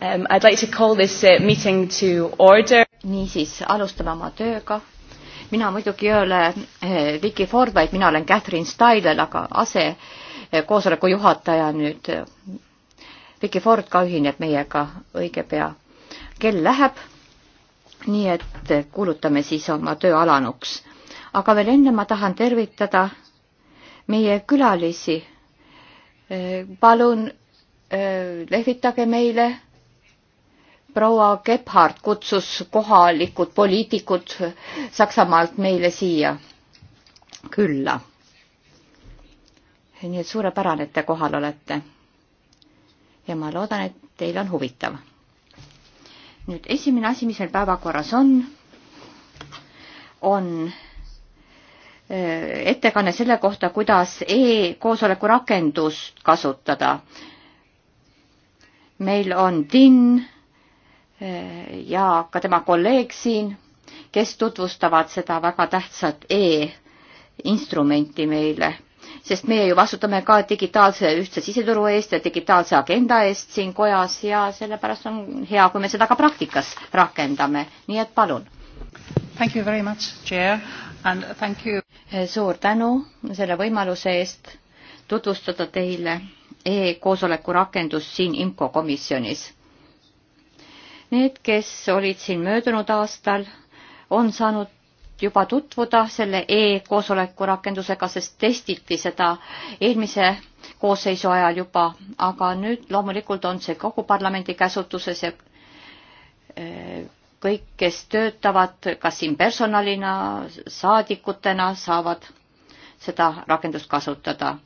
Um, I'd like to call this uh, meeting to order. niisiis, alustame oma tööga. mina muidugi ei ole eh, Vicky Ford, vaid mina olen Catherine Styler, aga ase eh, koosoleku juhataja nüüd. Eh, Vicky Ford ka ühineb meiega õige pea. kell läheb, nii et eh, kuulutame siis oma töö alanuks. aga veel enne ma tahan tervitada meie külalisi eh,. palun eh, lehvitage meile proua Gebhardt kutsus kohalikud poliitikud Saksamaalt meile siia külla. nii et suurepärane, et te kohal olete. ja ma loodan, et teil on huvitav. nüüd esimene asi, mis meil päevakorras on, on äh, ettekanne selle kohta, kuidas e-koosoleku rakendust kasutada. meil on TIN ja ka tema kolleeg siin, kes tutvustavad seda väga tähtsat e-instrumenti meile, sest meie ju vastutame ka digitaalse ühtse siseturu eest ja digitaalse agenda eest siin kojas ja sellepärast on hea, kui me seda ka praktikas rakendame, nii et palun. Thank you very much, Chair, and thank you. Eh, suur tänu selle võimaluse eest tutvustada teile e-koosoleku rakendust siin IMCO komisjonis Need, kes olid siin möödunud aastal, on saanud juba tutvuda selle e-koosoleku rakendusega, sest testiti seda eelmise koosseisu ajal juba, aga nüüd loomulikult on see kogu parlamendi käsutuses ja eh, kõik, kes töötavad kas siin personalina, saadikutena, saavad seda rakendust kasutada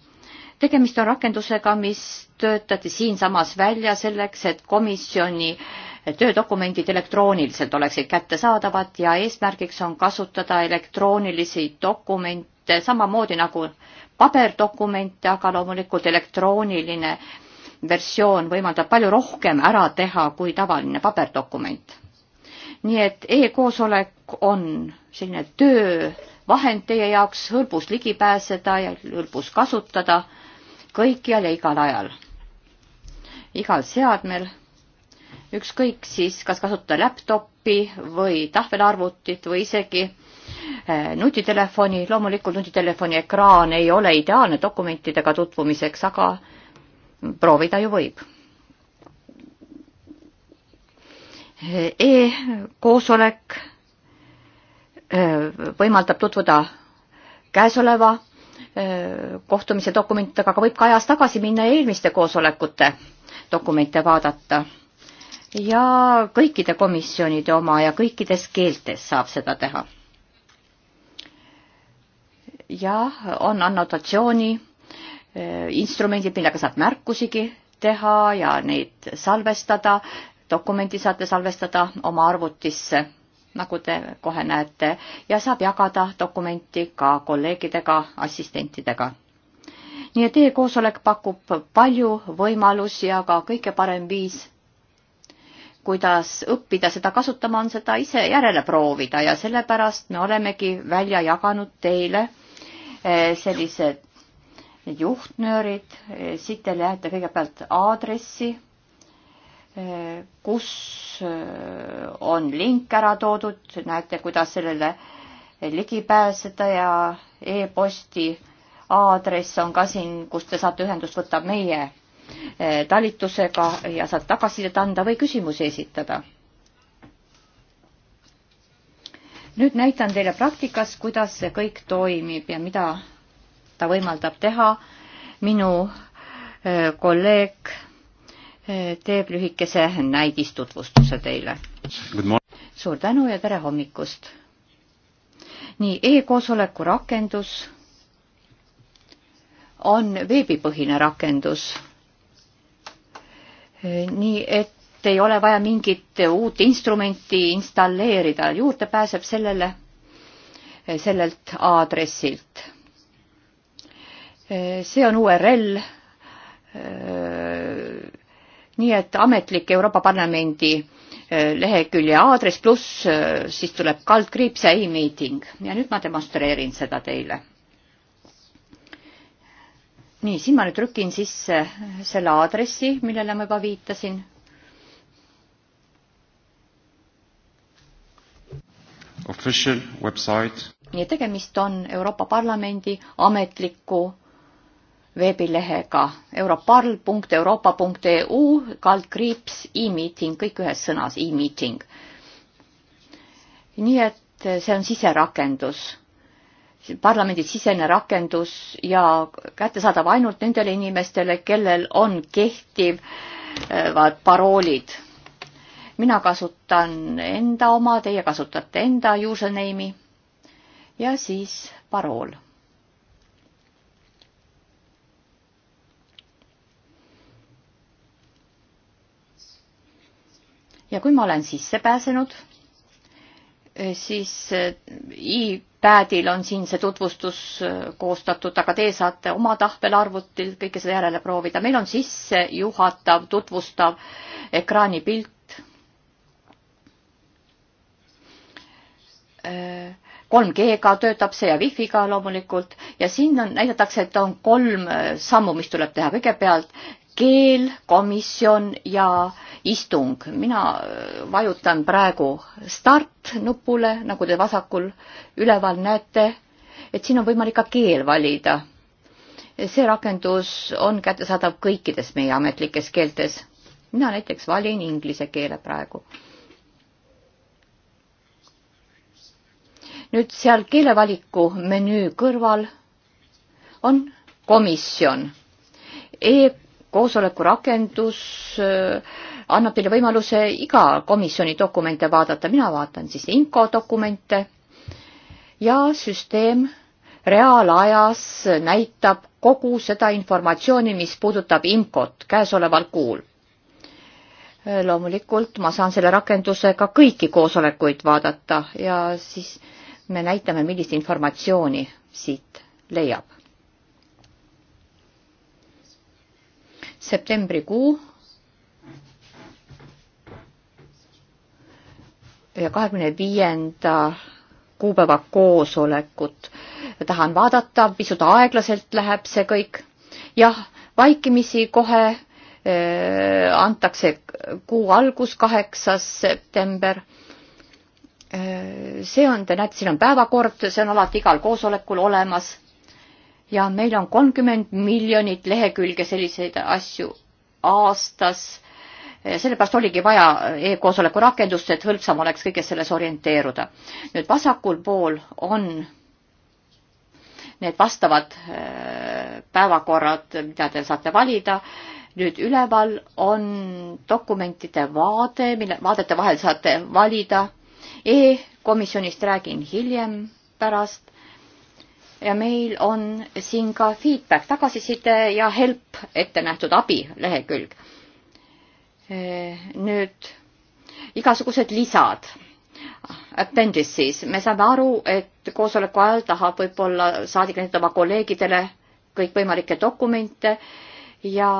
tegemist on rakendusega, mis töötati siinsamas välja selleks, et komisjoni töödokumendid elektrooniliselt oleksid kättesaadavad ja eesmärgiks on kasutada elektroonilisi dokumente samamoodi nagu paberdokumente, aga loomulikult elektrooniline versioon võimaldab palju rohkem ära teha kui tavaline paberdokument. nii et e-koosolek on selline töövahend teie jaoks, hõlbus ligi pääseda ja hõlbus kasutada kõikjal ja igal ajal, igal seadmel, ükskõik siis, kas kasutada laptopi või tahvelarvutit või isegi eh, nutitelefoni, loomulikult nutitelefoni ekraan ei ole ideaalne dokumentidega tutvumiseks, aga proovida ju võib e. e-koosolek eh, võimaldab tutvuda käesoleva Äh, kohtumise dokumentidega, aga võib ka ajas tagasi minna ja eelmiste koosolekute dokumente vaadata. ja kõikide komisjonide oma ja kõikides keeltes saab seda teha. jah, on annotatsiooni äh, instrumendid, millega saab märkusigi teha ja neid salvestada, dokumenti saate salvestada oma arvutisse nagu te kohe näete, ja saab jagada dokumenti ka kolleegidega, assistentidega. nii et e-koosolek pakub palju võimalusi, aga kõige parem viis, kuidas õppida seda kasutama, on seda ise järele proovida ja sellepärast me olemegi välja jaganud teile eh, sellised juhtnöörid, eh, siit teile jäete kõigepealt aadressi kus eh, on link ära toodud, näete, kuidas sellele ligi pääseda ja e-posti aadress on ka siin, kus te saate ühendust võtta meie eh, talitusega ja saad tagasisidet anda või küsimusi esitada. nüüd näitan teile praktikas, kuidas see kõik toimib ja mida ta võimaldab teha. minu eh, kolleeg teeb lühikese näidistutvustuse teile. suur tänu ja tere hommikust! nii e, e-koosoleku rakendus on veebipõhine rakendus. nii et ei ole vaja mingit uut instrumenti installeerida, juurde pääseb sellele, sellelt aadressilt. see on URL nii et ametlik Euroopa Parlamendi äh, lehekülje aadress pluss äh, siis tuleb kaldkriips ja e-meeting ja nüüd ma demonstreerin seda teile. nii, siin ma nüüd trükin sisse äh, selle aadressi, millele ma juba viitasin. official website. nii, tegemist on Euroopa Parlamendi ametliku veebilehega europarl.euroopa.eu kaldkriips e-meeting, kõik ühes sõnas e-meeting. nii et see on siserakendus, parlamendi sisene rakendus ja kättesaadav ainult nendele inimestele, kellel on kehtivad paroolid. mina kasutan enda oma, teie kasutate enda username'i ja siis parool ja kui ma olen sisse pääsenud, eh, siis eh, iPadil on siin see tutvustus eh, koostatud, aga teie saate oma tahvelarvutil kõike seda järele proovida. meil on sissejuhatav, tutvustav ekraanipilt. kolm G-ga töötab see ja Wi-Fi-ga loomulikult ja siin on, näidatakse, et on kolm sammu, mis tuleb teha. kõigepealt keel, komisjon ja istung. mina äh, vajutan praegu start nupule, nagu te vasakul üleval näete, et siin on võimalik ka keel valida. see rakendus on kättesaadav kõikides meie ametlikes keeltes. mina näiteks valin inglise keele praegu. nüüd seal keelevaliku menüü kõrval on komisjon e koosoleku rakendus äh, annab teile võimaluse iga komisjoni dokumente vaadata, mina vaatan siis IMCO dokumente ja süsteem reaalajas näitab kogu seda informatsiooni, mis puudutab IMCO-t käesoleval kuul. Äh, loomulikult ma saan selle rakendusega kõiki koosolekuid vaadata ja siis me näitame, millist informatsiooni siit leiab septembrikuu ja kahekümne viienda kuupäeva koosolekut. tahan vaadata, pisut aeglaselt läheb see kõik. jah, vaikimisi kohe äh, antakse kuu algus, kaheksas september äh,. see on, te näete, siin on päevakord, see on alati igal koosolekul olemas ja meil on kolmkümmend miljonit lehekülge selliseid asju aastas. sellepärast oligi vaja e-koosoleku rakendust, et hõlpsam oleks kõiges selles orienteeruda. nüüd vasakul pool on need vastavad äh, päevakorrad, mida te saate valida. nüüd üleval on dokumentide vaade, mille vaadete vahel saate valida e. E-komisjonist räägin hiljem pärast ja meil on siin ka feedback, tagasiside ja help ette nähtud abi lehekülg. Eh, nüüd igasugused lisad, appendices, me saame aru, et koosoleku ajal tahab võib-olla saadik näidata oma kolleegidele kõikvõimalikke dokumente ja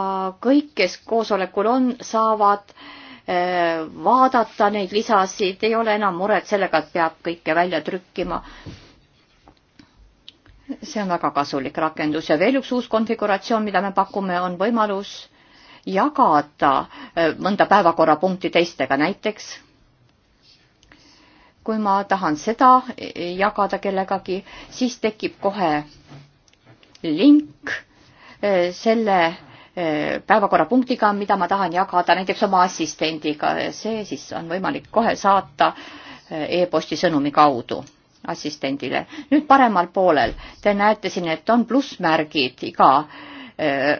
kõik, kes koosolekul on, saavad eh, vaadata neid lisasid, ei ole enam muret sellega, et peab kõike välja trükkima see on väga kasulik rakendus ja veel üks uus konfiguratsioon, mida me pakume, on võimalus jagada äh, mõnda päevakorrapunkti teistega, näiteks kui ma tahan seda jagada kellegagi, siis tekib kohe link äh, selle äh, päevakorrapunktiga, mida ma tahan jagada näiteks oma assistendiga, see siis on võimalik kohe saata e-posti sõnumi kaudu assistendile. nüüd paremal poolel te näete siin, et on plussmärgid iga öö,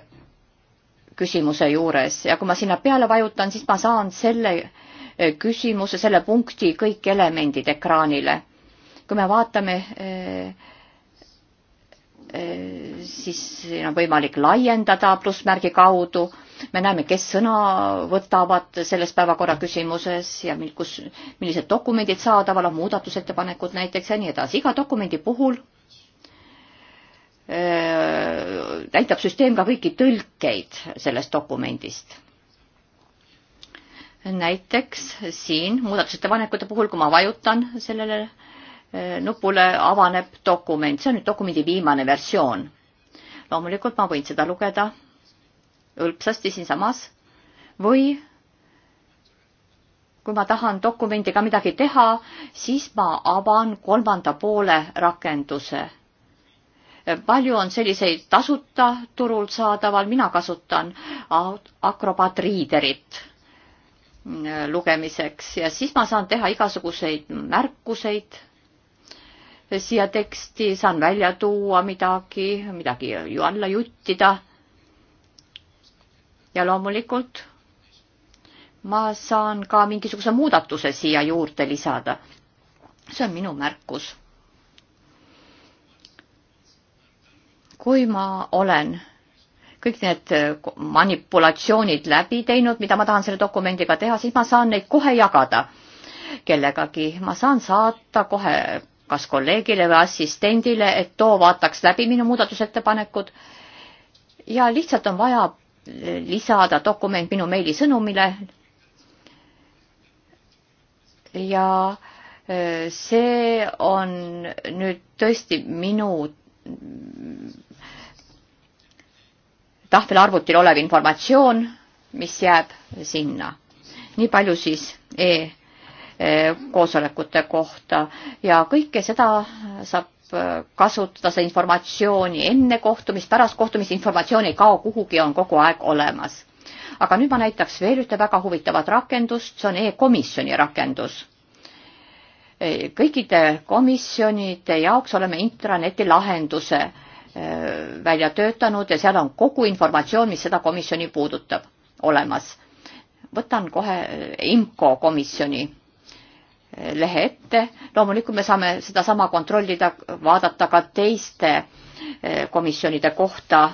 küsimuse juures ja kui ma sinna peale vajutan, siis ma saan selle küsimuse, selle punkti kõik elemendid ekraanile. kui me vaatame öö, Äh, siis siin on võimalik laiendada plussmärgi kaudu. me näeme, kes sõna võtavad selles päevakorra küsimuses ja mil, kus, millised dokumendid saadaval on, muudatusettepanekud näiteks ja nii edasi. iga dokumendi puhul öö, äh, näitab süsteem ka kõiki tõlkeid sellest dokumendist. näiteks siin muudatusettepanekute puhul, kui ma vajutan sellele öö, Eh, nupule avaneb dokument, see on nüüd dokumendi viimane versioon. loomulikult ma võin seda lugeda hõlpsasti siinsamas või kui ma tahan dokumendiga midagi teha, siis ma avan kolmanda poole rakenduse. Eh, palju on selliseid tasuta turul saadaval, mina kasutan Acrobat Readerit mm, eh, lugemiseks ja siis ma saan teha igasuguseid märkuseid siia teksti, saan välja tuua midagi, midagi ju alla juttida. ja loomulikult ma saan ka mingisuguse muudatuse siia juurde lisada. see on minu märkus. kui ma olen kõik need manipulatsioonid läbi teinud, mida ma tahan selle dokumendiga teha, siis ma saan neid kohe jagada kellegagi. ma saan saata kohe kas kolleegile või assistendile, et too vaataks läbi minu muudatusettepanekud. ja lihtsalt on vaja lisada dokument minu meilisõnumile. ja e, see on nüüd tõesti minu tahvel arvutil olev informatsioon, mis jääb sinna. nii palju siis e koosolekute kohta ja kõike seda saab äh, kasutada, see informatsiooni enne kohtumist, pärast kohtumist, informatsioon ei kao kuhugi, on kogu aeg olemas. aga nüüd ma näitaks veel ühte väga huvitavat rakendust, see on e-komisjoni rakendus. E, kõikide komisjonide jaoks oleme intraneti lahenduse äh, välja töötanud ja seal on kogu informatsioon, mis seda komisjoni puudutab, olemas. võtan kohe äh, IMCO komisjoni lehe ette. loomulikult me saame sedasama kontrollida, vaadata ka teiste eh, komisjonide kohta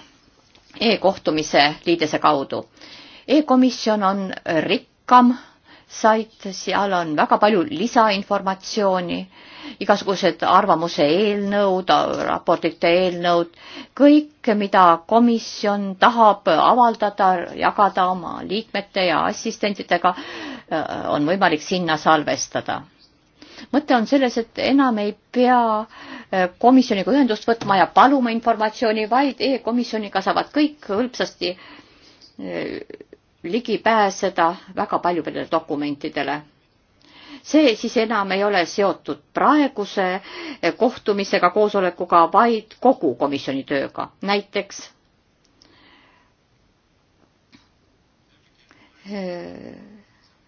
e-kohtumise liidese kaudu e. e-komisjon on rikkam sait, seal on väga palju lisainformatsiooni, igasugused arvamuse eelnõud, raportite eelnõud, kõik, mida komisjon tahab avaldada, jagada oma liikmete ja assistentidega Äh, on võimalik sinna salvestada. mõte on selles, et enam ei pea äh, komisjoniga ühendust võtma ja paluma informatsiooni, vaid e-komisjoniga saavad kõik hõlpsasti äh, ligi pääseda väga paljudele dokumentidele see siis enam ei ole seotud praeguse kohtumisega, koosolekuga, vaid kogu komisjoni tööga. näiteks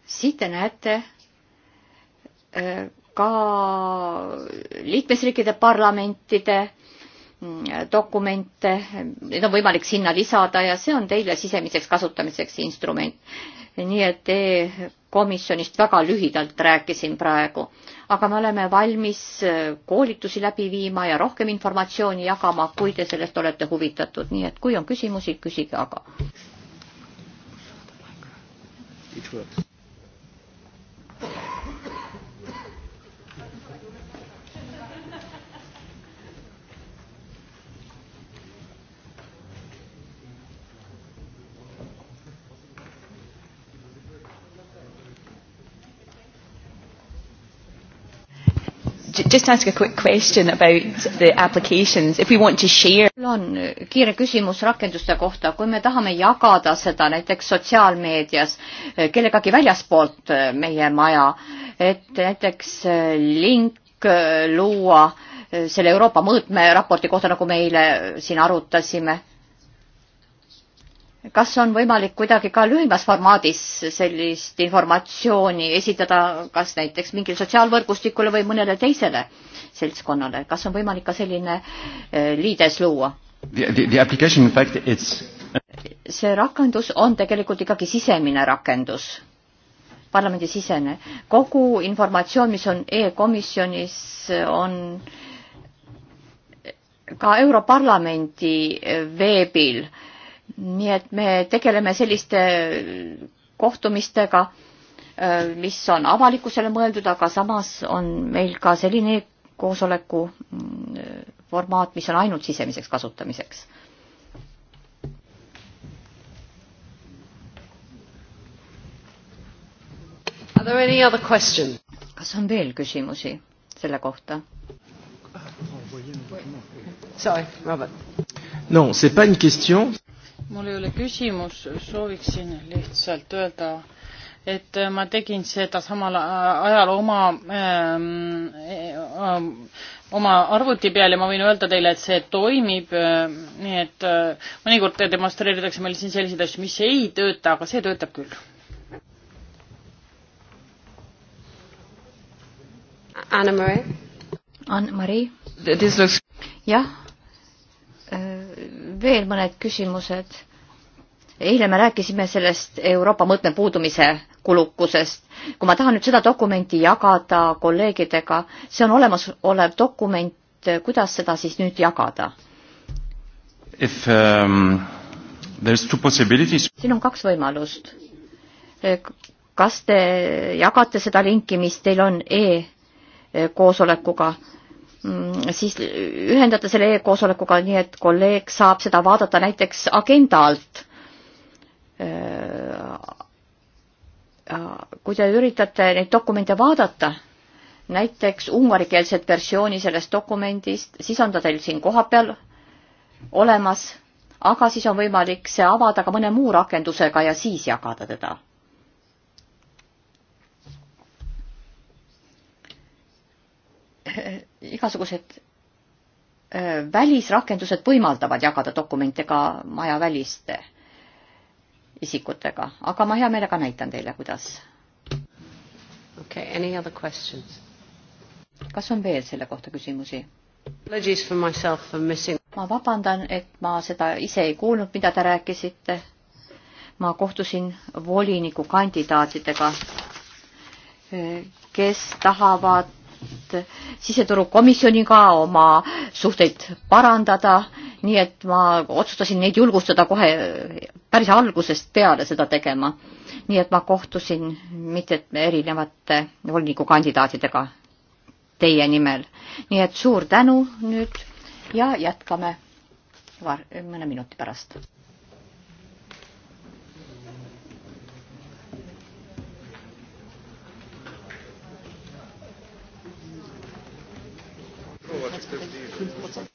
siit te näete äh, ka liikmesriikide parlamentide mm, dokumente, need on võimalik sinna lisada ja see on teile sisemiseks kasutamiseks instrument. nii et e-komisjonist väga lühidalt rääkisin praegu, aga me oleme valmis äh, koolitusi läbi viima ja rohkem informatsiooni jagama, kui te sellest olete huvitatud, nii et kui on küsimusi, küsige aga. It works. just ask a quick question about the applications if we want to share. mul on äh, kiire küsimus rakenduste kohta, kui me tahame jagada seda näiteks sotsiaalmeedias äh, kellegagi väljaspoolt äh, meie maja, et näiteks link luua selle Euroopa mõõtmeraporti kohta, nagu me eile siin arutasime kas on võimalik kuidagi ka lühimas formaadis sellist informatsiooni esitada, kas näiteks mingile sotsiaalvõrgustikule või mõnele teisele seltskonnale, kas on võimalik ka selline eh, liides luua? see rakendus on tegelikult ikkagi sisemine rakendus, parlamendisisene. kogu informatsioon, mis on e-komisjonis, on ka Europarlamendi eh, veebil äh, nii et me tegeleme selliste äh, kohtumistega, äh, mis on avalikkusele mõeldud, aga samas on meil ka selline koosoleku mm, äh, formaat, mis on ainult sisemiseks kasutamiseks kas on veel küsimusi selle kohta? No, mul ei ole küsimus, sooviksin lihtsalt öelda, et ma tegin seda samal ajal oma ähm, ähm,, oma arvuti peal ja ma võin öelda teile, et see toimib äh,, nii et äh, mõnikord demonstreeritakse meil siin selliseid asju, mis ei tööta, aga see töötab küll. Anna-Marie. Anna-Marie. jah veel mõned küsimused. eile me rääkisime sellest Euroopa mõõtme puudumise kulukusest. kui ma tahan nüüd seda dokumenti jagada kolleegidega, see on olemasolev dokument, kuidas seda siis nüüd jagada? If um, there's two possibilities. siin on kaks võimalust. kas te jagate seda linki, mis teil on e-koosolekuga? Mm, siis ühendate selle e-koosolekuga, nii et kolleeg saab seda vaadata näiteks agenda alt. Äh, äh, kui te üritate neid dokumente vaadata, näiteks ungarikeelset versiooni sellest dokumendist, siis on ta teil siin kohapeal olemas, aga siis on võimalik see avada ka mõne muu rakendusega ja siis jagada teda igasugused välisrakendused võimaldavad jagada dokumente ka majaväliste isikutega, aga ma hea meelega näitan teile, kuidas. Okay, any other questions? kas on veel selle kohta küsimusi? ma vabandan, et ma seda ise ei kuulnud, mida te rääkisite. ma kohtusin volinikukandidaatidega, kes tahavad siseturukomisjoniga oma suhteid parandada, nii et ma otsustasin neid julgustada kohe päris algusest peale seda tegema. nii et ma kohtusin mitte erinevate volinikukandidaatidega teie nimel. nii et suur tänu nüüd ja jätkame var-, mõne minuti pärast. 5 Prozent.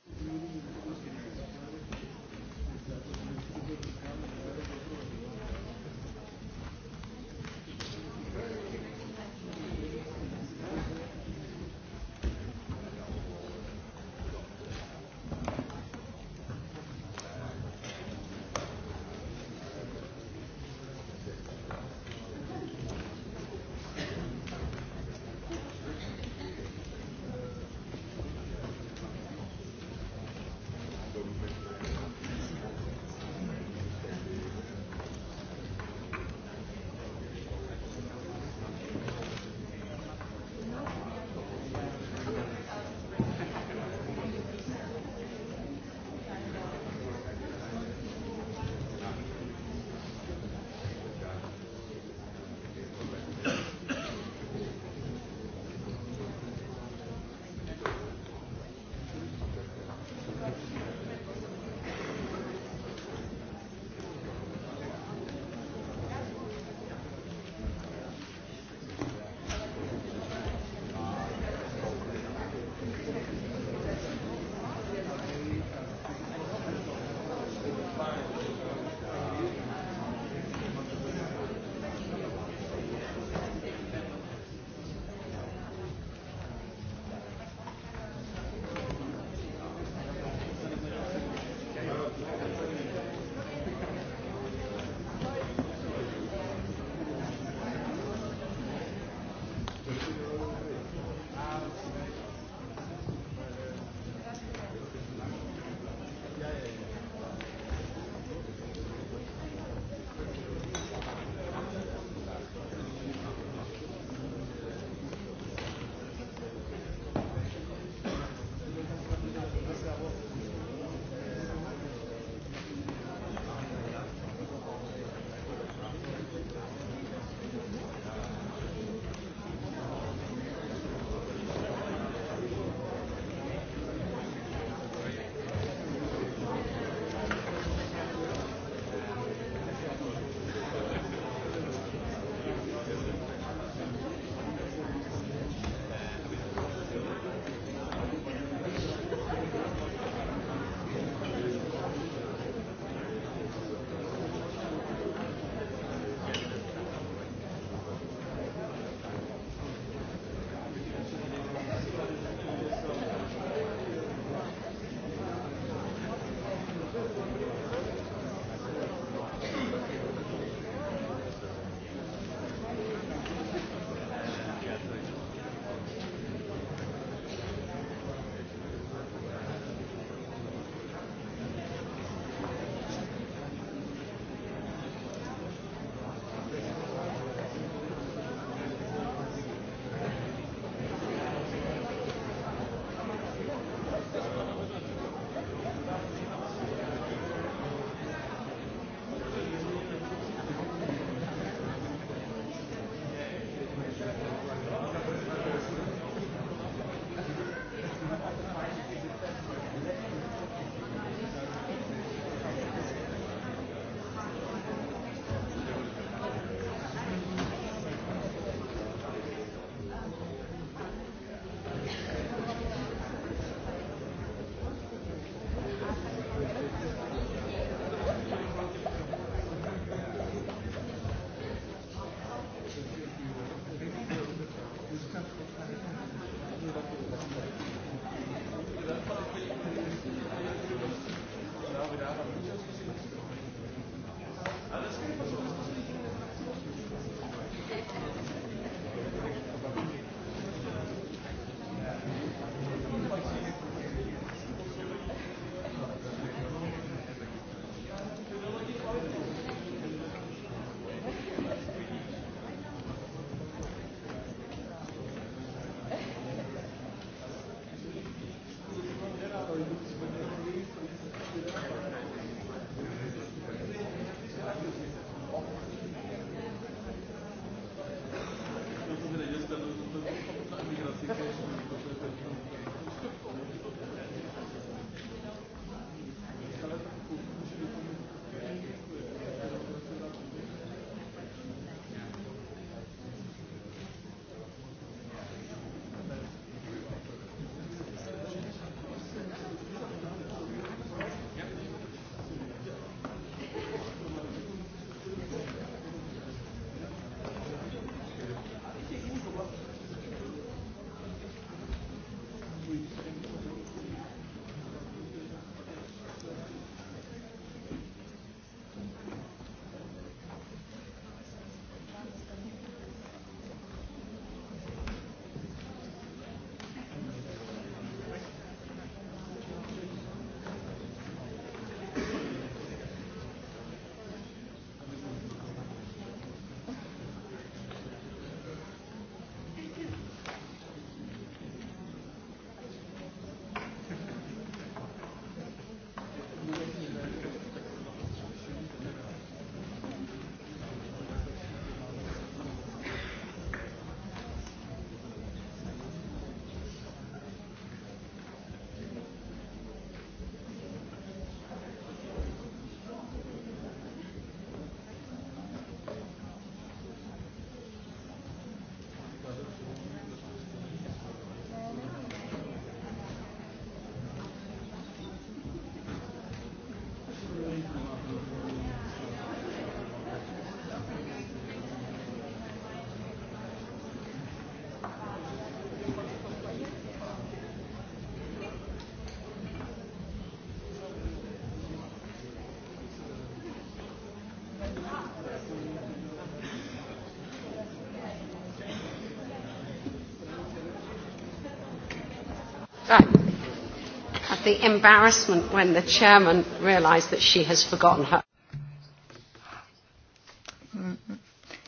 the embarrassment when the chairman realised that she has forgotten her.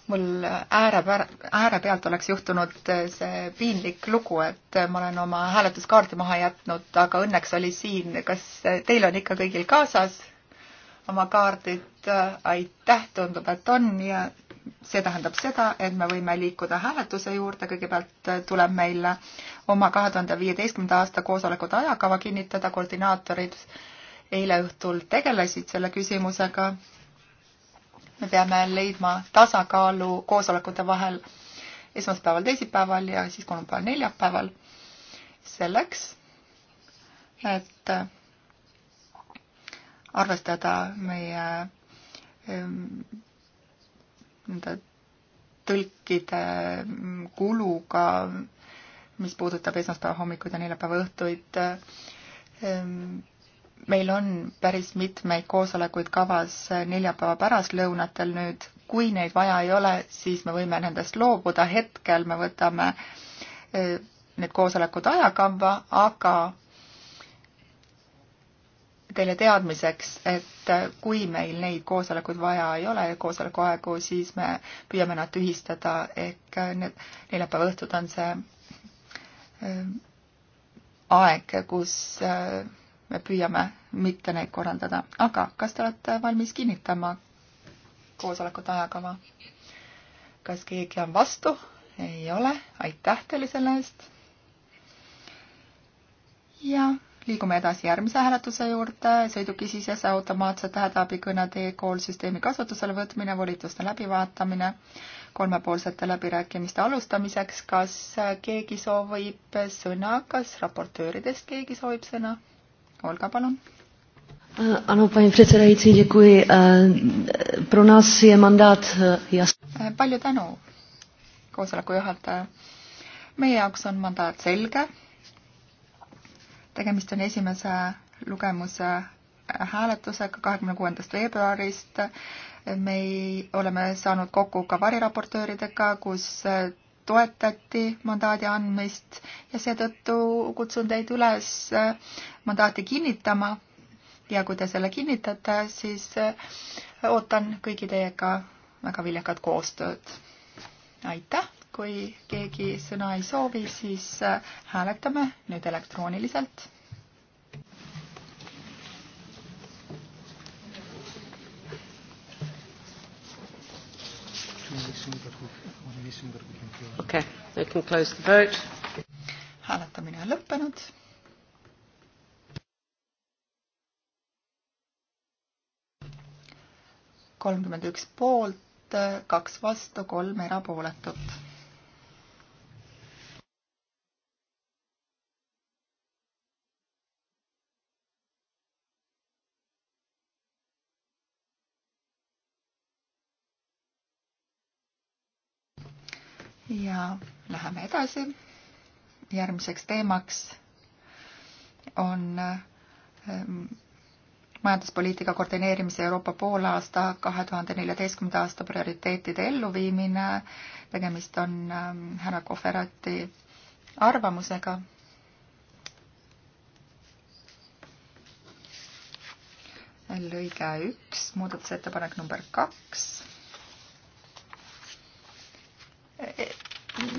mul ääre, ääre pealt oleks juhtunud eh, see piinlik lugu, et eh, ma olen oma hääletuskaardi maha jätnud, aga õnneks oli siin. kas eh, teil on ikka kõigil kaasas oma kaardid? aitäh, tundub, et on ja see tähendab seda, et me võime liikuda hääletuse juurde. kõigepealt tuleb meile oma kahe tuhande viieteistkümnenda aasta koosolekute ajakava kinnitada, koordinaatorid eile õhtul tegelesid selle küsimusega. me peame leidma tasakaalu koosolekute vahel esmaspäeval, teisipäeval ja siis kolmapäeval, neljapäeval. selleks, et arvestada meie ehm, nende tõlkide kuluga mis puudutab esmaspäeva hommikuid ja neljapäeva õhtuid. Ehm, meil on päris mitmeid koosolekuid kavas neljapäeva pärastlõunatel nüüd, kui neid vaja ei ole, siis me võime nendest loobuda, hetkel me võtame ehm, need koosolekud ajakamba, aga teile teadmiseks, et kui meil neid koosolekuid vaja ei ole, koosoleku aegu, siis me püüame nad tühistada, ehk need neljapäeva õhtud on see Ehm, aeg, kus eh, me püüame mitte neid korraldada. aga kas te olete valmis kinnitama koosolekute ajakava? kas keegi on vastu? ei ole, aitäh teile selle eest. ja liigume edasi järgmise hääletuse juurde, sõidukisisese automaatse tähedaabikõnede e-koolsüsteemi kasutusele võtmine, volituste läbivaatamine kolmepoolsete läbirääkimiste alustamiseks. kas keegi soovib sõna, kas raportööridest keegi soovib sõna? Olga, palun. Eh, ano, paní předsedající, děkuji. Eh, pro nás je mandát eh, jasný. Palju tänu, koosoleku juhataja. Meie jaoks on mandaat selge. Tegemist on esimese lugemuse hääletusega 26. veebruarist me ei, oleme saanud kokku ka variraportööridega, kus toetati mandaadi andmist ja seetõttu kutsun teid üles mandaati kinnitama ja kui te selle kinnitate, siis ootan kõigi teiega väga viljakat koostööd. aitäh, kui keegi sõna ei soovi, siis hääletame nüüd elektrooniliselt okei okay,, we can close the vote. hääletamine on lõppenud. kolmkümmend üks poolt, kaks vastu, kolm erapooletut ja läheme edasi. järgmiseks teemaks on ähm, majanduspoliitika koordineerimise Euroopa poolaasta kahe tuhande neljateistkümnenda aasta prioriteetide elluviimine. tegemist on ähm, härra Kohverati arvamusega. lõige üks, muudatusettepanek number kaks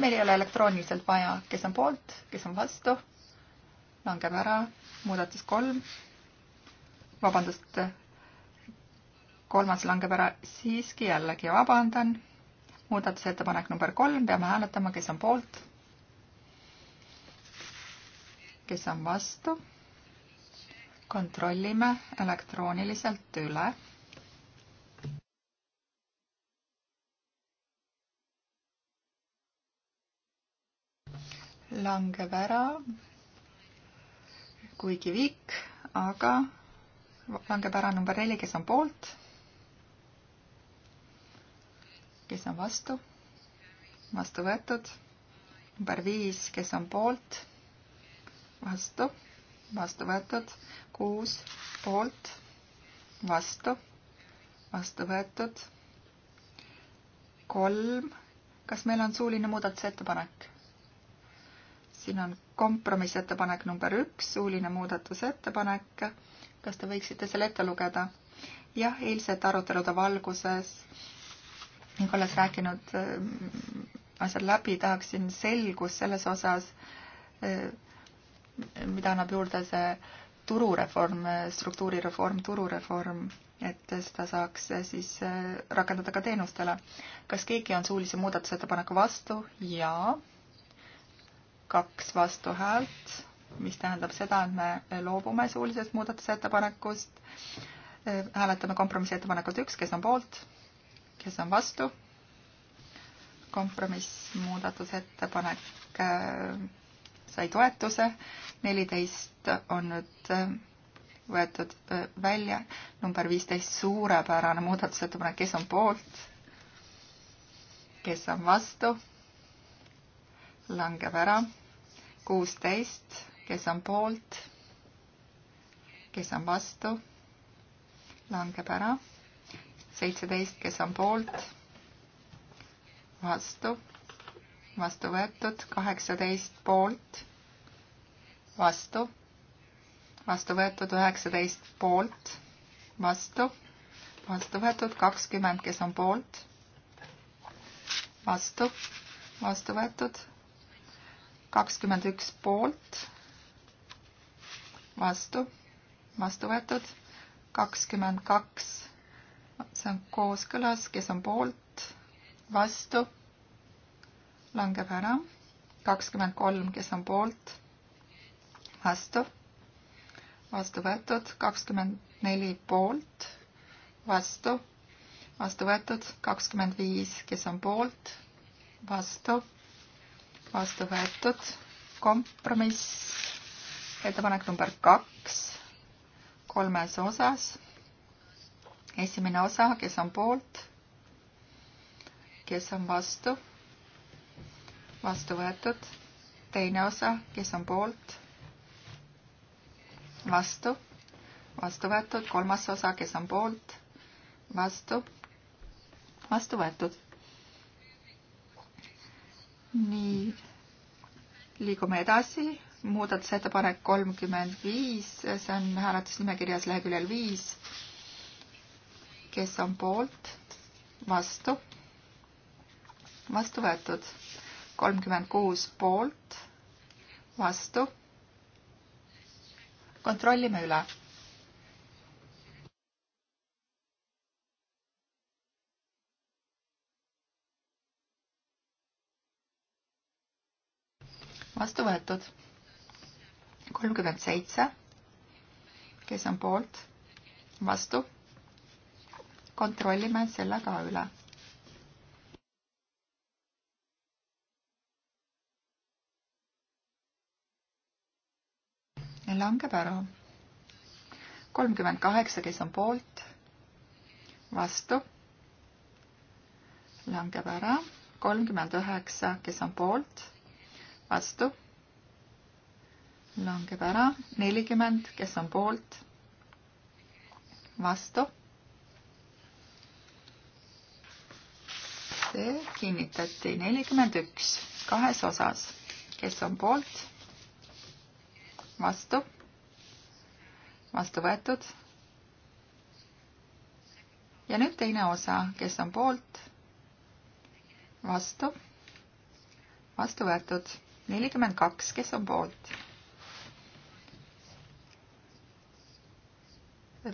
meil ei ole elektrooniliselt vaja, kes on poolt, kes on vastu, langeb ära, muudatus kolm, vabandust, kolmas langeb ära, siiski jällegi vabandan, muudatusettepanek number kolm, peame hääletama, kes on poolt, kes on vastu kontrollime elektrooniliselt üle. langeb ära, kuigi vikk, aga langeb ära number neli, kes on poolt, kes on vastu, vastu võetud, number viis, kes on poolt, vastu, vastu võetud, kuus poolt, vastu, vastu võetud, kolm, kas meil on suuline muudatusettepanek? siin on kompromissettepanek number üks, suuline muudatusettepanek. kas te võiksite selle ette lugeda? jah, eilsete arutelude valguses ning olles rääkinud mm, asjad läbi, tahaksin selgust selles osas, e, mida annab juurde see turureform, struktuurireform, turureform, et seda saaks e, siis e, rakendada ka teenustele. kas keegi on suulise muudatusettepaneku vastu? jaa kaks vastuhäält, mis tähendab seda, et me loobume suulisest muudatusettepanekust. hääletame kompromissettepanekut üks, kes on poolt, kes on vastu. kompromissmuudatusettepanek äh, sai toetuse, neliteist on nüüd äh, võetud äh, välja, number viisteist suurepärane muudatusettepanek, kes on poolt, kes on vastu langeb ära. kuusteist, kes on poolt, kes on vastu, langeb ära. seitseteist, kes on poolt, vastu, vastu võetud, kaheksateist poolt, vastu, vastu võetud, üheksateist poolt, vastu, vastu võetud, kakskümmend, kes on poolt, vastu, vastu võetud kakskümmend üks poolt, vastu, vastu võetud, kakskümmend kaks, see on kooskõlas, kes on poolt, vastu, langeb ära, kakskümmend kolm, kes on poolt, vastu, vastu võetud, kakskümmend neli poolt, vastu, vastu võetud, kakskümmend viis, kes on poolt, vastu vastu võetud, kompromiss, ettepanek number kaks, kolmes osas. esimene osa, kes on poolt, kes on vastu, vastu võetud, teine osa, kes on poolt, vastu, vastu võetud, kolmas osa, kes on poolt, vastu, vastu võetud nii, liigume edasi, muudatusettepanek kolmkümmend viis, see on hääletusnimekirjas leheküljel viis. kes on poolt, vastu, vastu võetud, kolmkümmend kuus poolt, vastu. kontrollime üle vastu võetud. kolmkümmend seitse, kes on poolt, vastu. kontrollime selle ka üle. langeb ära. kolmkümmend kaheksa, kes on poolt, vastu, langeb ära. kolmkümmend üheksa, kes on poolt vastu, langeb ära, nelikümmend, kes on poolt, vastu. see kinnitati nelikümmend üks kahes osas, kes on poolt, vastu, vastu võetud. ja nüüd teine osa, kes on poolt, vastu, vastu võetud nelikümmend kaks, kes on poolt?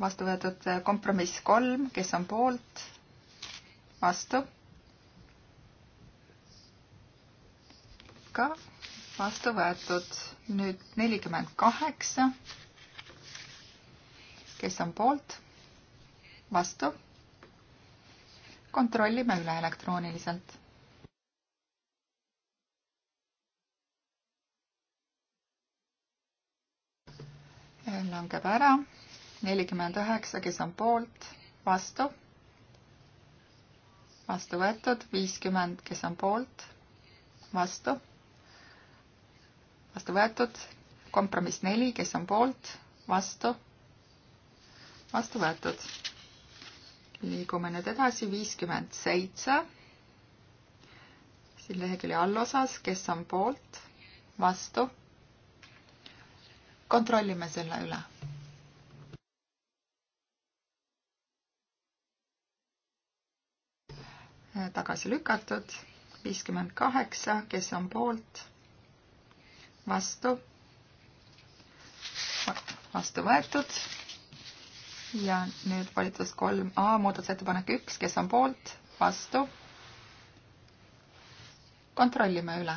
vastu võetud eh, kompromiss kolm, kes on poolt? vastu? ka vastu võetud. nüüd nelikümmend kaheksa. kes on poolt? vastu? kontrollime üle elektrooniliselt langeb ära. nelikümmend üheksa, kes on poolt, vastu, vastu võetud, viiskümmend, kes on poolt, vastu, vastu võetud, kompromiss neli, kes on poolt, vastu, vastu võetud. liigume nüüd edasi, viiskümmend seitse, siin lehekülje allosas, kes on poolt, vastu kontrollime selle üle. tagasi lükatud, viiskümmend kaheksa, kes on poolt, vastu, vastu võetud ja nüüd valitsus kolm A muudatusettepanek üks, kes on poolt, vastu. kontrollime üle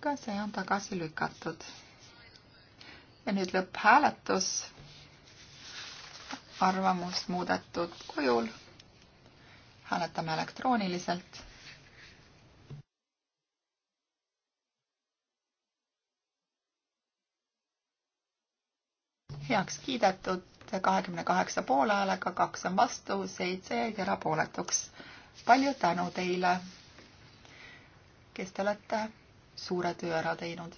ka see on tagasi lükatud. ja nüüd lõpphääletus. arvamus muudetud kujul. hääletame elektrooniliselt. heaks kiidetud kahekümne kaheksa poolhäälega, kaks on vastu, seitse jäid erapooletuks. palju tänu teile, kes te olete suure töö ära teinud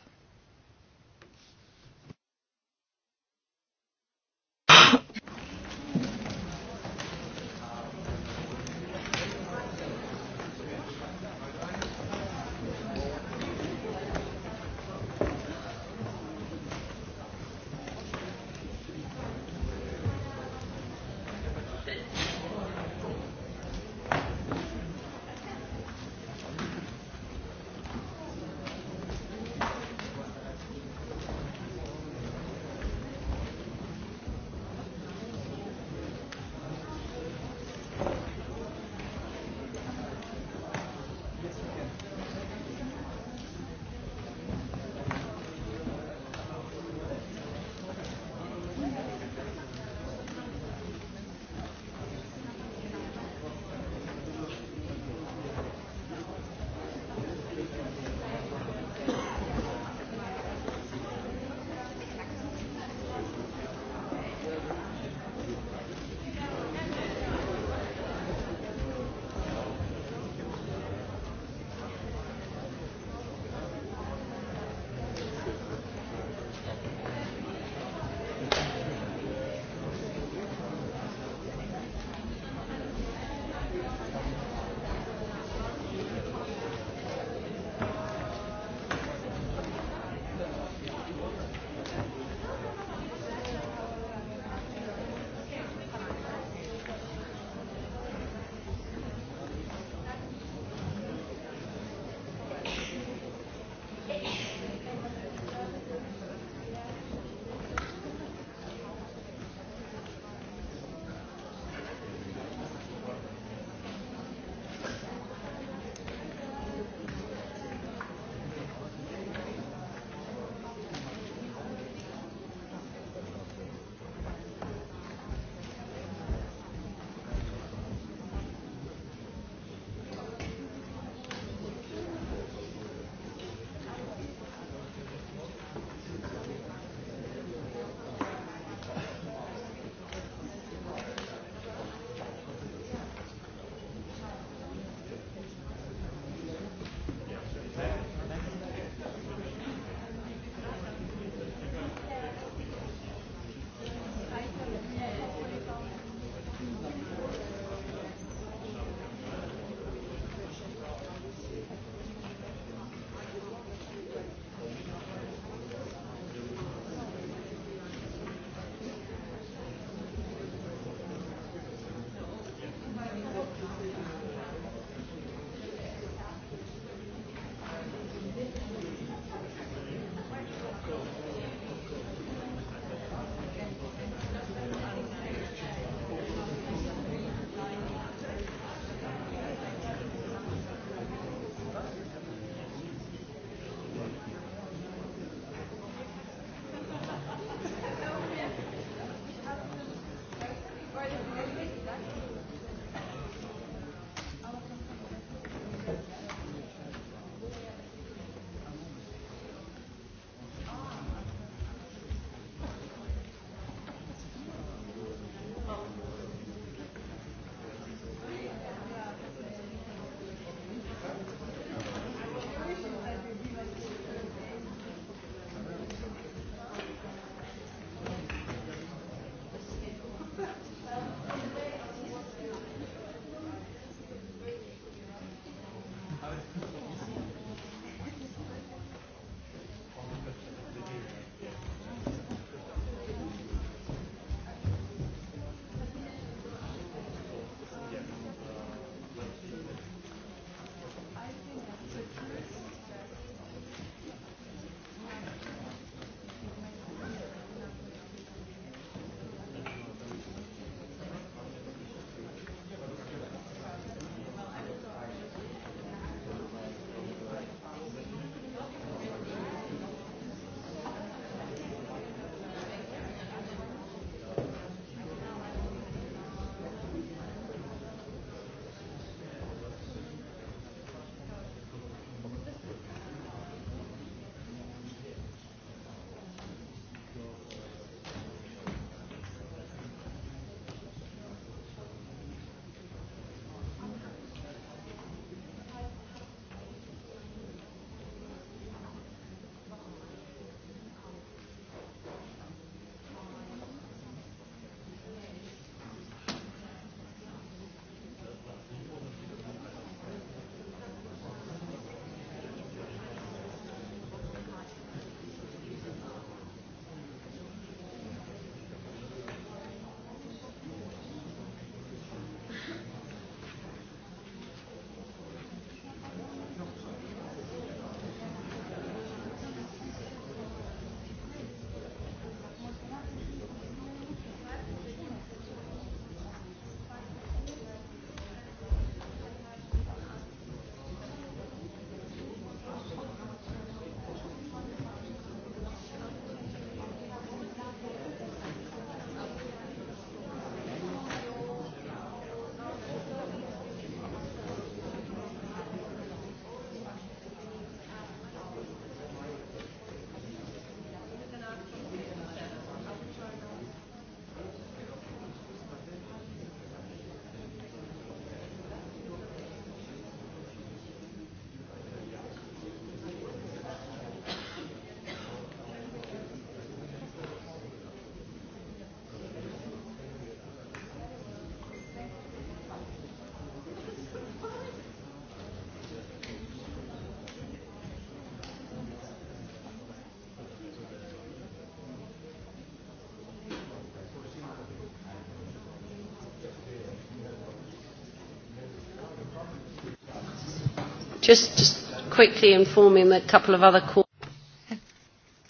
Just, just quickly informing a couple of other call-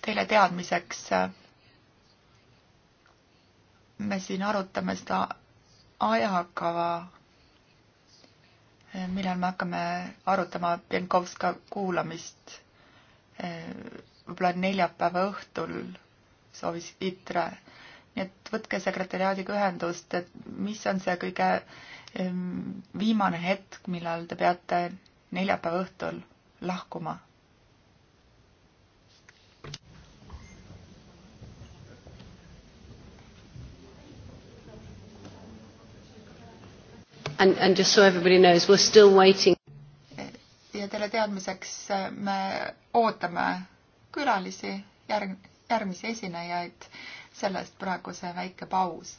Teile teadmiseks äh, me siin arutame seda ajakava, äh, millal me hakkame arutama Pienkovska kuulamist. Äh, võib-olla neljapäeva õhtul soovis ITRE. nii et võtke sekretäriaadiga ühendust, et mis on see kõige viimane hetk, millal te peate neljapäeva õhtul lahkuma And, and just so everybody knows, we're still waiting. ja teile teadmiseks äh, me ootame külalisi järg, järgmisi esinejaid, sellest praegu see väike paus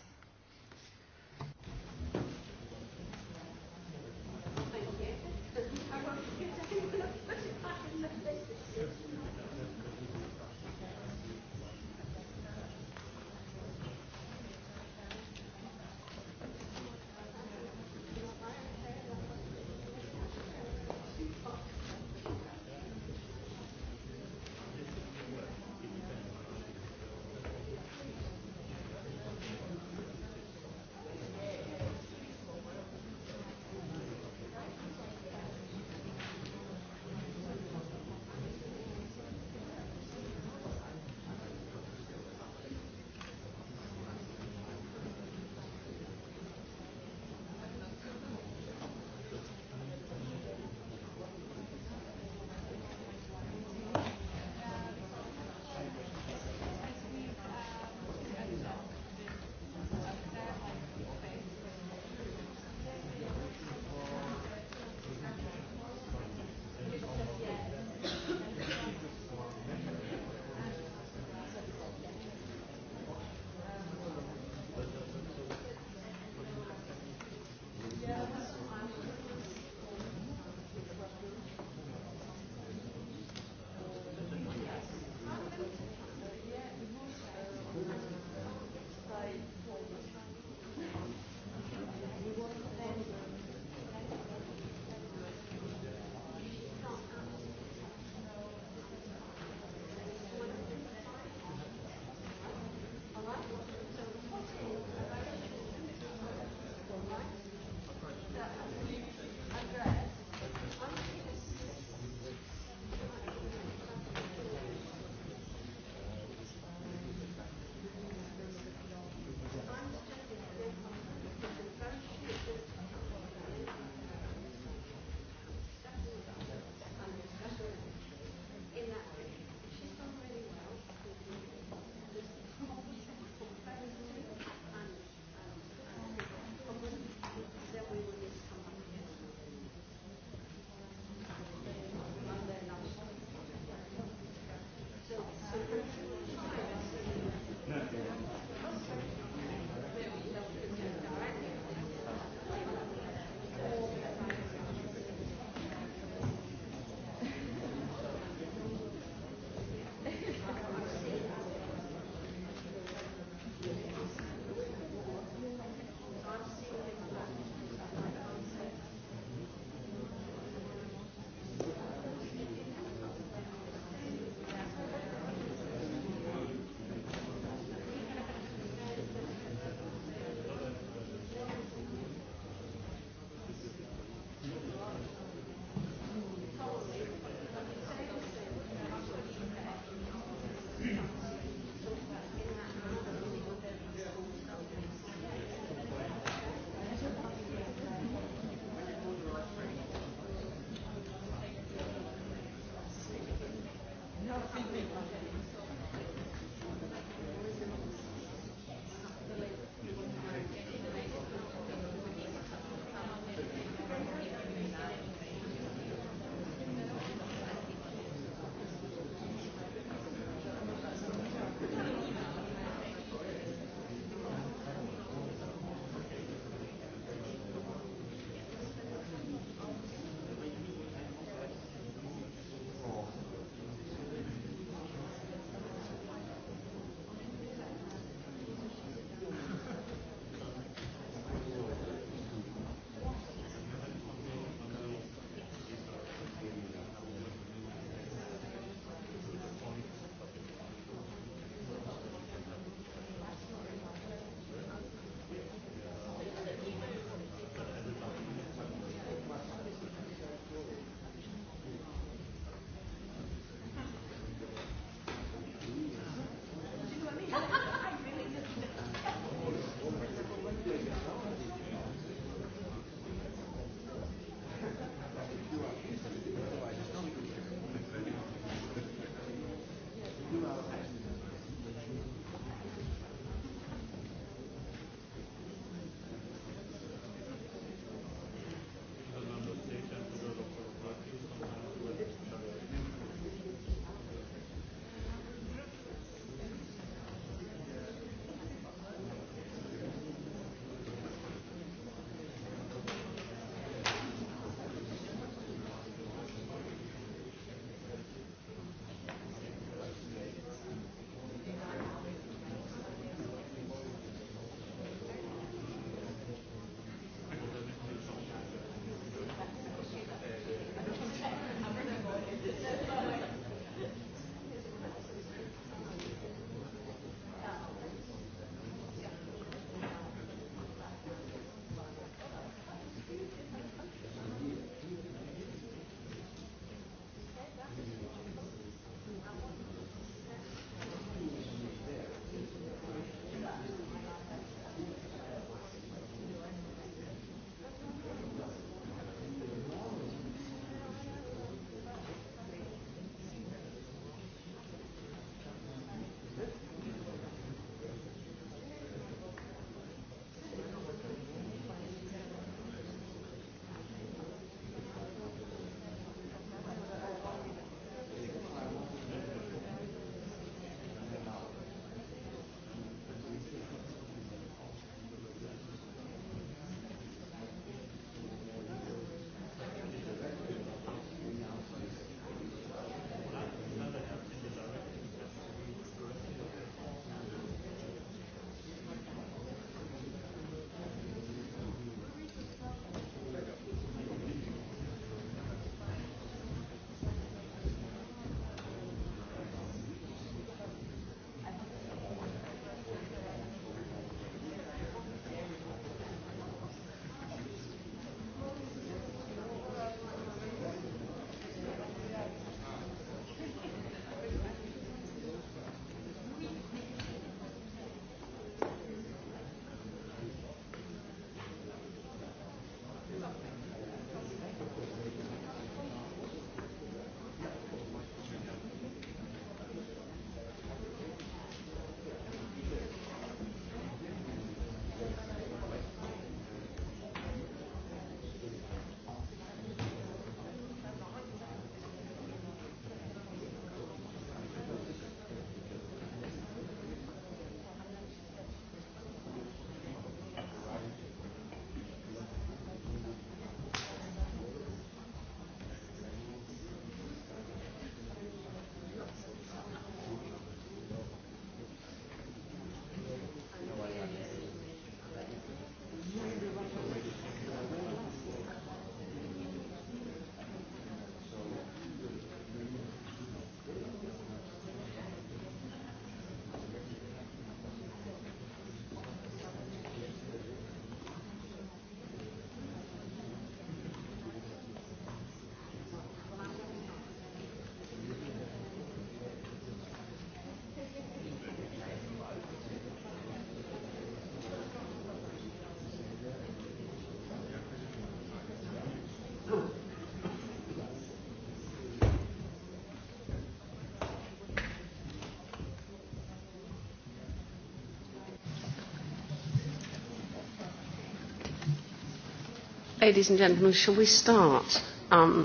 Ladies and gentlemen, shall we start? Um...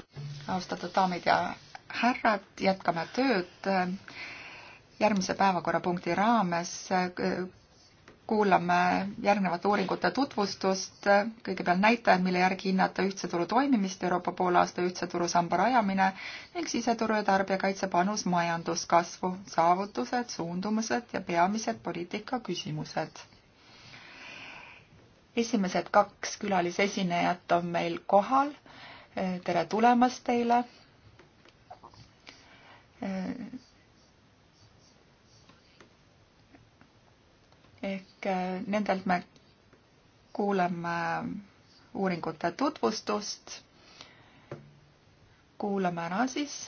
austatud daamid ja härrad, jätkame tööd järgmise päevakorrapunkti raames. Äh, kuulame järgnevate uuringute tutvustust, kõigepealt näitajad, mille järgi hinnata ühtse turu toimimist, Euroopa poolaasta ühtse turusamba rajamine ning siseturu ja tarbijakaitse panus majanduskasvu, saavutused, suundumused ja peamised poliitika küsimused esimesed kaks külalisesinejat on meil kohal. tere tulemast teile. ehk nendelt me kuuleme uuringute tutvustust. kuulame ära siis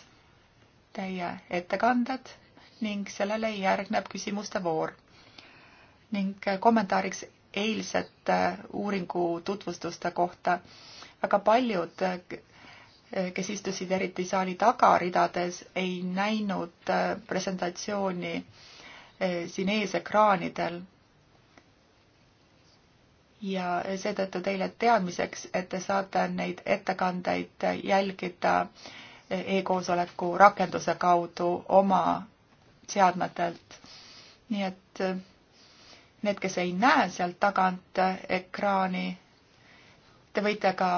teie ettekanded ning sellele järgneb küsimuste voor ning kommentaariks eilsete äh, uuringu tutvustuste kohta. väga paljud, äh, äh, kes istusid eriti saali tagaridades, ei näinud presentatsiooni siin ees ekraanidel. ja seetõttu teile teadmiseks, et te saate neid ettekandeid jälgida e-koosoleku rakenduse kaudu oma seadmetelt. nii et Need, kes ei näe sealt tagant ekraani, te võite ka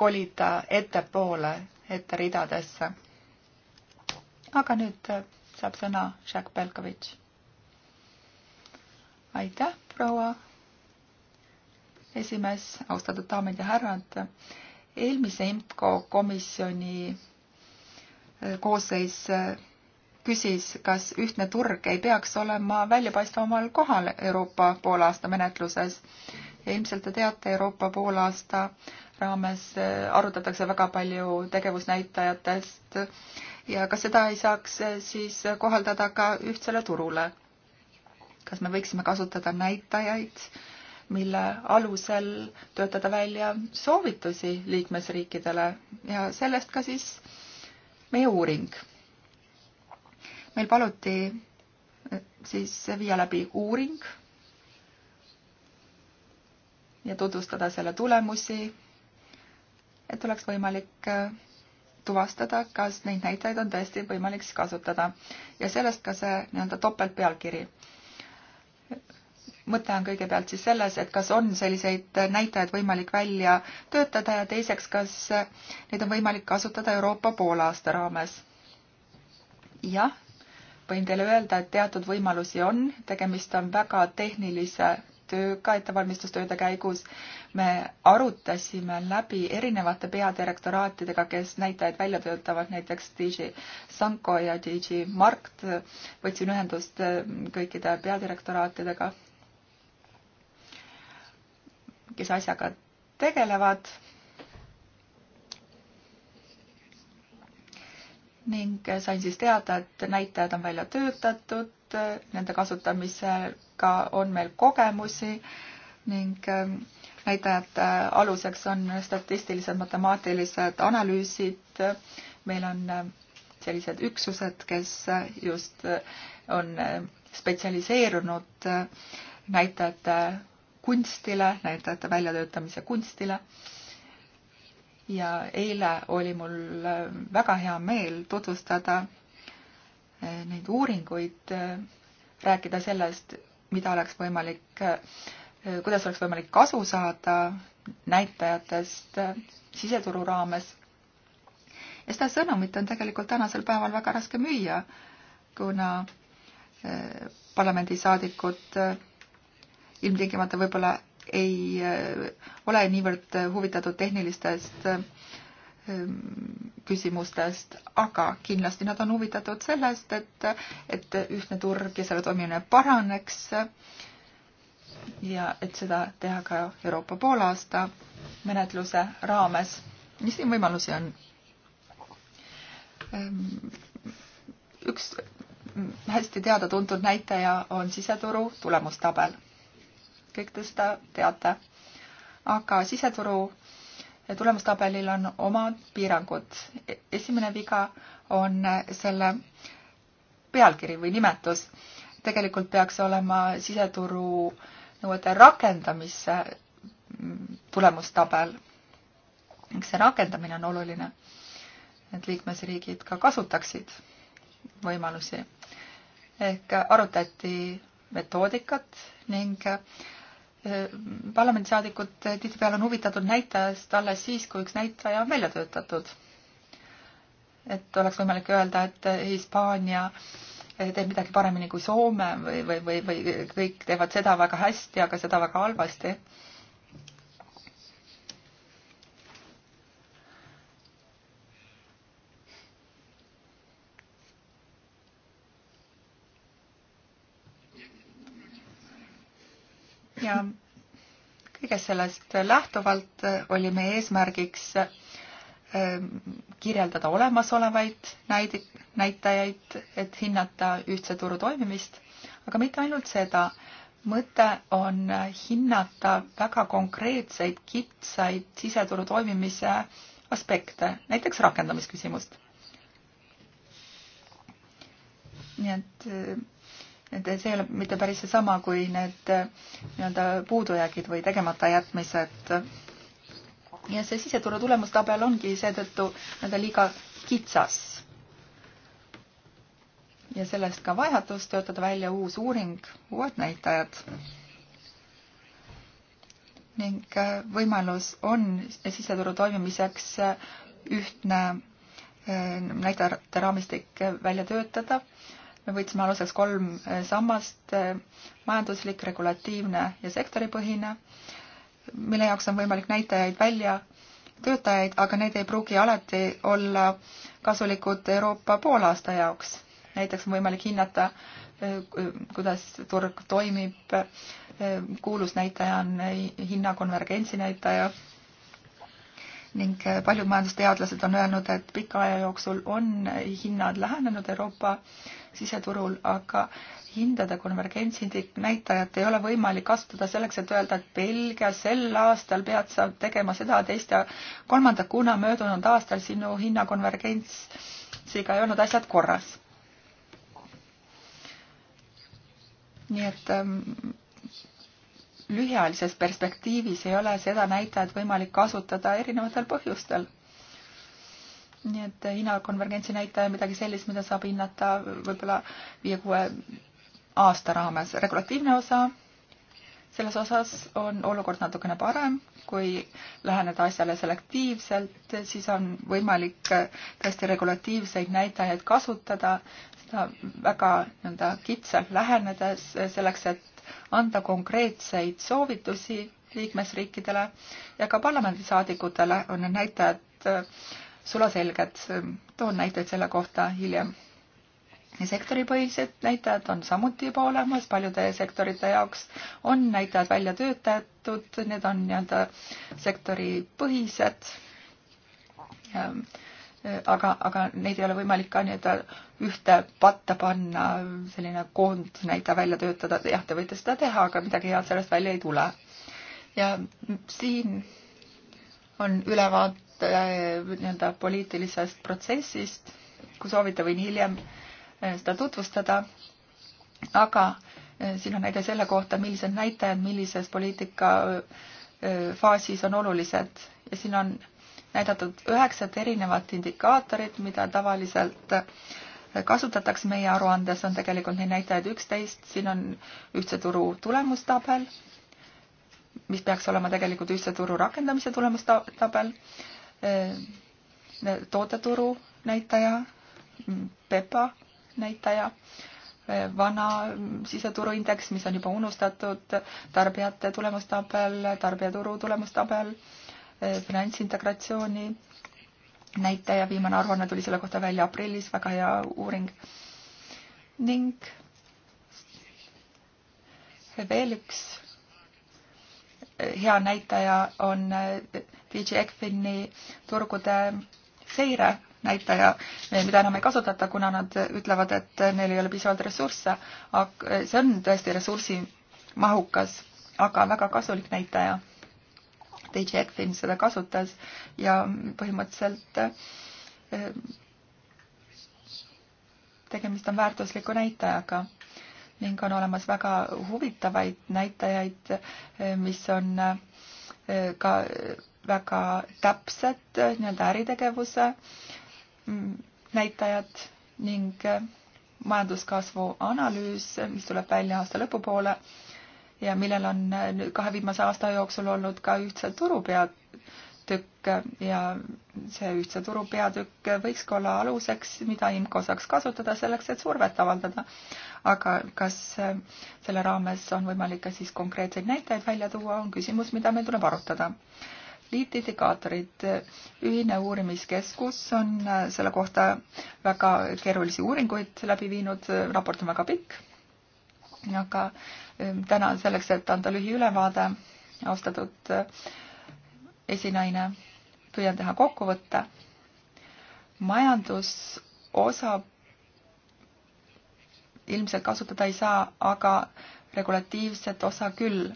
kolida ettepoole, ette ridadesse. aga nüüd saab sõna Jack Belkovitš. aitäh, proua esimees, austatud daamid ja härrad. eelmise IMCO komisjoni koosseis küsis, kas ühtne turg ei peaks olema väljapaistvamal kohal Euroopa poolaasta menetluses. ja ilmselt te teate, Euroopa poolaasta raames äh, arutatakse väga palju tegevusnäitajatest ja kas seda ei saaks äh, siis kohaldada ka ühtsele turule? kas me võiksime kasutada näitajaid, mille alusel töötada välja soovitusi liikmesriikidele ja sellest ka siis meie uuring meil paluti eh, siis viia läbi uuring ja tutvustada selle tulemusi, et oleks võimalik eh, tuvastada, kas neid näitajaid on tõesti võimalik siis kasutada ja sellest ka see nii-öelda topeltpealkiri. mõte on kõigepealt siis selles, et kas on selliseid näitajaid võimalik välja töötada ja teiseks, kas neid on võimalik kasutada Euroopa poolaasta raames. jah, võin teile öelda, et teatud võimalusi on, tegemist on väga tehnilise tööga ettevalmistustööde käigus. me arutasime läbi erinevate peadirektoraatidega, kes näitajaid välja töötavad, näiteks DJ Sanko ja DJ Markt. võtsin ühendust mm, kõikide peadirektoraatidega, kes asjaga tegelevad ning sain siis teada, et näitajad on välja töötatud, nende kasutamisega on meil kogemusi ning ähm, näitajate aluseks on statistilised matemaatilised analüüsid. meil on ähm, sellised üksused, kes äh, just äh, on ähm, spetsialiseerunud äh, näitajate kunstile, näitajate väljatöötamise kunstile ja eile oli mul äh, väga hea meel tutvustada äh, neid uuringuid, äh, rääkida sellest, mida oleks võimalik, kuidas oleks võimalik kasu saada näitajatest siseturu raames. ja seda sõnumit on tegelikult tänasel päeval väga raske müüa, kuna parlamendisaadikud ilmtingimata võib-olla ei äh, ole niivõrd huvitatud tehnilistest äh, ähm, küsimustest, aga kindlasti nad on huvitatud sellest, et, et ühtne turg ja selle toimimine paraneks ja et seda teha ka Euroopa poolaasta menetluse raames. mis siin võimalusi on? Ähm, üks hästi teada-tuntud näitaja on siseturu tulemustabel kõik tõsta, teate. aga siseturu tulemustabelil on omad piirangud. esimene viga on selle pealkiri või nimetus. tegelikult peaks olema siseturu nõuete rakendamise tulemustabel. eks see rakendamine on oluline, et liikmesriigid ka kasutaksid võimalusi. ehk arutati metoodikat ning parlamendisaadikud tihtipeale on huvitatud näitajast alles siis, kui üks näitaja on välja töötatud. et oleks võimalik öelda, et Hispaania teeb midagi paremini kui Soome või, või, või, või kõik teevad seda väga hästi, aga seda väga halvasti kõigest sellest lähtuvalt oli meie eesmärgiks ähm, kirjeldada olemasolevaid näid, näitajaid, et hinnata ühtse turu toimimist, aga mitte ainult seda. mõte on hinnata väga konkreetseid kitsaid siseturu toimimise aspekte, näiteks rakendamisküsimust. nii et äh, et see ei ole mitte päris seesama kui need äh, nii-öelda puudujäägid või tegematajätmised. ja see siseturu tulemustabel ongi seetõttu nii-öelda liiga kitsas. ja sellest ka vajadus töötada välja uus uuring, uued näitajad. ning äh, võimalus on siseturu toimimiseks äh, ühtne näitajate raamistik välja töötada me võtsime aluseks kolm eh, sammast, eh, majanduslik, regulatiivne ja sektoripõhine, mille jaoks on võimalik näitajaid välja, töötajaid, aga need ei pruugi alati olla kasulikud Euroopa poolaasta jaoks. näiteks on võimalik hinnata, eh, kuidas turg toimib, kuulus näitaja on hinnakonvergentsi näitaja ning paljud majandusteadlased on öelnud, et pika aja jooksul on hinnad lähenenud Euroopa äh, siseturul, aga hindade konvergentsi näitajat ei ole võimalik kasutada selleks, et öelda, et Belgia sel aastal pead sa tegema seda, teist ja kolmandat, kuna möödunud aastal sinu hinnakonvergentsiga ei olnud asjad korras. nii et ähm, lühiajalises perspektiivis ei ole seda näitajat võimalik kasutada erinevatel põhjustel nii et eh, hinnakonvergentsi näitaja on midagi sellist, mida saab hinnata võib-olla viie-kuue aasta raames. regulatiivne osa, selles osas on olukord natukene parem, kui läheneda asjale selektiivselt, siis on võimalik eh, tõesti regulatiivseid näitajaid kasutada, seda väga nii-öelda kitsalt lähenedes eh, selleks, et anda konkreetseid soovitusi liikmesriikidele ja ka parlamendisaadikutele on need näitajad sulaselged. toon näiteid selle kohta hiljem. sektoripõhised näitajad on samuti juba olemas, paljude sektorite jaoks on näitajad välja töötatud, need on nii-öelda sektoripõhised. Ähm, aga, aga neid ei ole võimalik ka nii-öelda ühte patta panna, selline koondnäitaja välja töötada, jah, te võite seda teha, aga midagi head sellest välja ei tule. ja siin on ülevaate Äh, nii-öelda poliitilisest protsessist, kui soovite, võin hiljem äh, seda tutvustada, aga äh, siin on näide selle kohta, millised näitajad millises poliitika faasis on olulised ja siin on näidatud üheksat erinevat indikaatorit, mida tavaliselt kasutatakse meie aruandes, on tegelikult neid näitajaid üksteist, siin on ühtse turu tulemustabel, mis peaks olema tegelikult ühtse turu rakendamise tulemustabel Äh, äh, tooteturu näitaja, PEPA näitaja, äh, vana mm, siseturuindeks, mis on juba unustatud, tarbijate tulemustabel, tarbijaturu tulemustabel, finantsintegratsiooni näitaja, viimane aruanne tuli selle kohta välja aprillis, väga hea uuring. ning veel üks hea näitaja on äh, DJ Ekfini turgude seire näitaja, eh, mida enam ei kasutata, kuna nad ütlevad, et eh, neil ei ole piisavalt ressursse. Eh, see on tõesti ressursimahukas, aga väga kasulik näitaja. DJ Ekfin seda kasutas ja põhimõtteliselt tegemist on väärtusliku näitajaga ning on olemas väga huvitavaid näitajaid, eh, mis on eh, ka väga täpsed eh, nii-öelda äritegevuse mm, näitajad ning majanduskasvu analüüs, mis tuleb välja aasta lõpupoole ja millel on kahe viimase aasta jooksul olnud ka ühtse turu pealt peatükk ja see ühtse turu peatükk võiks ka olla aluseks, mida IMCO saaks kasutada selleks, et survet avaldada. aga kas äh, selle raames on võimalik ka siis konkreetseid näitajaid välja tuua, on küsimus, mida meil tuleb arutada. liitindikaatorid, ühine uurimiskeskus on äh, selle kohta väga keerulisi uuringuid läbi viinud, raport on väga pikk, aga ähm, täna selleks, et anda lühiülevaade, austatud äh, esinaine, püüan teha kokkuvõtte. majandusosa ilmselt kasutada ei saa, aga regulatiivset osa küll.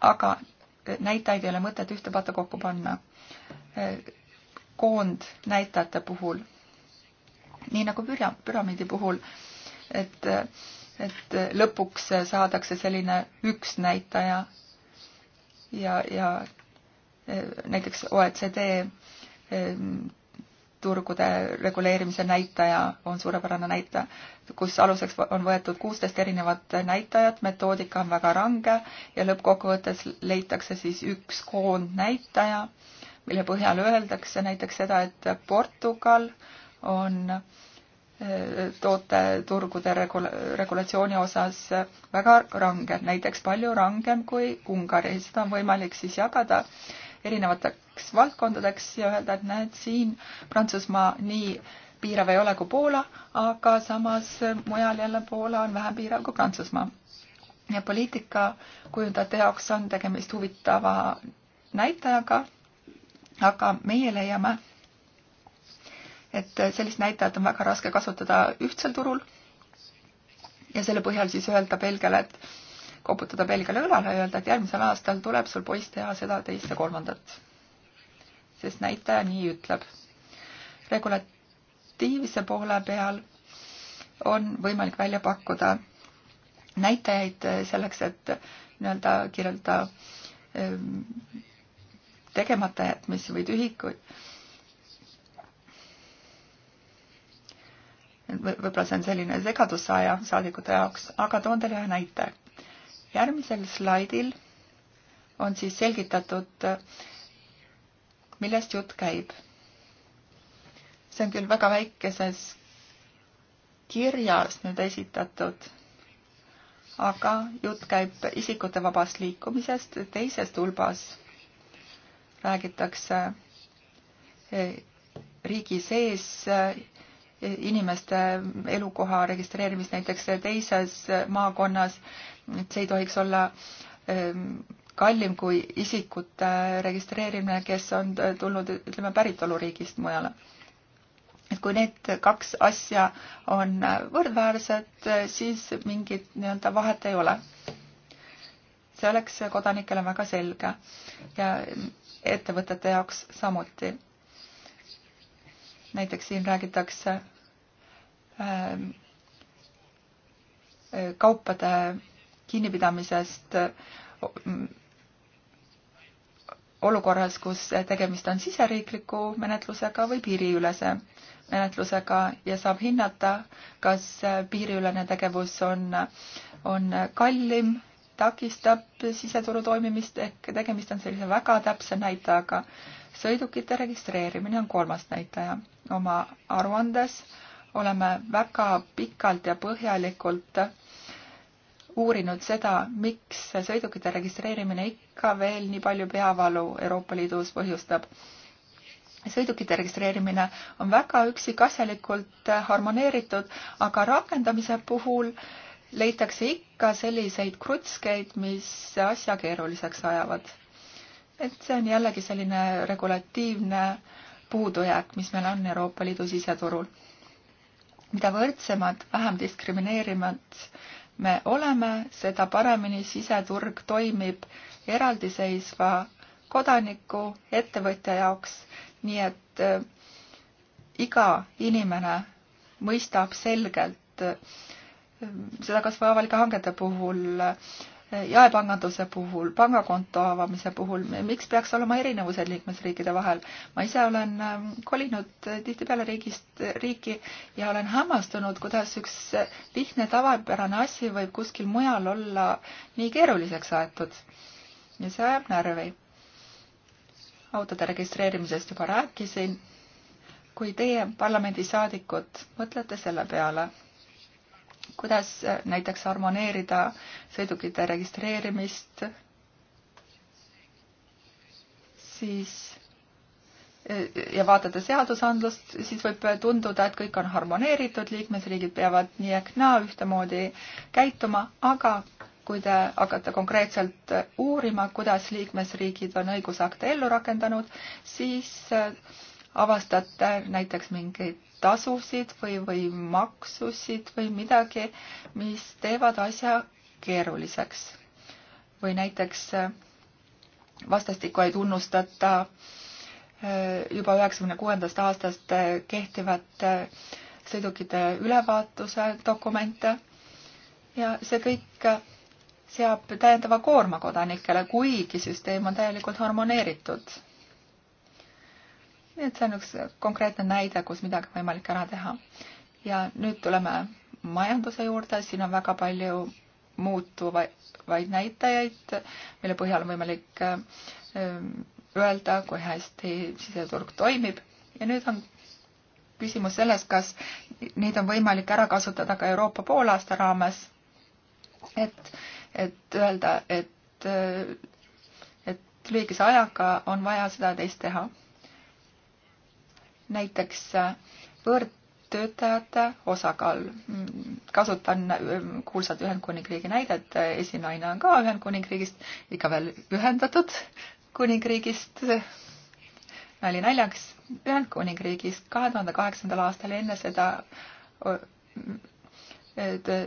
aga näitajaid ei ole mõtet ühte patta kokku panna. koondnäitajate puhul, nii nagu püra-, püramiidi puhul, et, et lõpuks saadakse selline üks näitaja ja, ja näiteks OECD ehm, turgude reguleerimise näitaja on suurepärane näitaja, kus aluseks on võetud kuusteist erinevat näitajat, metoodika on väga range ja lõppkokkuvõttes leitakse siis üks koondnäitaja, mille põhjal öeldakse näiteks seda, et Portugal on ehm, tooteturgude regula-, regulatsiooni osas väga range, näiteks palju rangem kui Ungari, seda on võimalik siis jagada erinevateks valdkondadeks ja öelda, et näed, siin Prantsusmaa nii piirav ei ole kui Poola, aga samas mujal jälle Poola on vähem piirav kui Prantsusmaa. ja poliitika kujundajate jaoks on tegemist huvitava näitajaga, aga meie leiame, et sellist näitajat on väga raske kasutada ühtsel turul ja selle põhjal siis öelda Belgiale, et koputada Belgiale õlale ja öelda, et järgmisel aastal tuleb sul poiss teha seda, teist ja kolmandat. sest näitaja nii ütleb. regulatiivse poole peal on võimalik välja pakkuda näitajaid selleks, et nii-öelda kirjelda ehm, tegemata jätmisi või tühikuid võib-olla see on selline segadusaja saadikute jaoks, aga toon teile ühe näite järgmisel slaidil on siis selgitatud, millest jutt käib. see on küll väga väikeses kirjas nüüd esitatud, aga jutt käib isikute vabast liikumisest, teises tulbas räägitakse riigi sees inimeste elukoha registreerimist näiteks teises maakonnas, et see ei tohiks olla ehm, kallim kui isikute registreerimine, kes on tulnud, ütleme, päritoluriigist mujale. et kui need kaks asja on võrdväärsed, siis mingit nii-öelda vahet ei ole. see oleks kodanikele väga selge ja ettevõtete jaoks samuti näiteks siin räägitakse ähm, äh, kaupade kinnipidamisest mm, olukorras, kus tegemist on siseriikliku menetlusega või piiriülese menetlusega ja saab hinnata, kas piiriülene tegevus on, on kallim, takistab siseturu toimimist ehk tegemist on sellise väga täpse näitajaga. sõidukite registreerimine on kolmas näitaja oma aruandes oleme väga pikalt ja põhjalikult uurinud seda, miks sõidukite registreerimine ikka veel nii palju peavalu Euroopa Liidus põhjustab. sõidukite registreerimine on väga üksikasjalikult harmoneeritud, aga rakendamise puhul leitakse ikka selliseid krutskeid, mis asja keeruliseks ajavad. et see on jällegi selline regulatiivne äh, puudujääk, mis meil on Euroopa Liidu siseturul. mida võrdsemad, vähem diskrimineerivad me oleme, seda paremini siseturg toimib eraldiseisva kodaniku, ettevõtja jaoks, nii et äh, iga inimene mõistab selgelt äh, seda kas või avalike hangete puhul äh, jaepanganduse puhul, pangakonto avamise puhul, miks peaks olema erinevused liikmesriikide vahel? ma ise olen ähm, kolinud äh, tihtipeale riigist, äh, riiki ja olen hämmastunud, kuidas üks äh, lihtne tavapärane asi võib kuskil mujal olla nii keeruliseks aetud. ja see ajab närvi. autode registreerimisest juba rääkisin. kui teie parlamendisaadikud mõtlete selle peale kuidas äh, näiteks harmoneerida sõidukite registreerimist, siis äh, ja vaadata seadusandlust, siis võib tunduda, et kõik on harmoneeritud, liikmesriigid peavad nii ehk naa ühtemoodi käituma, aga kui te hakkate konkreetselt äh, uurima, kuidas liikmesriigid on õigusakte ellu rakendanud, siis avastate näiteks mingeid tasusid või, või maksusid või midagi, mis teevad asja keeruliseks. või näiteks äh, vastastikku ei tunnustata äh, juba üheksakümne kuuendast aastast äh, kehtivat sõidukite ülevaatuse dokumente ja see kõik seab täiendava koorma kodanikele, kuigi süsteem on täielikult harmoneeritud nii et see on üks konkreetne näide, kus midagi võimalik ära teha. ja nüüd tuleme majanduse juurde, siin on väga palju muutuvaid näitajaid, mille põhjal on võimalik ähm, öelda, kui hästi siseturg toimib ja nüüd on küsimus selles, kas neid on võimalik ära kasutada ka Euroopa poolaasta raames. et, et öelda, et, äh, et lühikese ajaga on vaja seda ja teist teha näiteks äh, võõrtöötajate osakaal. Mm, kasutan ähm, kuulsat Ühendkuningriigi näidet, esinaine on ka Ühendkuningriigist, ikka veel ühendatud kuningriigist. nali naljaks, Ühendkuningriigist kahe tuhande kaheksandal aastal ja enne seda äh,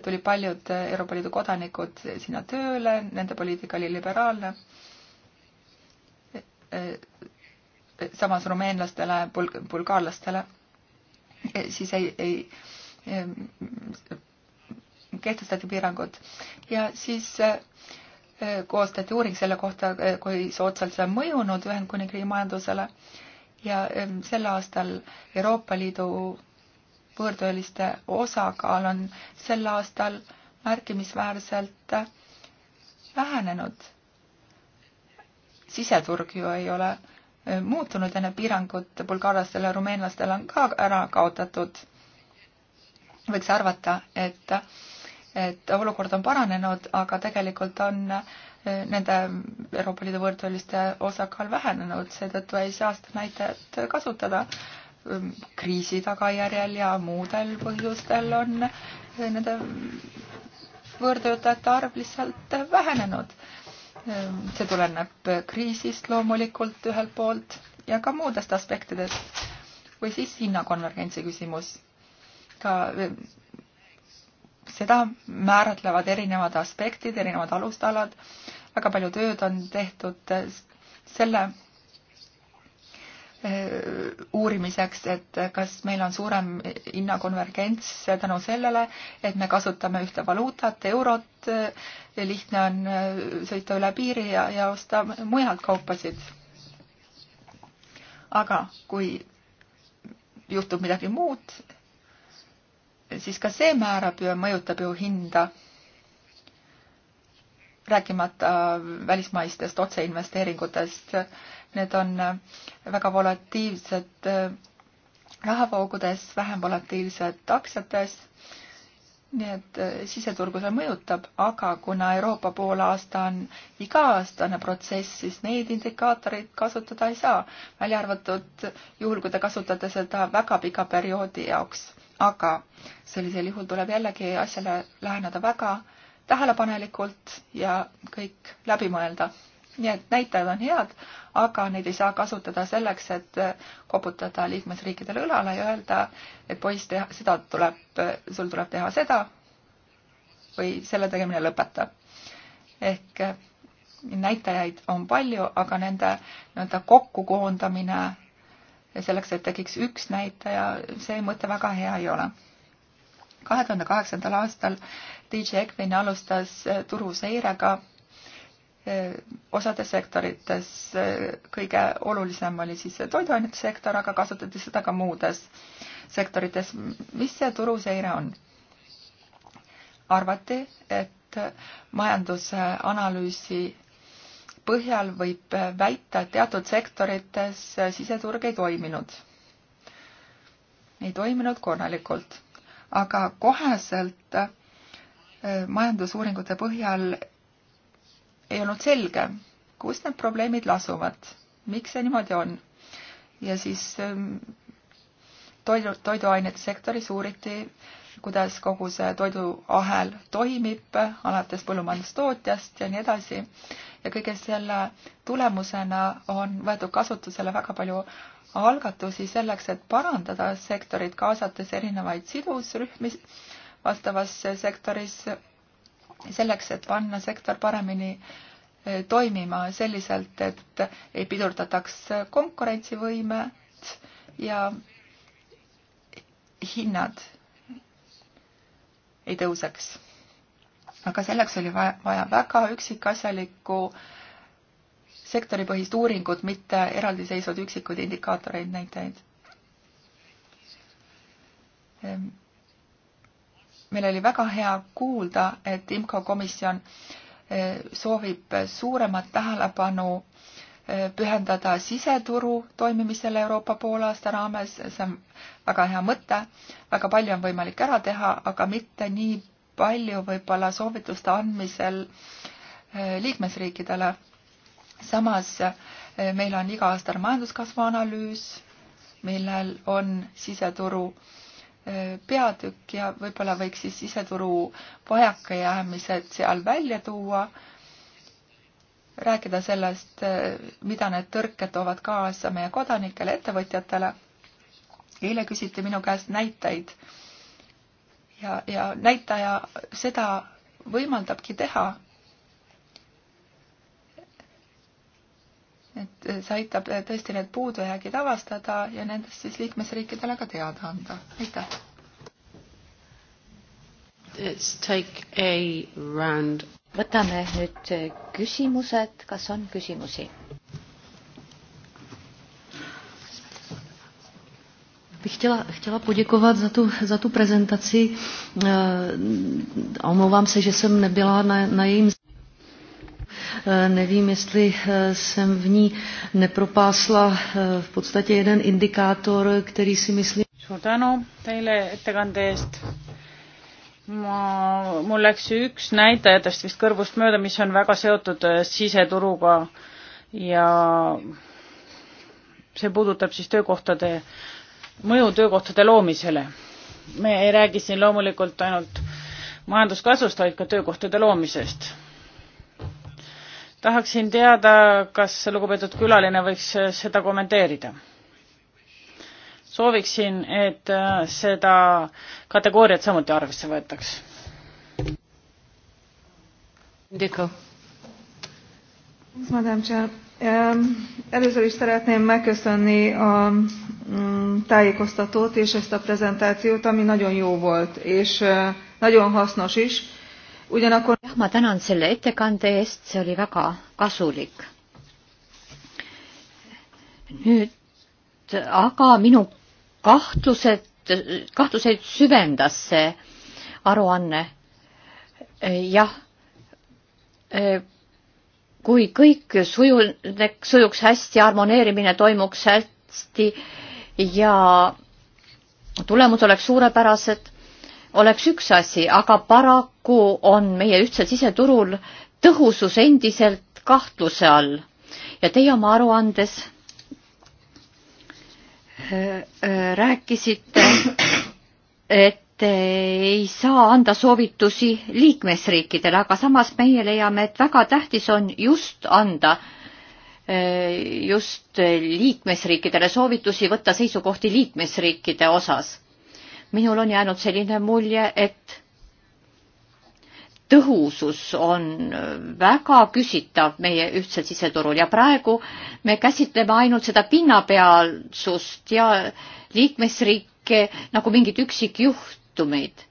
tulid paljud Euroopa Liidu kodanikud sinna tööle, nende poliitika oli liberaalne äh, samas rumeenlastele bul, bulgaarlastele, eh, siis ei, ei eh, kehtestati piirangud ja siis eh, koostati uuring selle kohta, kui soodsalt see on mõjunud Ühendkuningriigi majandusele ja sel aastal Euroopa Liidu võõrtööliste osakaal on sel aastal märkimisväärselt vähenenud. siseturg ju ei ole Äh, muutunud ja need piirangud bulgaarlastel ja rumeenlastel on ka ära kaotatud. võiks arvata, et, et olukord on paranenud, aga tegelikult on äh, nende Euroopa Liidu võõrtööliste osakaal vähenenud, seetõttu ei saa seda näitajat kasutada. Ähm, kriisi tagajärjel ja muudel põhjustel on äh, nende võõrtöötajate arv lihtsalt vähenenud see tuleneb kriisist loomulikult ühelt poolt ja ka muudest aspektidest või siis hinnakonvergentsi küsimus. ka seda määratlevad erinevad aspektid, erinevad alustalad. väga palju tööd on tehtud selle Äh, uurimiseks, et kas meil on suurem hinnakonvergents tänu sellele, et me kasutame ühte valuutat, eurot, lihtne on äh, sõita üle piiri ja, ja osta mujalt kaupasid. aga kui juhtub midagi muud, siis ka see määrab ju ja mõjutab ju hinda rääkimata välismaistest otseinvesteeringutest. Need on väga volatiilsed rahavoogudes, vähem volatiilsed aktsiates. nii et eh, siseturgu see mõjutab, aga kuna Euroopa poolaasta on iga-aastane protsess, siis neid indikaatoreid kasutada ei saa, välja arvatud juhul, kui te kasutate seda väga pika perioodi jaoks. aga sellisel juhul tuleb jällegi asjale läheneda väga äh, tähelepanelikult ja kõik läbi mõelda. nii et näitajad on head, aga neid ei saa kasutada selleks, et koputada liikmesriikidele õlale ja öelda, et poiss, teha, seda tuleb, sul tuleb teha seda või selle tegemine lõpeta. ehk näitajaid on palju, aga nende nii-öelda kokkukoondamine selleks, et tekiks üks näitaja, see mõte väga hea ei ole kahe tuhande kaheksandal aastal DJ Ekvin alustas eh, turuseirega eh, osades sektorites eh, kõige olulisem oli siis toiduainete sektor, aga kasutati seda ka muudes sektorites. mis see turuseire on? arvati, et majanduse analüüsi põhjal võib väita, et teatud sektorites siseturg ei toiminud, ei toiminud korralikult aga koheselt äh, majandusuuringute põhjal ei olnud selge, kus need probleemid lasuvad, miks see niimoodi on. ja siis ähm, toidu, toiduainete sektoris uuriti, kuidas kogu see toiduahel toimib, alates põllumajandustootjast ja nii edasi ja kõige selle tulemusena on võetud kasutusele väga palju algatusi selleks, et parandada sektorit, kaasates erinevaid sidusrühmi vastavas sektoris, selleks, et panna sektor paremini eh, toimima selliselt, et ei pidurdataks konkurentsivõimet ja hinnad ei tõuseks aga selleks oli vaja, vaja väga üksikasjalikku sektoripõhist uuringut, mitte eraldiseisvaid üksikuid indikaatoreid, näitajaid. Ehm, meil oli väga hea kuulda, et IMCO komisjon e, soovib suuremat tähelepanu e, pühendada siseturu toimimisele Euroopa poolaasta raames, see on väga hea mõte, väga palju on võimalik ära teha, aga mitte nii palju võib-olla soovituste andmisel eh, liikmesriikidele. samas eh, meil on iga-aastane majanduskasvu analüüs, millel on siseturu eh, peatükk ja võib-olla võiks siis siseturu vajakajäämised seal välja tuua, rääkida sellest, mida need tõrked toovad kaasa meie kodanikele, ettevõtjatele. eile küsiti minu käest näiteid äh, ja, ja näitaja seda võimaldabki teha. et see aitab tõesti need puudujäägid avastada ja nendest siis liikmesriikidele ka teada anda. aitäh. Let's take a round. võtame nüüd küsimused, kas on küsimusi? chtěla, chtěla poděkovat za tu, za tu prezentaci. Eh, omlouvám se, že jsem nebyla na, na jejím eh, Nevím, jestli eh, jsem v ní nepropásla v podstatě jeden indikátor, který si myslím. suur tänu teile ettekande eest. ma, mul läks üks näitajatest vist kõrvust mööda, mis on väga seotud siseturuga ja see puudutab siis töökohtade mõju töökohtade loomisele. me ei räägi siin loomulikult ainult majanduskasvust, vaid ka töökohtade loomisest. tahaksin teada, kas lugupeetud külaline võiks seda kommenteerida? sooviksin, et seda kategooriat samuti arvesse võetaks. Madam Chair, Először is szeretném megköszönni a mm, tájékoztatót és ezt a prezentációt, ami nagyon jó volt, és nagyon hasznos is. Ugyanakkor... jah, ma tänan selle ettekande eest, see oli väga kasulik. nüüd aga minu kahtlused, kahtluseid süvendas see aruanne. jah kui kõik sujuneks, sujuks hästi, harmoneerimine toimuks hästi ja tulemus oleks suurepärased, oleks üks asi, aga paraku on meie ühtsel siseturul tõhusus endiselt kahtluse all. ja teie oma aruandes äh, äh, rääkisite, et Eh, ei saa anda soovitusi liikmesriikidele, aga samas meie leiame, et väga tähtis on just anda eh, just liikmesriikidele soovitusi võtta seisukohti liikmesriikide osas. minul on jäänud selline mulje, et tõhusus on väga küsitav meie ühtsel siseturul ja praegu me käsitleme ainult seda pinnapealsust ja liikmesriike nagu mingit üksikjuhtu juhtumeid.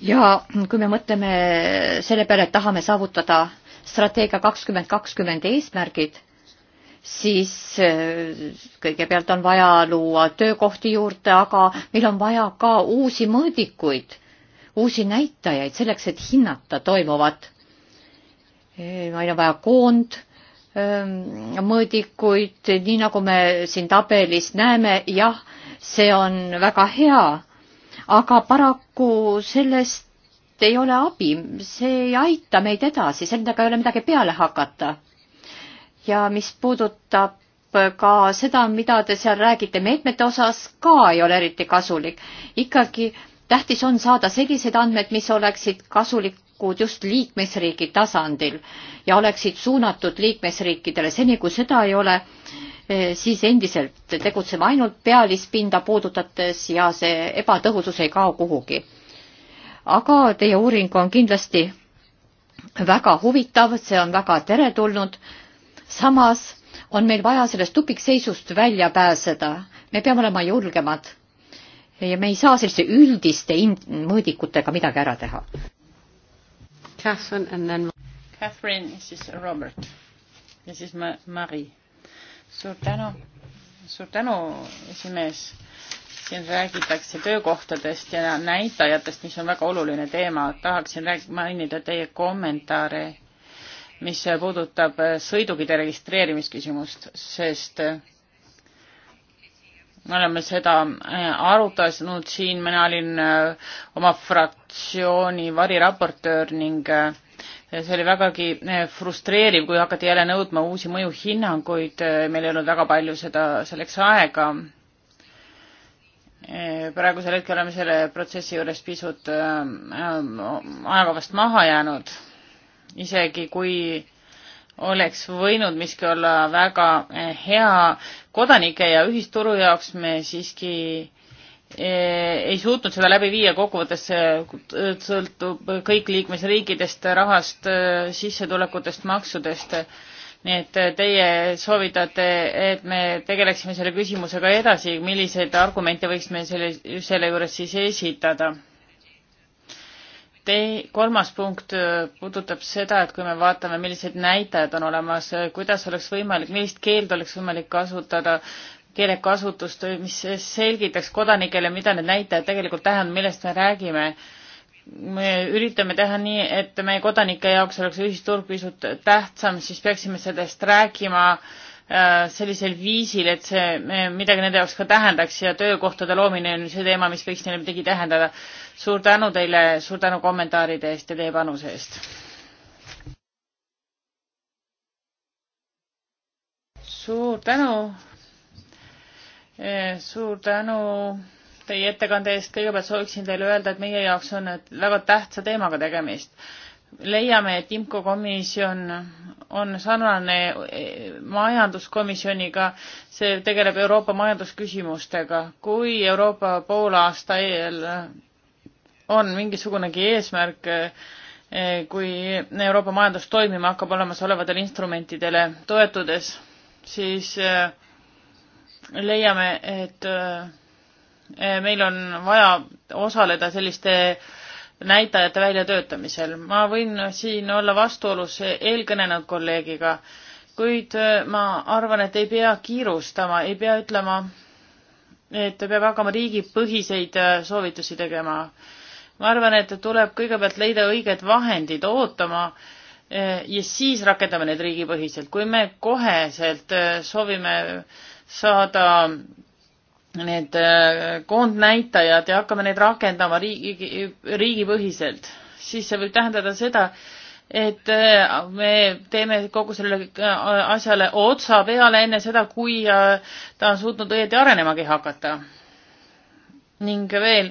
ja kui me mõtleme selle peale, et tahame saavutada strateegia kakskümmend kakskümmend eesmärgid, siis äh, kõigepealt on vaja luua töökohti juurde, aga meil on vaja ka uusi mõõdikuid, uusi näitajaid selleks, et hinnata toimuvat. meil on vaja koond ähm, mõõdikuid, nii nagu me siin tabelis näeme, jah, see on väga hea, aga paraku sellest ei ole abi, see ei aita meid edasi, sellega ei ole midagi peale hakata. ja mis puudutab ka seda, mida te seal räägite meetmete osas, ka ei ole eriti kasulik. ikkagi tähtis on saada sellised andmed, mis oleksid kasulikud just liikmesriigi tasandil ja oleksid suunatud liikmesriikidele. seni kui seda ei ole, Eh, siis endiselt tegutseme ainult pealispinda puudutates ja see ebatõhusus ei kao kuhugi. aga teie uuring on kindlasti väga huvitav, see on väga teretulnud. samas on meil vaja sellest tupikseisust välja pääseda. me peame olema julgemad. ja me ei saa selliste üldiste mõõdikutega midagi ära teha. Catherine and then Catherine ja siis Robert ja siis Marie suur tänu, suur tänu, esimees. siin räägitakse töökohtadest ja näitajatest, mis on väga oluline teema. tahaksin rääk-, mainida teie kommentaare, mis puudutab sõidukite registreerimisküsimust, sest me oleme seda äh, arutanud siin, mina olin äh, oma fraktsiooni variraportöör ning äh, see oli vägagi eh, frustreeriv, kui hakati jälle nõudma uusi mõjuhinnanguid, eh, meil ei olnud väga palju seda, selleks aega. Eh, praegusel hetkel oleme selle protsessi juures pisut ajakavast maha jäänud, isegi kui oleks võinud miski olla väga hea kodanike ja ühisturu jaoks, me siiski Eh, ei suutnud seda läbi viia, kokkuvõttes see sõltub kõik liikmesriikidest, rahast, eh, sissetulekutest, maksudest. nii et eh, teie soovitate, et me tegeleksime selle küsimusega edasi, milliseid argumente võiks me selle, selle juures siis esitada? Tei-, kolmas punkt puudutab seda, et kui me vaatame, millised näitajad on olemas, kuidas oleks võimalik, millist keelt oleks võimalik kasutada keelekasutust, mis selgitaks kodanikele, mida need näitajad tegelikult tähendavad, millest me räägime. me üritame teha nii, et meie kodanike jaoks oleks ühisturg pisut tähtsam, siis peaksime sellest rääkima äh, sellisel viisil, et see midagi nende jaoks ka tähendaks ja töökohtade loomine on see teema, mis võiks neile midagi tähendada. suur tänu teile, suur tänu kommentaaride eest ja teie panuse eest. suur tänu, Eh, suur tänu teie ettekande eest. kõigepealt sooviksin teile öelda, et meie jaoks on väga tähtsa teemaga tegemist. leiame, et IMCO komisjon on sarnane eh, majanduskomisjoniga, see tegeleb Euroopa majandusküsimustega. kui Euroopa poolaasta eel on mingisugunegi eesmärk, eh, kui Euroopa majandus toimima hakkab olemasolevatele instrumentidele toetudes, siis äh, leiame, et äh, meil on vaja osaleda selliste näitajate väljatöötamisel. ma võin siin olla vastuolus eelkõnelenud kolleegiga, kuid äh, ma arvan, et ei pea kiirustama, ei pea ütlema, et peab hakkama riigipõhiseid äh, soovitusi tegema. ma arvan, et tuleb kõigepealt leida õiged vahendid ootama ja siis rakendame need riigipõhiselt. kui me koheselt soovime saada need äh, koondnäitajad ja hakkame neid rakendama riigi, riigipõhiselt, siis see võib tähendada seda, et äh, me teeme kogu sellele äh, asjale otsa peale enne seda, kui ta on suutnud õieti arenemagi hakata. ning veel,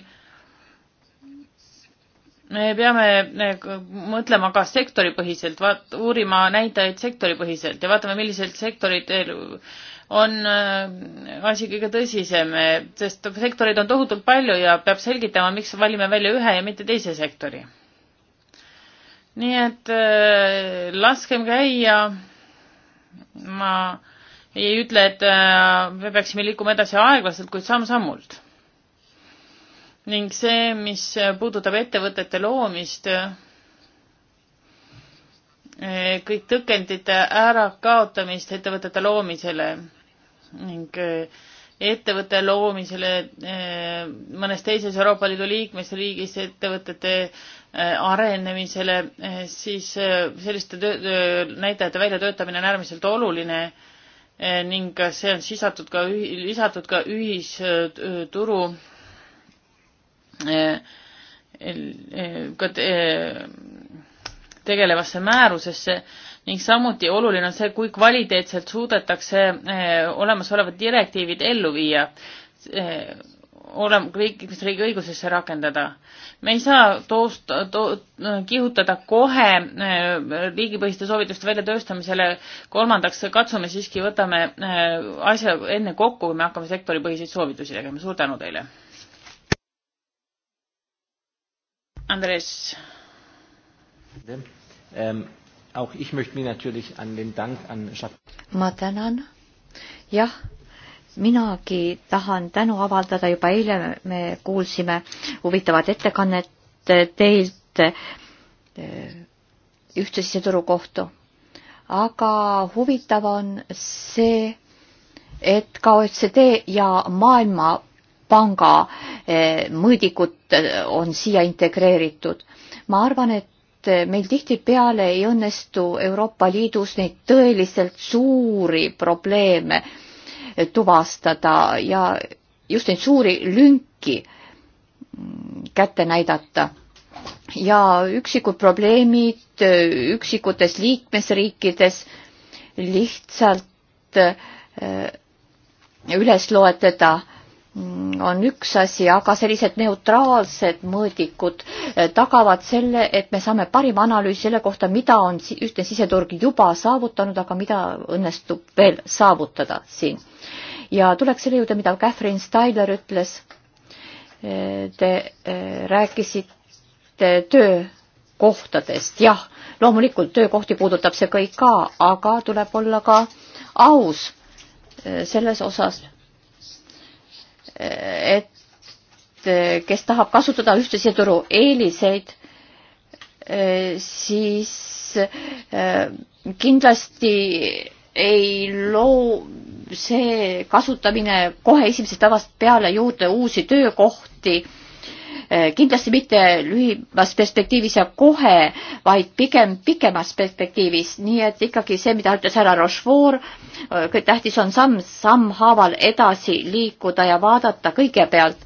me peame mõtlema ka sektoripõhiselt, vaat-, uurima näitajaid sektoripõhiselt ja vaatame, millised sektorid on äh, asi kõige tõsisem, eh, sest sektoreid on tohutult palju ja peab selgitama, miks valime välja ühe ja mitte teise sektori. nii et äh, laskem käia. ma ei ütle, et äh, me peaksime liikuma edasi aeglaselt, kuid samm-sammult. ning see, mis puudutab ettevõtete loomist, eh, kõik tõkendite ärakaotamist ettevõtete loomisele ning eh, ettevõtte loomisele eh, mõnes teises Euroopa Liidu liikmesriigis ettevõtete eh, arenemisele, siis selliste näitajate väljatöötamine on äärmiselt oluline ning see on sisatud ka, lisatud ka ühisturu ka tegelevasse määrusesse ning samuti oluline on see, kui kvaliteetselt suudetakse eh, olemasolevad direktiivid ellu viia, eh, olema liikmesriigi õigusesse rakendada. me ei saa toost- to,, kihutada kohe eh, riigipõhiste soovituste väljatööstamisele, kolmandaks katsume siiski, võtame asja enne kokku, kui me hakkame sektoripõhiseid soovitusi tegema, suur tänu teile! Andres. Um, Auch ich möchte mich natürlich an den Dank an ma tänan. jah, minagi tahan tänu avaldada, juba eile me kuulsime huvitavat ettekannet teilt eh, ühtse siseturu kohta. aga huvitav on see, et ka OECD ja Maailmapanga eh, mõõdikud eh, on siia integreeritud. ma arvan, et et eh, meil tihtipeale ei õnnestu Euroopa Liidus neid tõeliselt suuri probleeme eh, tuvastada ja just neid suuri lünki mm, kätte näidata. ja üksikud probleemid eh, üksikutes liikmesriikides lihtsalt üles loetleda äh, Mm, on üks asi, aga sellised neutraalsed mõõdikud eh, tagavad selle, et me saame parima analüüsi selle kohta, mida on ühtne siseturg juba saavutanud, aga mida õnnestub veel saavutada siin. ja tuleks selle juurde, mida Catherine Styler ütles. Eh, te eh, rääkisite töökohtadest, jah, loomulikult töökohti puudutab see kõik ka, aga tuleb olla ka aus selles osas et kes tahab kasutada ühtse siseturu eeliseid, siis eh, kindlasti ei loo see kasutamine kohe esimesest päevast peale juurde uusi töökohti Eh, kindlasti mitte lühimas perspektiivis ja kohe, vaid pigem pikemas perspektiivis, nii et ikkagi see, mida ütles härra Rochefort, eh, tähtis on samm sammhaaval edasi liikuda ja vaadata kõigepealt,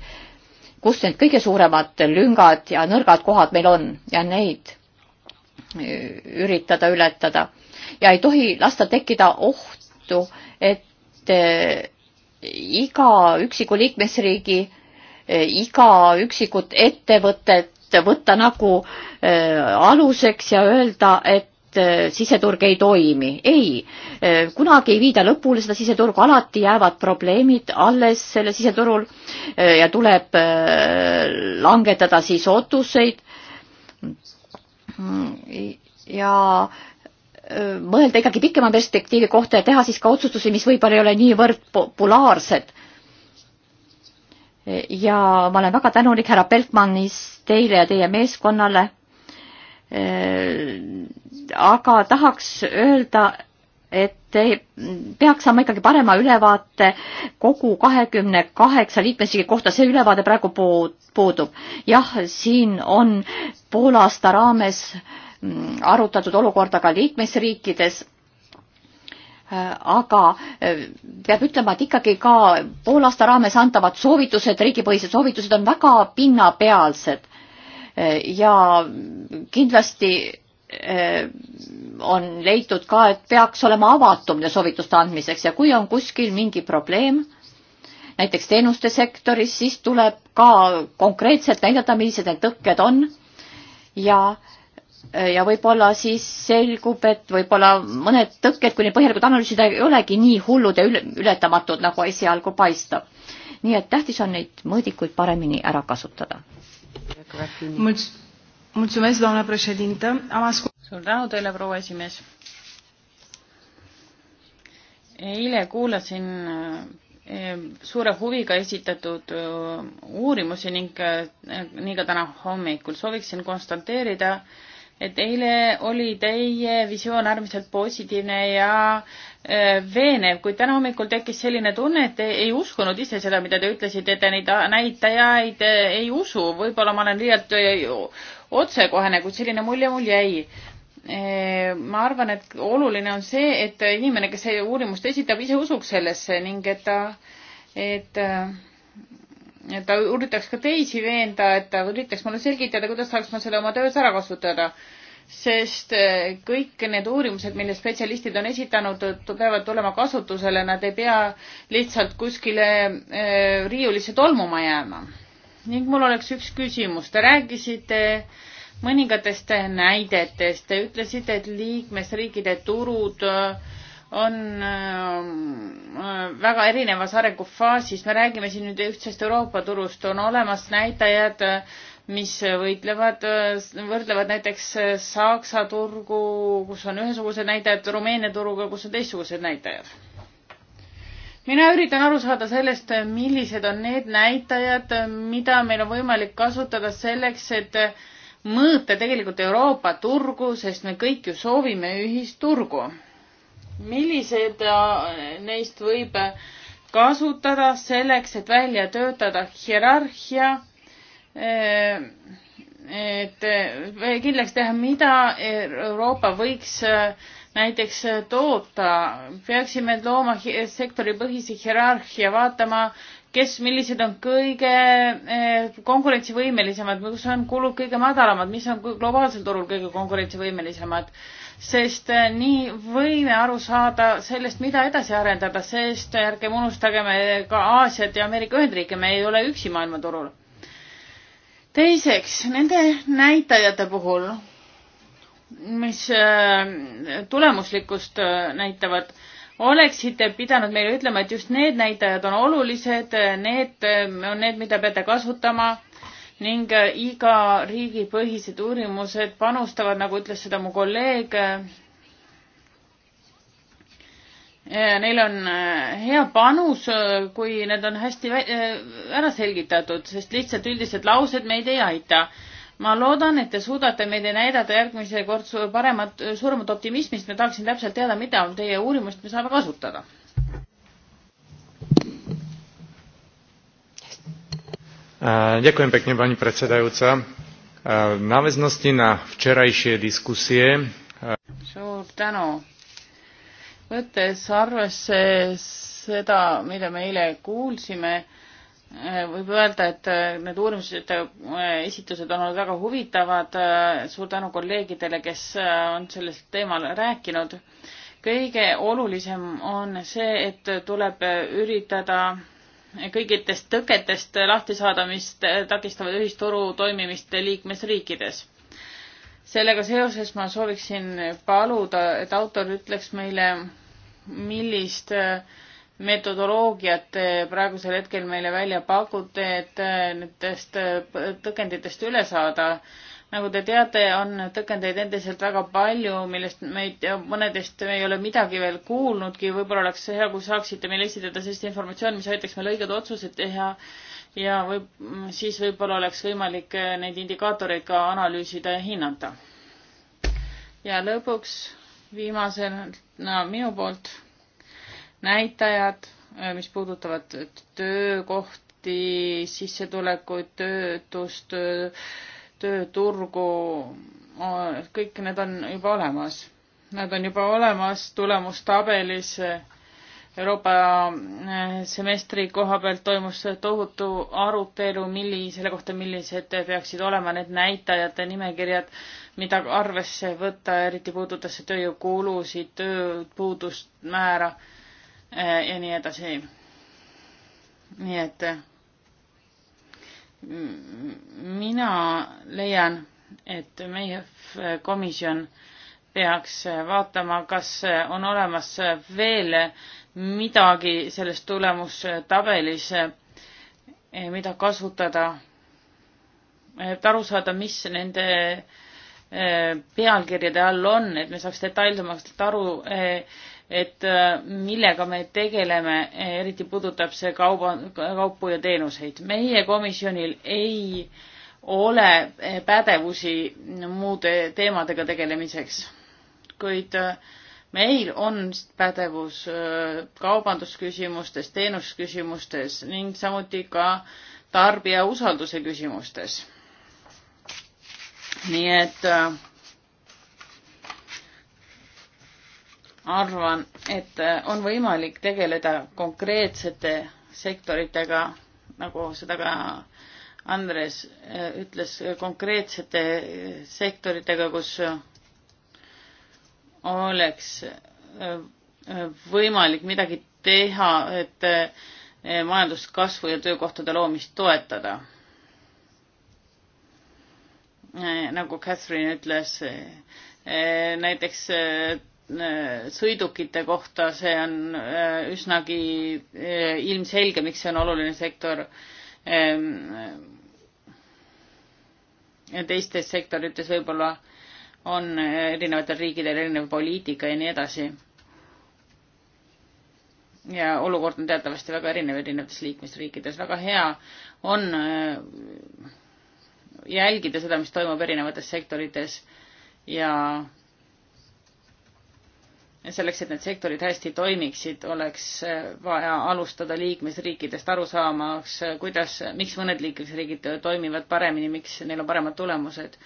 kus need kõige suuremad lüngad ja nõrgad kohad meil on ja neid eh, üritada ületada ja ei tohi lasta tekkida ohtu, et iga üksiku liikmesriigi äh, Eh, iga üksikut ettevõtet võtta nagu eh, aluseks ja öelda, et eh, siseturg ei toimi. ei, kunagi ei viida lõpule seda siseturgu, alati jäävad probleemid alles selle siseturul ja tuleb langetada siis otsuseid. ja mõelda ikkagi pikema perspektiivi kohta ja teha siis ka otsustusi, mis võib-olla ei ole niivõrd populaarsed ja ma olen väga tänulik härra Beltmannis teile ja teie meeskonnale. aga tahaks öelda, et te peaks saama ikkagi parema ülevaate kogu kahekümne kaheksa liikmesriigi kohta, see ülevaade praegu puudub. jah, siin on poolaasta raames arutatud olukorda ka liikmesriikides Äh, aga äh, peab ütlema, et ikkagi ka poolaasta raames antavad soovitused, riigipõhised soovitused on väga pinnapealsed. Äh, ja kindlasti on leitud ka, et peaks olema avatum soovituste andmiseks ja kui on kuskil mingi probleem, näiteks teenuste sektoris, siis tuleb ka konkreetselt näidata, millised need tõkked on ja äh, Äh, ja võib-olla siis selgub, et võib-olla mõned tõkked, kui neid põhjalikult analüüsida, ei olegi nii hullud ja ületamatud, nagu esialgu paistab. nii et tähtis on neid mõõdikuid paremini ära kasutada. suur tänu teile, proua esimees. eile kuulasin eh, suure huviga esitatud eh, uurimusi ning eh, nii ka täna hommikul sooviksin konstateerida, et eile oli teie visioon äärmiselt positiivne ja äh, veenev, kuid täna hommikul tekkis selline tunne, et te ei uskunud ise seda, mida te ütlesite, te neid näitajaid äh, ei usu, võib-olla ma olen liialt äh, otsekohene, kuid selline mulje mul jäi. ma arvan, et oluline on see, et inimene, kes uurimust esitab, ise usuks sellesse ning et ta, et, et ta üritaks ka teisi veenda, et ta üritaks mulle selgitada, kuidas saaks ma selle oma töös ära kasutada. sest eh, kõik need uurimused, mille spetsialistid on esitanud, peavad tulema kasutusele, nad ei pea lihtsalt kuskile eh, riiulisse tolmuma jääma. ning mul oleks üks küsimus, te rääkisite mõningatest näidetest, te ütlesite, et liikmesriikide turud äh, on äh, äh, väga erinevas arengufaasis, me räägime siin nüüd ühtsest Euroopa turust, on olemas näitajad, mis võitlevad, äh, võrdlevad näiteks Saksa turgu, kus on ühesugused näitajad, Rumeenia turuga, kus on teistsugused näitajad. mina üritan aru saada sellest, millised on need näitajad, mida meil on võimalik kasutada selleks, et mõõta tegelikult Euroopa turgu, sest me kõik ju soovime ühisturgu millised äh, neist võib äh, kasutada selleks, et välja töötada hierarhia, äh, et kindlaks teha, mida Euroopa võiks näiteks toota, peaksime looma sektoripõhise hierarhia, vaatama, kes, millised on kõige konkurentsivõimelisemad, kus on kulud kõige madalamad, mis on globaalsel turul kõige konkurentsivõimelisemad sest eh, nii võime aru saada sellest, mida edasi arendada, sest ärgem unustagem eh, ka Aasiat ja Ameerika Ühendriike, me ei ole üksi maailmaturul. teiseks, nende näitajate puhul, mis eh, tulemuslikkust näitavad, oleksite pidanud meile ütlema, et just need näitajad on olulised, need on need, mida peate kasutama ning äh, iga riigi põhised uurimused panustavad, nagu ütles seda mu kolleeg. Äh, neil on äh, hea panus, kui need on hästi ära selgitatud, sest lihtsalt üldised laused meid ei aita. ma loodan, et te suudate meid näidata järgmise kord paremat, suuremat optimismi, sest ma tahaksin täpselt teada, mida teie uurimust me saame kasutada Ďakujem pekne, pani predsedajúca. V náväznosti na včerajšie diskusie. Suur tänu. Võttes arvesse seda, mida me eile kuulsime, e, võib öelda, et e, need uurimused, e, esitused on olnud väga huvitavad. suur tänu kolleegidele, kes on sellel teemal rääkinud. kõige olulisem on see, et tuleb üritada kõigitest tõketest lahti saada, mis takistavad ühisturu toimimist liikmesriikides. sellega seoses ma sooviksin paluda, et autor ütleks meile, millist äh, metodoloogiat äh, praegusel hetkel meile välja pakute, et äh, nendest tõkenditest üle saada nagu te teate, on tõkendeid endiselt väga palju, millest meid, mõnedest me ei ole midagi veel kuulnudki, võib-olla oleks hea, kui saaksite meile esitada sellist informatsiooni, mis aitaks meil õiged otsused teha ja võib, siis võib-olla oleks võimalik äh, neid indikaatoreid ka analüüsida ja hinnata. ja lõpuks viimasena no, minu poolt näitajad, äh, mis puudutavad töökohti, sissetulekuid, töötust töö,, tööturgu, kõik need on juba olemas. Nad on juba olemas tulemustabelis. Euroopa eh, semestri koha pealt toimus tohutu arutelu, milli, selle kohta, millised peaksid olema need näitajate nimekirjad, mida arvesse võtta, eriti puudutas see tööjõukulusid, tööpuudust määra eh, ja nii edasi. nii et mina leian, et meie komisjon peaks vaatama, kas on olemas veel midagi selles tulemustabelis, mida kasutada, et aru saada, mis nende eh, pealkirjade all on, et me saaks detailsemalt aru eh, et äh, millega me tegeleme, eriti puudutab see kauba, kaupu ja teenuseid. meie komisjonil ei ole äh, pädevusi muude teemadega tegelemiseks, kuid äh, meil on pädevus kaubandusküsimustes, teenusküsimustes ning samuti ka tarbija usalduse küsimustes. nii et äh, arvan, et äh, on võimalik tegeleda konkreetsete sektoritega, nagu seda ka Andres äh, ütles, konkreetsete äh, sektoritega, kus oleks võimalik midagi teha, et majanduskasvu ja töökohtade loomist toetada. nagu Catherine ütles, näiteks Äh, sõidukite kohta, see on äh, üsnagi äh, ilmselge, miks see on oluline sektor ähm, teistes sektorites võib-olla on erinevatel riikidel erinev poliitika ja nii edasi. ja olukord on teatavasti väga erinev erinevates liikmesriikides, väga hea on jälgida seda, mis toimub erinevates sektorites ja selleks, et need sektorid hästi toimiksid, oleks äh, vaja alustada liikmesriikidest aru saamaks, äh, kuidas, miks mõned liikmesriigid äh, toimivad paremini, miks neil on paremad tulemused.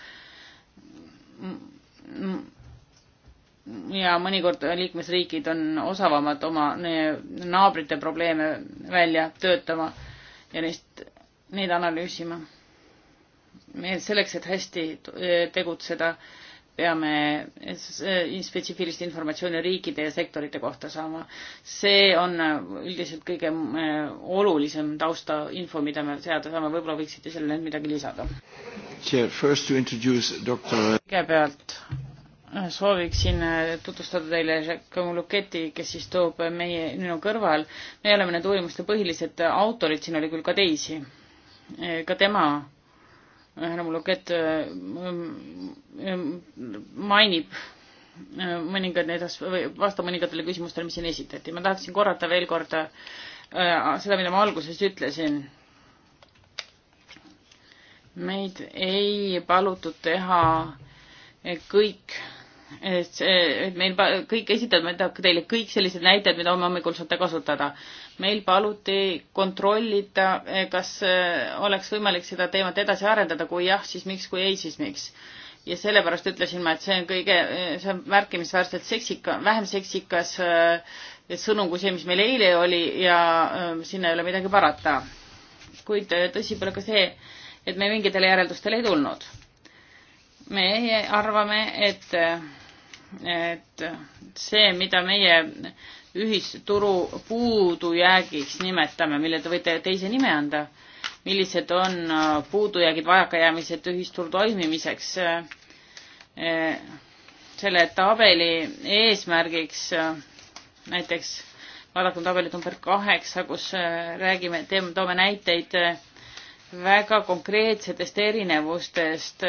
ja mõnikord liikmesriigid on osavamad oma naabrite probleeme välja töötama ja neist, neid analüüsima. selleks, et hästi tegutseda peame eh, spetsiifilist informatsiooni riikide ja sektorite kohta saama. see on eh, üldiselt kõige eh, olulisem taustainfo, mida me teada saame, võib-olla võiksite sellele nüüd midagi lisada. kõigepealt sooviksin tutvustada teile Jacques Muluketti, kes siis toob meie, minu kõrval, me oleme nende uurimuste põhilised autorid, siin oli küll ka teisi, ka tema härra Muluket äh, ähm, ähm, mainib äh, mõningaid neid as-, või vasta mõningatele küsimustele, mis siin esitati. ma tahaksin korrata veel kord äh, seda, mida ma alguses ütlesin. meid ei palutud teha kõik, et see, et meil kõik esitavad, ma ei tea, teile kõik sellised näited, mida homme hommikul saate kasutada meil paluti kontrollida, eh, kas eh, oleks võimalik seda teemat edasi arendada, kui jah, siis miks, kui ei, siis miks. ja sellepärast ütlesin ma, et see on kõige, eh, see on märkimisväärselt seksika, vähem seksikas sõnum kui see, mis meil eile oli ja sinna ei ole midagi parata. kuid tõsi pole ka see, et me mingitele järeldustele ei tulnud. meie arvame, et, et see, mida meie ühisturu puudujäägiks nimetame, mille te võite teise nime anda, millised on äh, puudujäägid, vajakajäämised ühisturu toimimiseks. Äh, äh, selle tabeli eesmärgiks näiteks vaadake tabelit number kaheksa, kus räägime, teeme, toome näiteid väga konkreetsetest erinevustest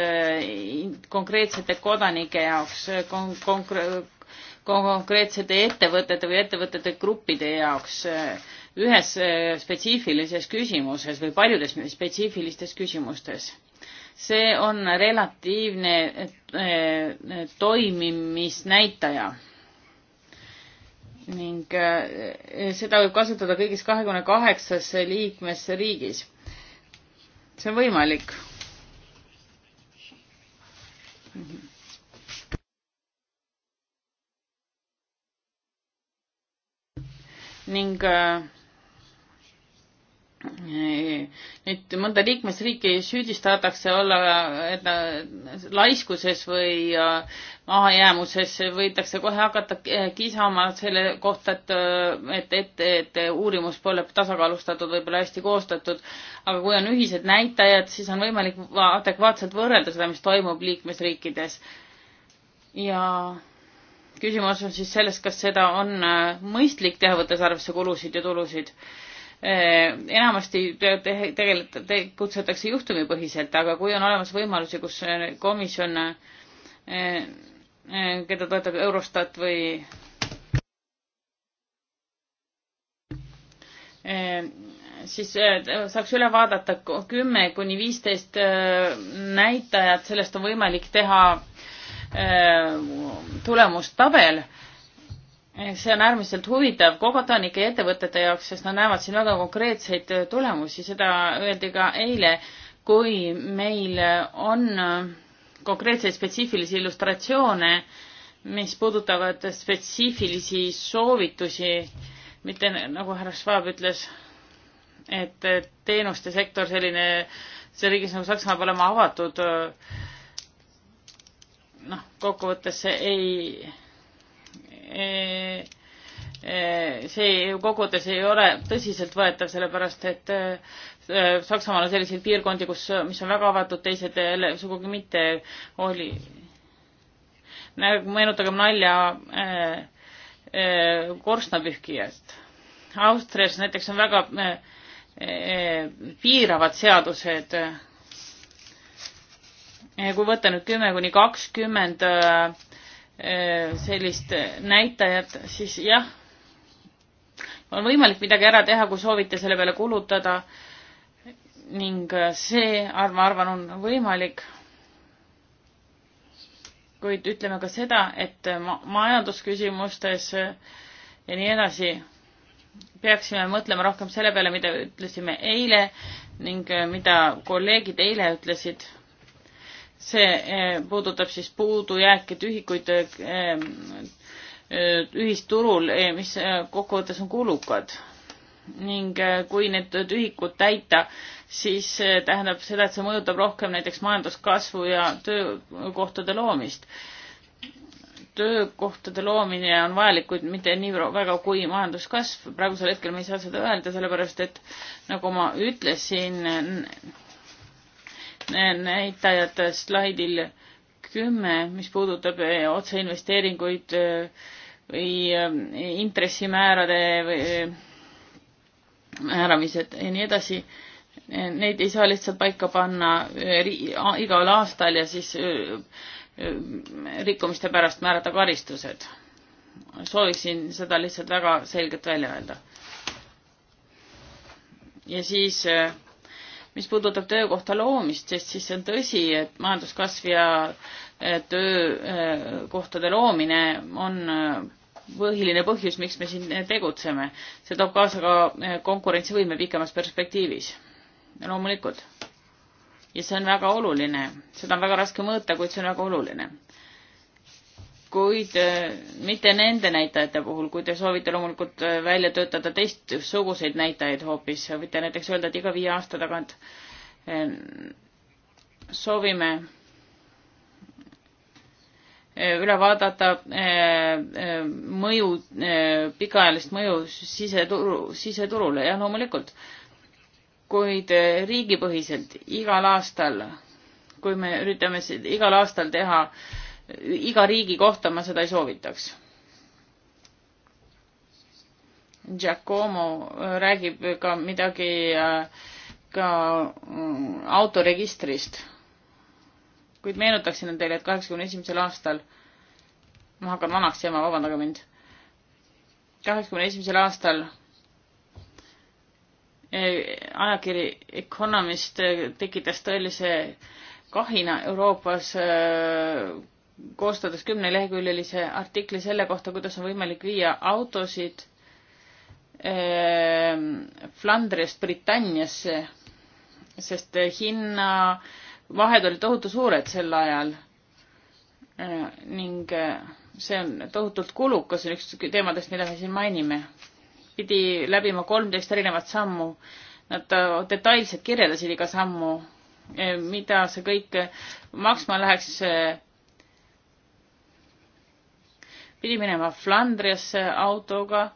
konkreetsete kodanike jaoks kon-, kon-, konkreetsete ettevõtete või ettevõtete gruppide jaoks eh, ühes eh, spetsiifilises küsimuses või paljudes spetsiifilistes küsimustes. see on relatiivne eh, toimimisnäitaja ning seda võib kasutada kõigis kahekümne kaheksas liikmesriigis. see on võimalik. Mhm. ning äh, nüüd mõnda liikmesriiki süüdistatakse olla et, laiskuses või äh, mahajäämuses, võidakse kohe hakata kisama selle kohta, et, et, et, et uurimus pole tasakaalustatud, võib-olla hästi koostatud, aga kui on ühised näitajad, siis on võimalik adekvaatselt võrrelda seda, mis toimub liikmesriikides. ja küsimus on siis selles, kas seda on äh, mõistlik teha, võttes arvesse kulusid ja tulusid. Äh, enamasti tegelikult tegutsetakse juhtumipõhiselt, aga kui on olemas võimalusi, kus äh, komisjon, keda toetab Eurostat või siis saaks üle vaadata kümme kuni viisteist näitajat, sellest on võimalik teha Äh, tulemustabel. see on äärmiselt huvitav kodanike ja ettevõtete jaoks, sest nad näevad siin väga konkreetseid tulemusi, seda öeldi ka eile, kui meil on konkreetseid spetsiifilisi illustratsioone, mis puudutavad spetsiifilisi soovitusi, mitte nagu härra Schwab ütles, et teenuste sektor selline, see riigis nagu Saksamaa peab olema avatud äh, noh, kokkuvõttes see ei, see ju kokkuvõttes ei ole tõsiseltvõetav, sellepärast et äh, Saksamaal on selliseid piirkondi, kus, mis on väga avatud, teised jälle sugugi mitte oli. meenutagem nalja äh, äh, korstnapühkijast. Austrias näiteks on väga piiravad seadused kui võtta nüüd kümme kuni kakskümmend äh, äh, sellist äh, näitajat, siis jah, on võimalik midagi ära teha, kui soovite selle peale kulutada ning see, ma arvan, on võimalik. kuid ütleme ka seda, et majandusküsimustes ja nii edasi peaksime mõtlema rohkem selle peale, mida ütlesime eile ning mida kolleegid eile ütlesid see eh, puudutab siis puudujääke, tühikuid eh, eh, ühisturul, mis kokkuvõttes on kulukad. ning kui need tühikud täita, siis tähendab seda, et see mõjutab rohkem näiteks majanduskasvu ja töökohtade loomist. töökohtade loomine on vajalik, kuid mitte nii väga kui majanduskasv. praegusel hetkel me ei saa seda öelda, sellepärast et nagu ma ütlesin, näitajad slaidil kümme, mis puudutab eh, otseinvesteeringuid eh, või eh, intressimäärade või määramised ja nii edasi. Neid ei saa lihtsalt paika panna igal aastal ja siis rikkumiste pärast määrata karistused. sooviksin seda lihtsalt väga selgelt välja öelda. ja siis äh, mis puudutab töökohta loomist, sest siis on tõsi, et majanduskasv ja eh, töökohtade eh, loomine on eh, põhiline põhjus, miks me siin tegutseme. see toob kaasa ka konkurentsivõime pikemas perspektiivis. loomulikult. ja see on väga oluline, seda on väga raske mõõta, kuid see on väga oluline kuid eh, mitte nende näitajate puhul, kui te soovite loomulikult eh, välja töötada teistsuguseid näitajaid hoopis, võite näiteks öelda, et iga viie aasta tagant eh, soovime üle vaadata mõju, pikaajalist mõju siseturu, siseturule, jah, loomulikult, kuid riigipõhiselt igal aastal, kui me üritame igal aastal teha äh, iga riigi kohta ma seda ei soovitaks. Giacomo äh, räägib ka midagi äh, ka mm, autoregistrist, kuid meenutaksin teile, et kaheksakümne esimesel aastal, ma hakkan vanaks jääma, vabandage mind, kaheksakümne esimesel aastal e, ajakiri Economist e, tekitas tõelise kahina Euroopas e, koostades kümneleheküljelise artikli selle kohta, kuidas on võimalik viia autosid ehm, Flandriast Britanniasse, sest eh, hinnavahed olid tohutu suured sel ajal. Eh, ning eh, see on tohutult kulukas, on üks teemadest, mida me siin mainime. pidi läbima kolmteist erinevat sammu. Nad detailselt kirjeldasid iga sammu, mida see kõik maksma läheks pidi minema Flandriasse autoga,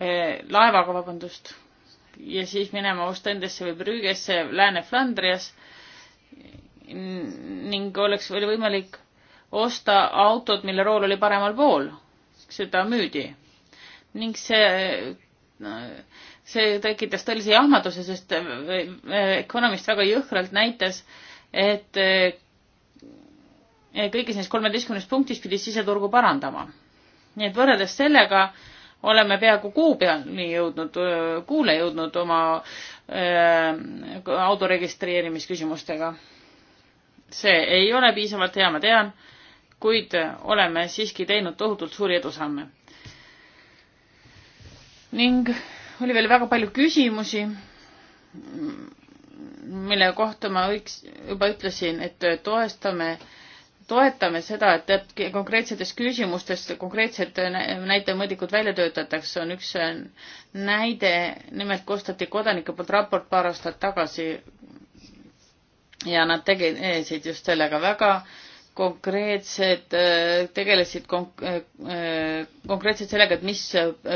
eh, laevaga, vabandust, ja siis minema Ostendesse või Brügesse Lääne-Flandrias ning oleks, oli võimalik osta autot, mille rool oli paremal pool. seda müüdi. ning see no, see tekitas tõelise jahmatuse, sest eh, eh, Economist väga jõhkralt näitas, et Eh, kõigis neis kolmeteistkümnes punktis pidi siseturgu parandama. nii et võrreldes sellega oleme peaaegu kuu pealni jõudnud, kuule jõudnud oma äh, auto registreerimisküsimustega. see ei ole piisavalt hea, ma tean, kuid oleme siiski teinud tohutult suuri edusamme. ning oli veel väga palju küsimusi, mille kohta ma võiks, juba ütlesin, et toestame äh, toetame seda, et tead konkreetsetes küsimustes konkreetsed näitemõõdikud välja töötatakse, on üks äh, näide, nimelt koostati kodanike poolt raport paar aastat tagasi ja nad tegelesid just sellega väga konkreetsed, äh, tegelesid konk-, äh, konkreetselt sellega, et mis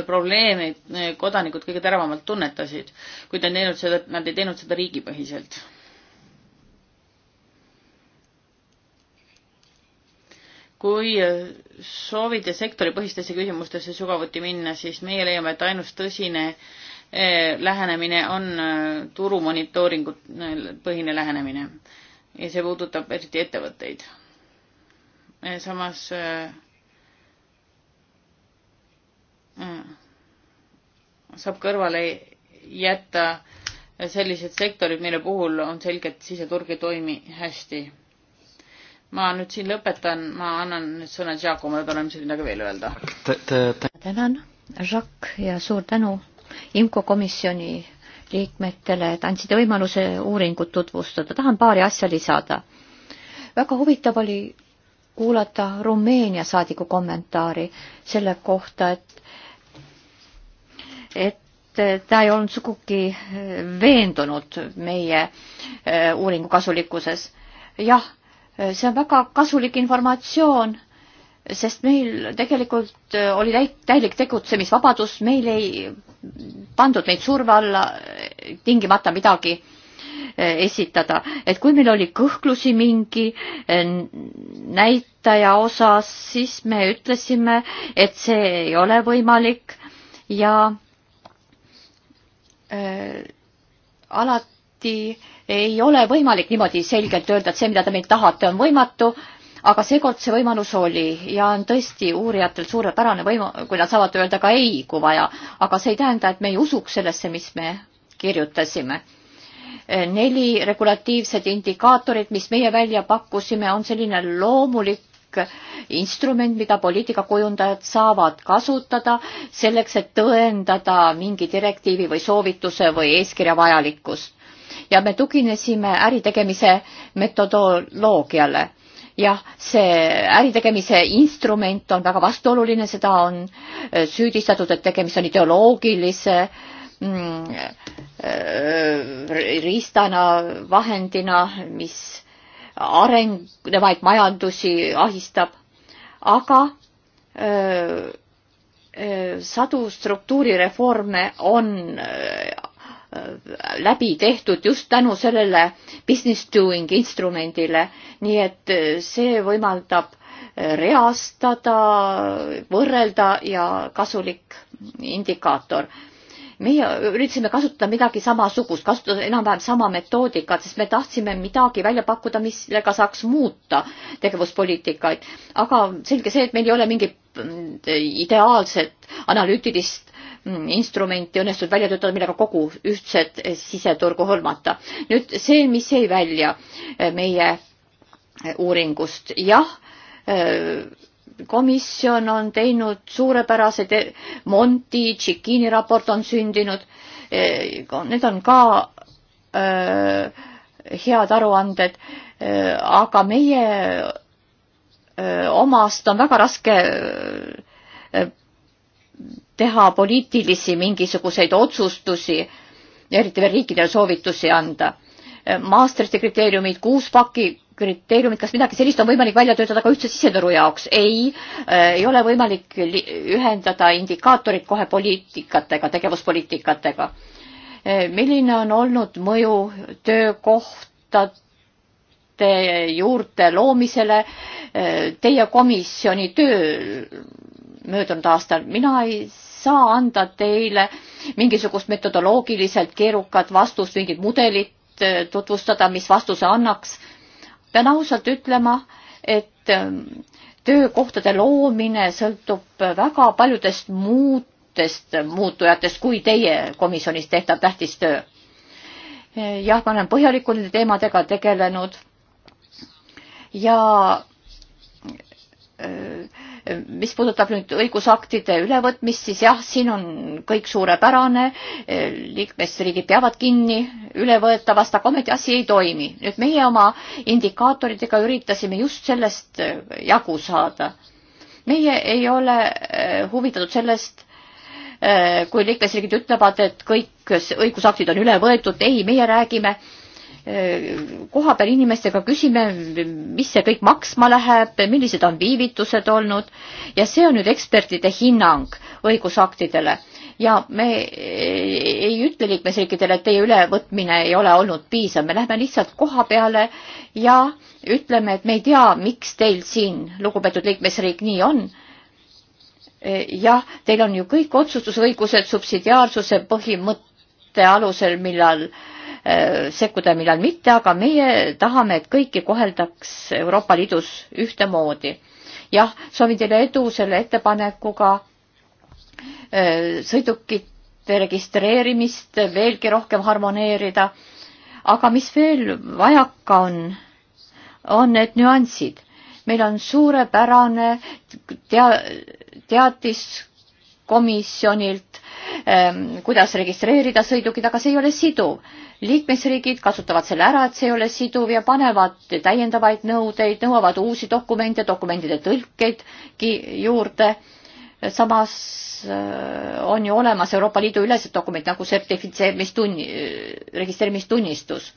probleeme kodanikud kõige teravamalt tunnetasid, kuid nad ei teinud seda, nad ei teinud seda riigipõhiselt kui äh, soovite sektoripõhistesse küsimustesse sügavuti minna, siis meie leiame, et ainus tõsine äh, lähenemine on äh, turumonitooringu põhine lähenemine ja see puudutab eriti ettevõtteid. samas saab kõrvale jätta sellised sektorid, mille puhul on selge, et siseturg ei toimi hästi ma nüüd siin lõpetan, ma annan nüüd sõna Giacomole, tal on ilmselt midagi veel öelda. tänan, Jacques ja suur tänu IMCO komisjoni liikmetele, et andsite võimaluse uuringut tutvustada. tahan paari asja lisada. väga huvitav oli kuulata Rumeenia saadiku kommentaari selle kohta, et et ta ei olnud sugugi veendunud meie äh, uuringu kasulikkuses. jah, Äh, see on väga kasulik informatsioon, sest meil tegelikult äh, oli täit, täielik tegutsemisvabadus, meil ei pandud meid surve alla äh, tingimata midagi esitada, et kui meil oli kõhklusi mingi näitaja osas, siis me ütlesime, et see ei ole võimalik ja äh, alati äh, ei ole võimalik niimoodi selgelt öelda, et see, mida te meilt tahate, on võimatu, aga seekord see võimalus oli ja on tõesti uurijatel suurepärane võima-, kui nad saavad öelda ka ei, kui vaja, aga see ei tähenda, et me ei usuks sellesse, mis me kirjutasime. neli regulatiivset indikaatorit, mis meie välja pakkusime, on selline loomulik instrument, mida poliitikakujundajad saavad kasutada selleks, et tõendada mingi direktiivi või soovituse või eeskirja vajalikkust ja me tuginesime äritegemise metodoloogiale. jah, see äritegemise instrument on väga vastuoluline, seda on äh, süüdistatud, et tegemist on ideoloogilise mm, äh, riistana, vahendina, mis arenevaid majandusi ahistab, aga öö, äh, öö, sadu struktuurireforme on läbi tehtud just tänu sellele business doing instrumendile, nii et äh, see võimaldab äh, reastada, võrrelda ja kasulik indikaator. meie üritasime kasutada midagi samasugust, kasutada enam-vähem sama metoodikat, sest me tahtsime midagi välja pakkuda, millega saaks muuta tegevuspoliitikaid. aga selge see, et meil ei ole mingit mm, ideaalset analüütilist Mm, instrumenti õnnestud välja töötada, millega kogu ühtset eh, siseturgu hõlmata. nüüd see, mis jäi välja eh, meie eh, uuringust, jah, komisjon on teinud suurepärase te, Monti, Tšikini raport on sündinud, need on ka öö, head aruanded, aga meie öö, omast on väga raske öö, teha poliitilisi mingisuguseid otsustusi, eriti veel riikidele soovitusi anda. Maastrichti kriteeriumid, kuus pakki kriteeriumid, kas midagi sellist on võimalik välja töötada ka ühtse siseturu jaoks? ei, ei ole võimalik ühendada indikaatorid kohe poliitikatega, tegevuspoliitikatega. milline on olnud mõju töökohtade juurde loomisele teie komisjoni töö möödunud aastal. mina ei saa anda teile mingisugust metodoloogiliselt keerukat vastust, mingit mudelit äh, tutvustada, mis vastuse annaks. pean ausalt ütlema, et ähm, töökohtade loomine sõltub väga paljudest muudest muutujatest, kui teie komisjonis tehtav tähtis töö. Äh, jah, ma olen põhjalikult nende teemadega tegelenud ja mis puudutab nüüd õigusaktide ülevõtmist, siis jah, siin on kõik suurepärane, liikmesriigid peavad kinni ülevõetavast, aga ometi asi ei toimi. nüüd meie oma indikaatoritega üritasime just sellest äh, jagu saada. meie ei ole äh, huvitatud sellest, äh, kui liikmesriigid ütlevad, et kõik õigusaktid on üle võetud, ei, meie räägime äh, koha peal inimestega küsime, mis see kõik maksma läheb, millised on viivitused olnud ja see on nüüd ekspertide hinnang õigusaktidele ja me ei ütle liikmesriikidele, et teie ülevõtmine ei ole olnud piisav, me lähme lihtsalt koha peale ja ütleme, et me ei tea, miks teil siin, lugupeetud liikmesriik, nii on. jah, teil on ju kõik otsustusõigused subsidiaarsuse põhimõtte alusel, millal äh, Äh, sekkuda ja millal mitte, aga meie tahame, et kõiki koheldaks Euroopa Liidus ühtemoodi. jah, soovin teile edu selle ettepanekuga äh, sõidukite registreerimist veelgi rohkem harmoneerida. aga mis veel vajaka on, on need nüansid. meil on suurepärane tea-, teatis komisjonilt, ehm, kuidas registreerida sõidukid, aga see ei ole siduv. liikmesriigid kasutavad selle ära, et see ei ole siduv ja panevad täiendavaid nõudeid, nõuavad uusi dokumente, dokumentide tõlkeidki juurde. samas eh, on ju olemas Euroopa Liidu ülesed dokumendid nagu sertifitseerimistunni, eh, registreerimistunnistus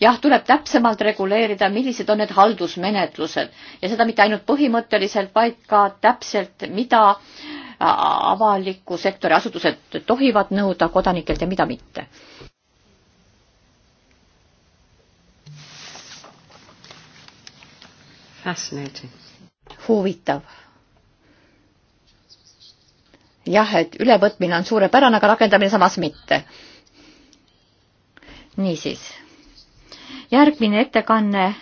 jah, tuleb täpsemalt reguleerida, millised on need haldusmenetlused ja seda mitte ainult põhimõtteliselt, vaid ka täpselt, mida äh, avaliku sektori asutused tohivad nõuda kodanikelt ja mida mitte? huvitav. jah, et ülevõtmine on suurepärane, aga rakendamine samas mitte. niisiis, järgmine ettekanne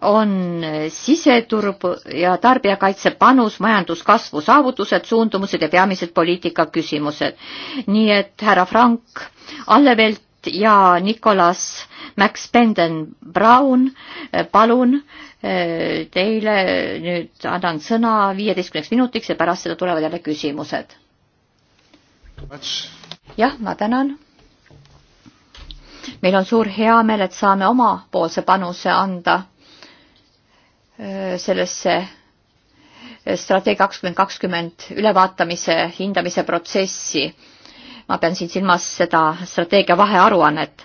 on siseturb ja tarbijakaitse panus majanduskasvu saavutused, suundumused ja peamised poliitika küsimused. nii et härra Frank Allevelt ja Nicolas Max Benden Brown, eh, palun eh, teile nüüd annan sõna viieteistkümneks minutiks ja pärast seda tulevad jälle küsimused. jah, ma tänan meil on suur heameel, et saame omapoolse panuse anda Äh, sellesse äh, strateegia kakskümmend kakskümmend ülevaatamise, hindamise protsessi. ma pean siin silmas seda strateegia vahearuannet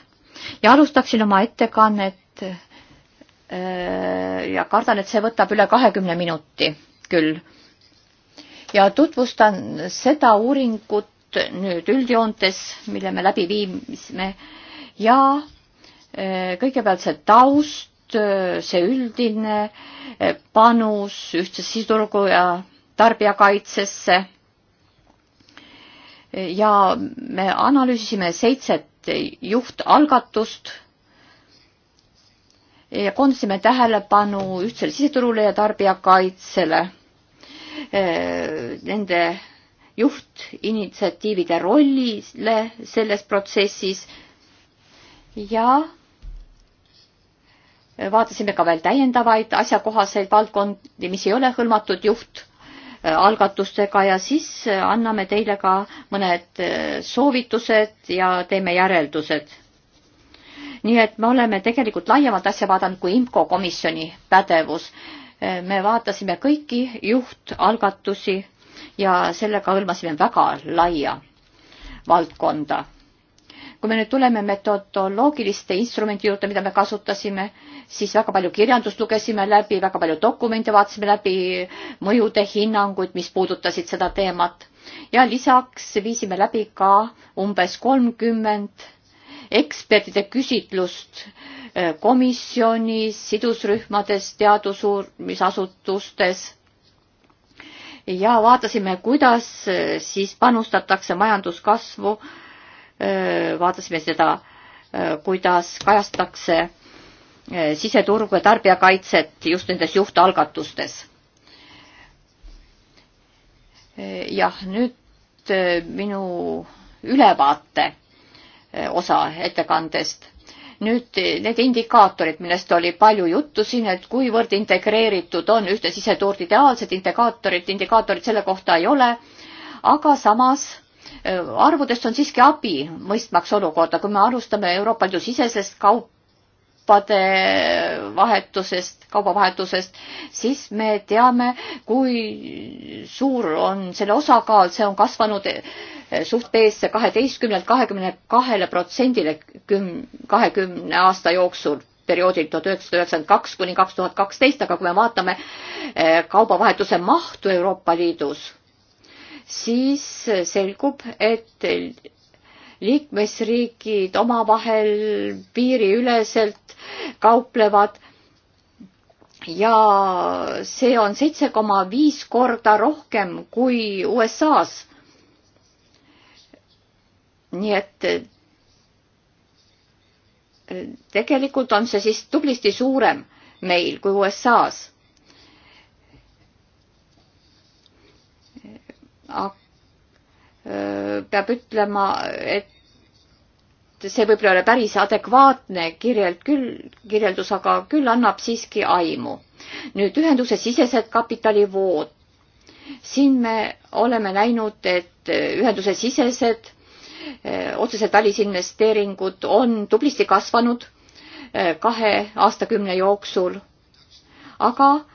ja alustaksin oma ettekannet äh, ja kardan, et see võtab üle kahekümne minuti küll. ja tutvustan seda uuringut nüüd üldjoontes, mille me läbi viimisime ja kõigepealt see taust, Äh, see üldine äh, panus ühtsesse siseturgu ja tarbijakaitsesse. ja me analüüsisime seitset juhtalgatust ja koondasime tähelepanu ühtsele siseturule ja tarbijakaitsele. Äh, nende juhtinitsiatiivide rollile selles protsessis ja vaatasime ka veel täiendavaid asjakohaseid valdkondi, mis ei ole hõlmatud juhtalgatustega äh, ja siis äh, anname teile ka mõned äh, soovitused ja teeme järeldused. nii et me oleme tegelikult laiemalt asja vaadanud kui IMCO komisjoni pädevus. me vaatasime kõiki juhtalgatusi ja sellega hõlmasime väga laia valdkonda kui me nüüd tuleme metodoloogiliste instrumenti juurde, mida me kasutasime, siis väga palju kirjandust lugesime läbi, väga palju dokumente vaatasime läbi, mõjude hinnanguid, mis puudutasid seda teemat ja lisaks viisime läbi ka umbes kolmkümmend ekspertide küsitlust eh, komisjonis, sidusrühmades, teadusuurimisasutustes ja vaatasime, kuidas eh, siis panustatakse majanduskasvu vaatasime seda, kuidas kajastatakse siseturgu ja tarbijakaitset just nendes juhtalgatustes. jah, nüüd minu ülevaate osa ettekandest. nüüd need indikaatorid, millest oli palju juttu siin, et kuivõrd integreeritud on ühte siseturt ideaalsed indikaatorid, indikaatorid selle kohta ei ole, aga samas Äh, arvudest on siiski abi mõistmaks olukorda, kui me alustame Euroopa Liidu sisesest kaupade vahetusest, kaubavahetusest, siis me teame, kui suur on selle osakaal, see on kasvanud äh, suht B-sse kaheteistkümnelt kahekümne kahele protsendile küm-, kahekümne aasta jooksul perioodil tuhat üheksasada üheksakümmend kaks kuni kaks tuhat kaksteist, aga kui me vaatame äh, kaubavahetuse mahtu Euroopa Liidus siis selgub, et liikmesriigid omavahel piiriüleselt kauplevad ja see on seitse koma viis korda rohkem kui USA-s. nii et tegelikult on see siis tublisti suurem meil kui USA-s peab ütlema, et see võib-olla ei ole päris adekvaatne kirjeld küll, kirjeldus, aga küll annab siiski aimu. nüüd ühenduse sisesed kapitalivood. siin me oleme näinud, et ühenduse sisesed otsesed välisinvesteeringud on tublisti kasvanud kahe aastakümne jooksul. aga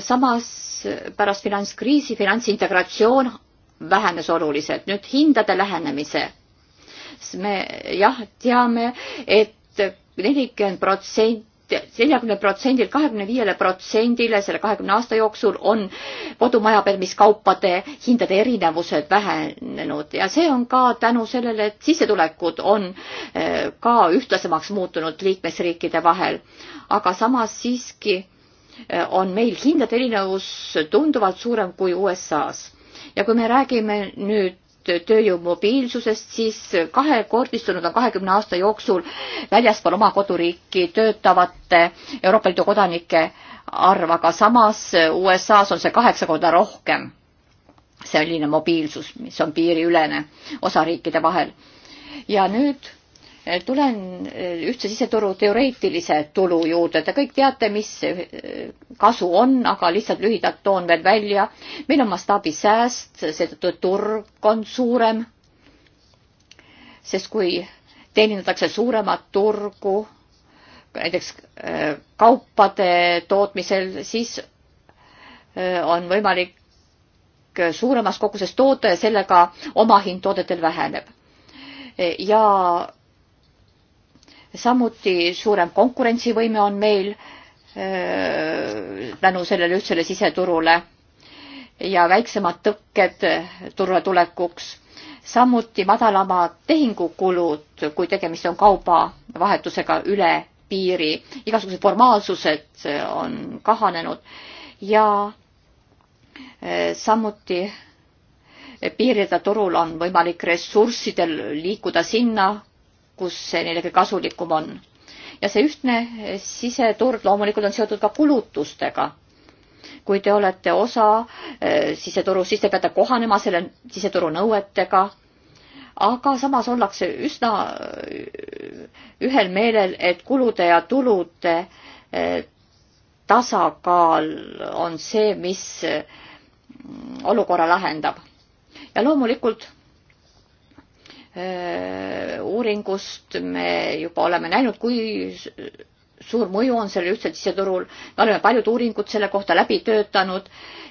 samas pärast finantskriisi finantsintegratsioon vähenes oluliselt. nüüd hindade lähenemise. me jah, teame et, et nelikümmend protsenti neljakümne protsendil kahekümne viiele protsendile selle kahekümne aasta jooksul on kodumajapidamiskaupade hindade erinevused vähenenud ja see on ka tänu sellele, et sissetulekud on eh, ka ühtlasemaks muutunud liikmesriikide vahel. aga samas siiski eh, on meil hindade erinevus tunduvalt suurem kui USA-s ja kui me räägime nüüd tööjõu mobiilsusest, siis kahekordistunud on kahekümne aasta jooksul väljaspool oma koduriiki töötavate Euroopa Liidu kodanike arv, aga samas USA-s on see kaheksa korda rohkem. selline mobiilsus, mis on piiriülene osariikide vahel. ja nüüd tulen eh, ühtse siseturu teoreetilise tulu juurde, te kõik teate, mis eh, kasu on, aga lihtsalt lühidalt toon veel välja. meil on mastaabisääst, seetõttu turg on suurem. sest kui teenindatakse suuremat turgu, näiteks eh, kaupade tootmisel, siis on võimalik suuremas koguses toota ja sellega omahind toodetel väheneb. ja samuti suurem konkurentsivõime on meil äh, tänu sellele ühtsele siseturule ja väiksemad tõkked turule tulekuks, samuti madalamad tehingukulud, kui tegemist on kaubavahetusega üle piiri, igasugused formaalsused on kahanenud ja äh, samuti piiride turul on võimalik ressurssidel liikuda sinna, kus see neile kõige kasulikum on. ja see ühtne siseturg loomulikult on seotud ka kulutustega. kui te olete osa eh, siseturust, siis te peate kohanema selle siseturu nõuetega aga samas ollakse üsna eh, ühel meelel, et kulude ja tulude eh, tasakaal on see, mis olukorra lahendab. ja loomulikult uuringust me juba oleme näinud, kui suur mõju on sellel ühtsel siseturul. me oleme paljud uuringud selle kohta läbi töötanud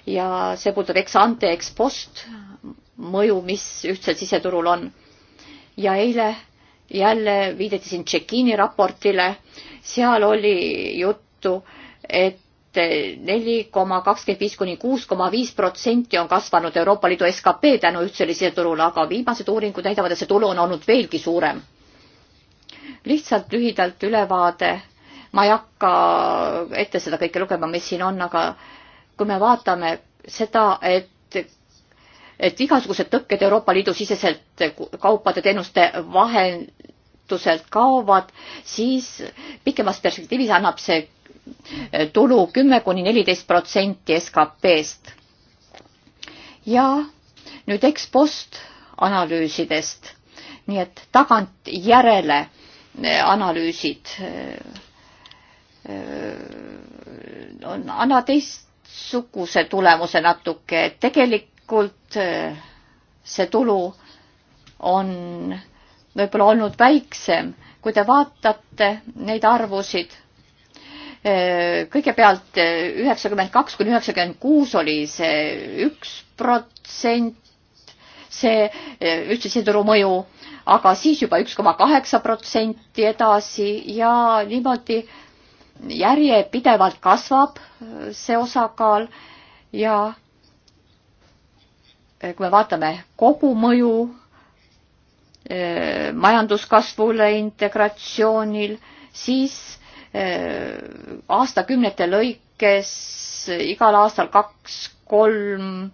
ja see puudutab eks ante, eks post mõju, mis ühtsel siseturul on. ja eile jälle viidati siin Tšekini raportile, seal oli juttu, et neli koma kakskümmend viis kuni kuus koma viis protsenti on kasvanud Euroopa Liidu skp tänu ühtsele siseturule, aga viimased uuringud näitavad, et see tulu on olnud veelgi suurem. lihtsalt lühidalt ülevaade, ma ei hakka ette seda kõike lugema, mis siin on, aga kui me vaatame seda, et et igasugused tõkked Euroopa Liidu siseselt kaupade-teenuste vahenduselt kaovad, siis pikemas perspektiivis annab see tulu kümme kuni neliteist protsenti SKP-st. ja nüüd ekspost analüüsidest, nii et tagantjärele eh, analüüsid eh, eh, on, annavad teistsuguse tulemuse natuke, et tegelikult see tulu on võib-olla olnud väiksem, kui te vaatate neid arvusid Äh, kõigepealt äh, üheksakümmend kaks kuni üheksakümmend kuus oli see üks protsent, see äh, ühtse siseturu mõju, aga siis juba üks koma kaheksa protsenti edasi ja niimoodi järjepidevalt kasvab see osakaal ja kui me vaatame kogumõju majanduskasvule, integratsioonil, siis Äh, aastakümnete lõikes igal aastal kaks-kolm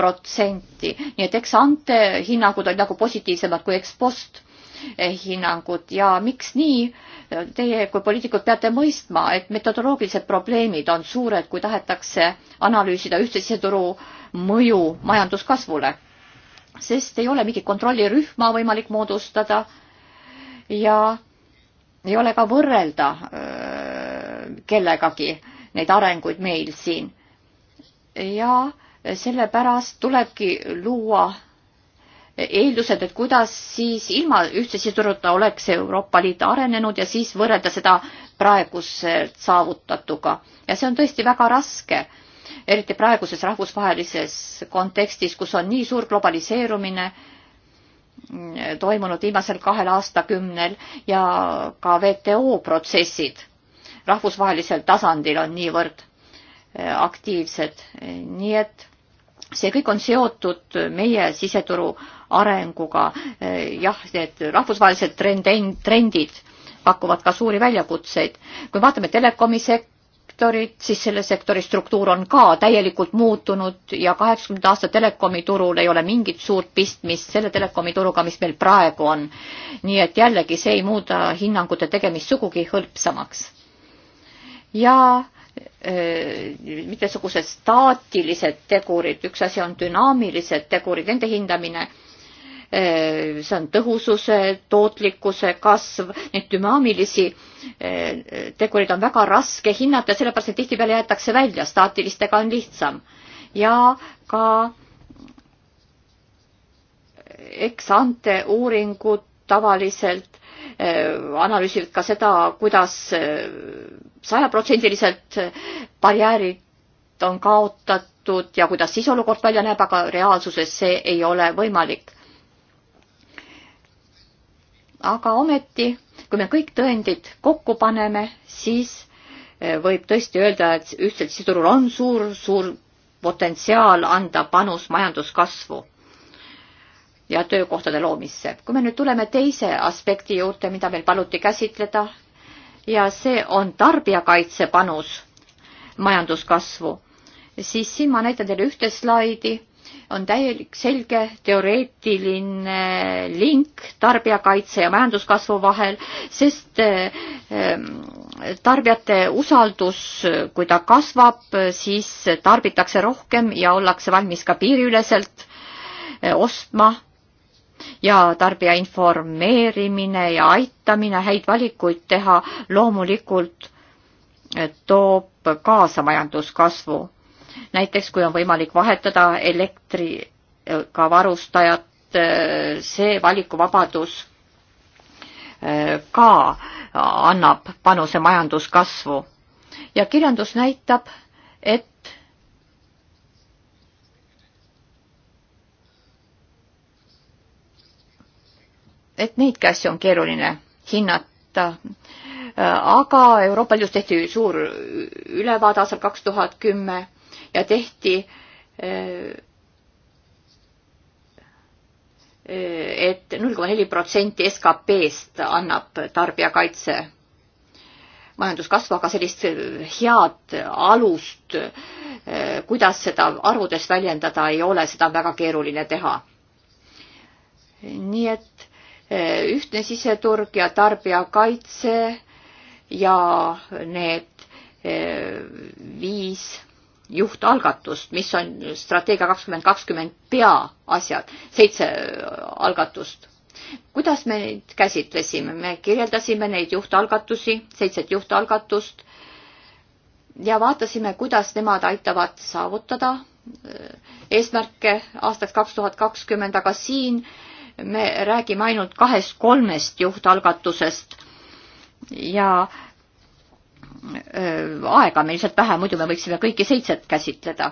protsenti, nii et eks ante hinnangud olid nagu positiivsemad kui ekspost hinnangud ja miks nii? Teie kui poliitikud peate mõistma, et metodoloogilised probleemid on suured, kui tahetakse analüüsida ühtse siseturu mõju majanduskasvule, sest ei ole mingit kontrollirühma võimalik moodustada ja ei ole ka võrrelda kellegagi neid arenguid meil siin. ja sellepärast tulebki luua eeldused, et kuidas siis ilma ühtse siduruta oleks Euroopa Liit arenenud ja siis võrrelda seda praeguselt saavutatuga. ja see on tõesti väga raske, eriti praeguses rahvusvahelises kontekstis, kus on nii suur globaliseerumine äh, toimunud viimasel kahel aastakümnel ja ka WTO protsessid rahvusvahelisel tasandil on niivõrd äh, aktiivsed, nii et see kõik on seotud meie siseturu arenguga. Äh, jah, need rahvusvahelised trend, trendid pakuvad ka suuri väljakutseid. kui vaatame telekomi sektorit, sektorit, siis selle sektori struktuur on ka täielikult muutunud ja kaheksakümnenda aasta telekomi turul ei ole mingit suurt pistmist selle telekomi turuga, mis meil praegu on. nii et jällegi see ei muuda hinnangute tegemist sugugi hõlpsamaks. ja äh, mitmesugused staatilised tegurid, üks asi on dünaamilised tegurid, nende hindamine see on tõhususe, tootlikkuse kasv, neid dünaamilisi tegureid on väga raske hinnata, sellepärast et tihtipeale jäetakse välja, staatilistega on lihtsam. ja ka eksante uuringud tavaliselt analüüsivad ka seda kuidas, kuidas sajaprotsendiliselt barjäärid on kaotatud ja kuidas siis olukord välja näeb, aga reaalsuses see ei ole võimalik aga ometi, kui me kõik tõendid kokku paneme, siis eh, võib tõesti öelda, et ühtsel siseturul on suur, suur potentsiaal anda panus majanduskasvu ja töökohtade loomisse. kui me nüüd tuleme teise aspekti juurde, mida meil paluti käsitleda ja see on tarbijakaitse panus majanduskasvu, siis siin ma näitan teile ühte slaidi on täielik selge teoreetiline link tarbijakaitse ja majanduskasvu vahel, sest ehm, tarbijate usaldus, kui ta kasvab, siis tarbitakse rohkem ja ollakse valmis ka piiriüleselt eh, ostma ja tarbija informeerimine ja aitamine häid valikuid teha loomulikult eh, toob kaasa majanduskasvu näiteks kui on võimalik vahetada elektriga varustajat, eh, see valikuvabadus eh, ka annab panuse majanduskasvu. ja kirjandus näitab, et et neidki asju on keeruline hinnata. Eh, aga Euroopa Liidus tehti suur ülevaade aastal kaks tuhat kümme ja tehti eh, et null koma neli protsenti SKP-st annab tarbijakaitse majanduskasvu, aga sellist head alust, eh, kuidas seda arvudes väljendada, ei ole, seda on väga keeruline teha. nii et eh, ühtne siseturg ja tarbijakaitse ja need viis juhtalgatust, mis on strateegia kakskümmend kakskümmend peaasjad, seitse algatust. kuidas me neid käsitlesime, me kirjeldasime neid juhtalgatusi, seitset juhtalgatust ja vaatasime, kuidas nemad aitavad saavutada äh, eesmärke aastaks kaks tuhat kakskümmend, aga siin me räägime ainult kahest-kolmest juhtalgatusest ja äh, Äh, aega on meil lihtsalt vähe, muidu me võiksime kõiki seitset käsitleda.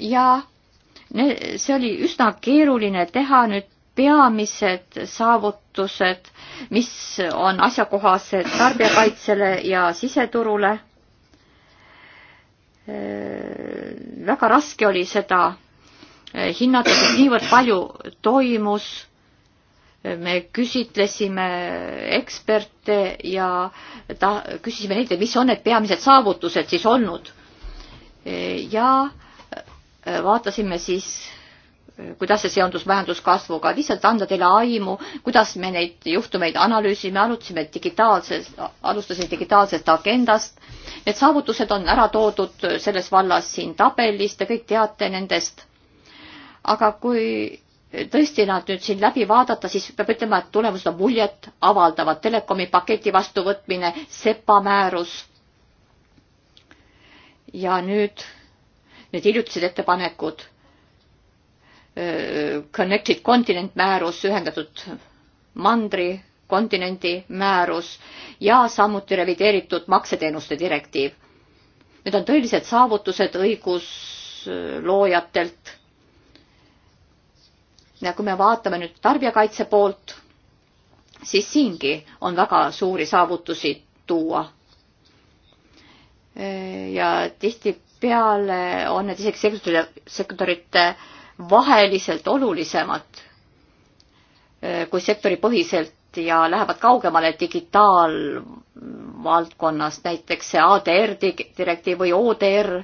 ja see oli üsna keeruline teha nüüd peamised saavutused, mis on asjakohased tarbijakaitsele ja siseturule. Äh, väga raske oli seda äh, hinnata, sest niivõrd palju toimus me küsitlesime eksperte ja ta-, küsisime neilt, et mis on need peamised saavutused siis olnud. ja vaatasime siis, kuidas see seondus majanduskasvuga, lihtsalt anda teile aimu, kuidas me neid juhtumeid analüüsime, arutasime digitaalses, alustasin digitaalsest agendast. Need saavutused on ära toodud selles vallas siin tabelis, te kõik teate nendest. aga kui tõesti nad nüüd siin läbi vaadata, siis peab ütlema, et tulemused on muljet avaldavad. telekomi paketi vastuvõtmine, SEPA määrus. ja nüüd need hiljutised ettepanekud. Connected Continent määrus, ühendatud mandri kontinendi määrus ja samuti revideeritud makseteenuste direktiiv. Need on tõelised saavutused õigusloojatelt ja kui me vaatame nüüd tarbijakaitse poolt, siis siingi on väga suuri saavutusi tuua. ja tihtipeale on need isegi sektorite, sektorite vaheliselt olulisemad kui sektoripõhiselt ja lähevad kaugemale digitaalvaldkonnast, näiteks see ADR direktiiv või ODR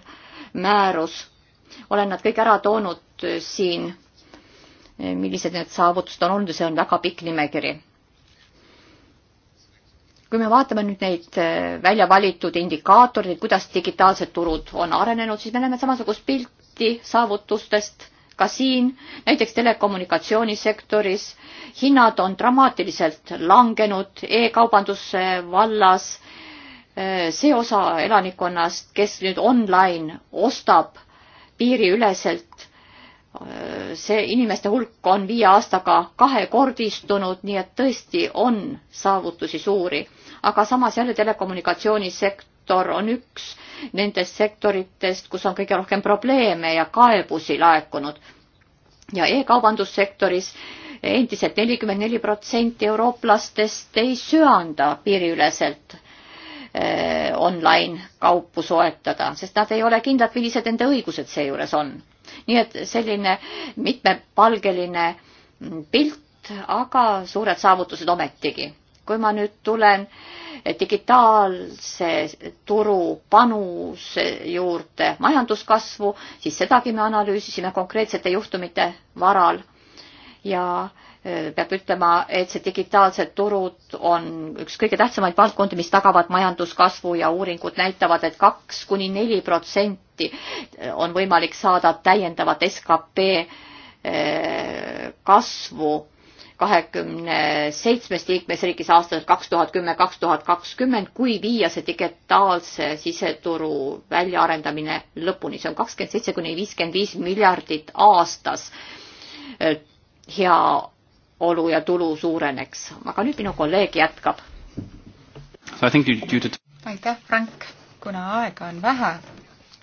määrus. olen nad kõik ära toonud siin Eh, millised need saavutused on olnud ja see on väga pikk nimekiri. kui me vaatame nüüd neid eh, välja valitud indikaatoreid, kuidas digitaalsed turud on arenenud, siis me näeme samasugust pilti saavutustest ka siin, näiteks telekommunikatsioonisektoris. hinnad on dramaatiliselt langenud e-kaubanduse vallas eh, see osa elanikkonnast, kes nüüd online ostab piiriüleselt see inimeste hulk on viie aastaga kahekordistunud, nii et tõesti on saavutusi suuri, aga samas jälle telekommunikatsioonisektor on üks nendest sektoritest, kus on kõige rohkem probleeme ja kaebusi laekunud ja e. ja e-kaubandussektoris endiselt nelikümmend neli protsenti eurooplastest ei söanda piiriüleselt eh, online kaupu soetada, sest nad ei ole kindlad, millised nende õigused seejuures on nii et selline mitmepalgeline pilt, aga suured saavutused ometigi. kui ma nüüd tulen digitaalse turu panuse juurde majanduskasvu, siis sedagi me analüüsisime konkreetsete juhtumite varal ja e, peab ütlema, et see digitaalsed turud on üks kõige tähtsamaid valdkondi, mis tagavad majanduskasvu ja uuringud näitavad et, et kaks kuni neli protsenti on võimalik saada täiendavat skp e, kasvu kahekümne seitsmes liikmesriigis aastatel kaks tuhat kümme, kaks tuhat kakskümmend, kui viia see digitaalse siseturu väljaarendamine lõpuni. see on kakskümmend seitse kuni viiskümmend viis miljardit aastas heaolu ja tulu suureneks. aga nüüd minu kolleeg jätkab. aitäh, Frank. kuna aega on vähe,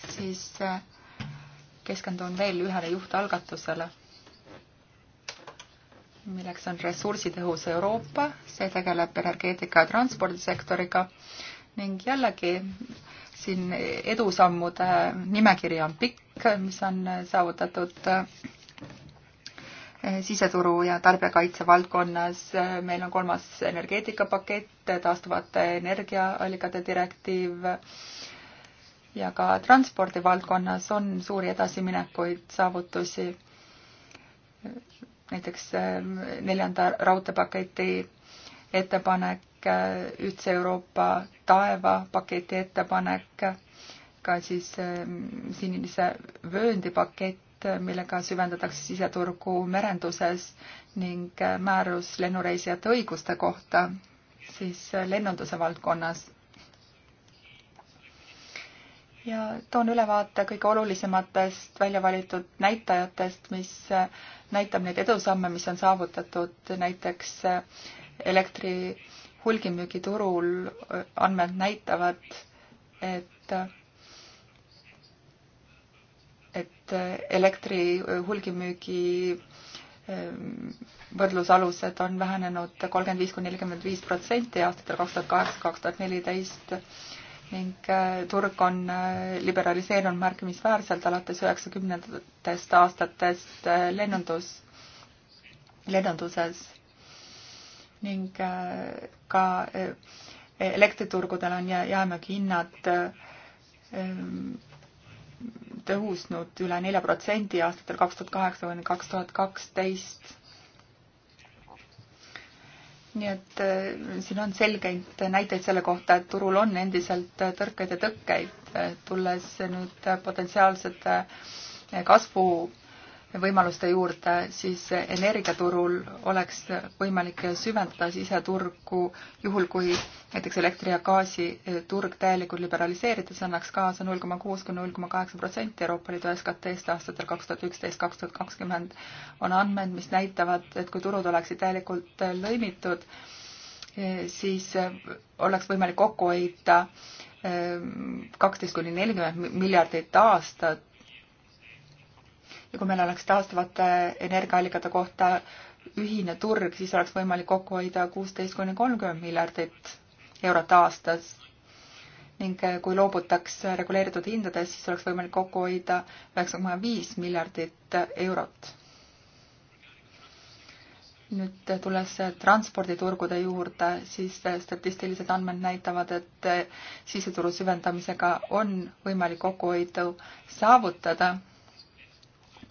siis äh, keskendun veel ühele juhtalgatusele, milleks on ressursitõhus Euroopa, see tegeleb energeetika ja transpordisektoriga ning jällegi siin edusammude nimekiri on pikk, mis on saavutatud äh, siseturu ja tarbijakaitse valdkonnas. meil on kolmas energeetikapakett, taastuvate energiaallikate direktiiv ja ka transpordi valdkonnas on suuri edasiminekuid, saavutusi. näiteks ähm, neljanda raudteepaketi ettepanek, äh, ühtse Euroopa taeva paketi ettepanek, ka siis ähm, sinise vööndi pakett määrust, millega süvendatakse siseturgu merenduses ning äh, määrus lennureisijate õiguste kohta siis äh, lennunduse valdkonnas. ja toon ülevaate kõige olulisematest välja valitud näitajatest, mis äh, näitab neid edusamme, mis on saavutatud näiteks elektri hulgimüügiturul andmed näitavad, et et äh, elektri äh, hulgimüügi ähm, võrdlusalused on vähenenud kolmkümmend viis kuni nelikümmend viis protsenti aastatel kaks tuhat kaheksa, kaks tuhat neliteist ning äh, turg on liberaliseerunud märkimisväärselt alates üheksakümnendatest aastatest lennundus, lennunduses ning ka elektriturgudel on jäämüügihinnad tõusnud üle nelja protsendi aastatel kaks tuhat kaheksa kuni kaks tuhat kaksteist. nii et äh, siin on selgeid näiteid selle kohta, et turul on endiselt tõrkeid ja tõkkeid, äh, tulles nüüd potentsiaalsete äh, kasvu võimaluste juurde, siis energiaturul oleks võimalik süvendada siseturgu juhul, kui näiteks elektri ja gaasi turg täielikult liberaliseerida, see annaks kaasa null koma kuus kuni null koma kaheksa protsenti Euroopa Liidu SKT-st aastatel kaks tuhat üksteist, kaks tuhat kakskümmend. on andmed, mis näitavad, et kui turud oleksid täielikult lõimitud, siis oleks võimalik kokku hoida eh, kaksteist kuni nelikümmend miljardit aastat ja kui meil oleks taastuvate energiaallikate kohta ühine turg, siis oleks võimalik kokku hoida kuusteist kuni kolmkümmend miljardit eurot aastas. ning eh, kui loobutaks reguleeritud hindades, siis oleks võimalik kokku hoida üheksa koma viis miljardit eurot. nüüd eh, tulles transporditurgude juurde, siis eh, statistilised andmed näitavad, et siseturu süvendamisega on võimalik kokkuhoidu saavutada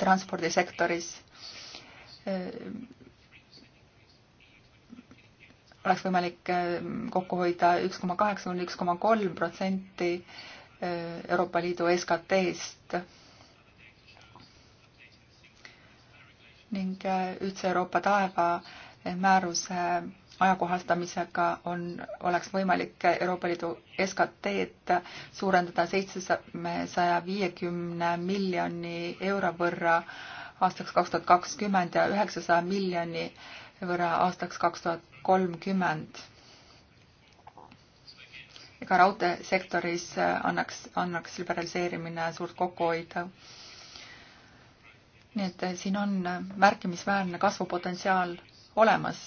transpordisektoris oleks võimalik eh, kokku hoida üks koma kaheksa kuni üks koma kolm protsenti eh, Euroopa Liidu SKT-st ning eh, ühtse Euroopa taeva määruse ajakohastamisega on, oleks võimalik Euroopa Liidu SKT-d suurendada seitsesaja viiekümne miljoni euro võrra aastaks kaks tuhat kakskümmend ja üheksasaja miljoni võrra aastaks kaks tuhat kolmkümmend. ega raudteesektoris annaks, annaks liberaliseerimine suurt kokkuhoidu nii et siin on märkimisväärne kasvupotentsiaal olemas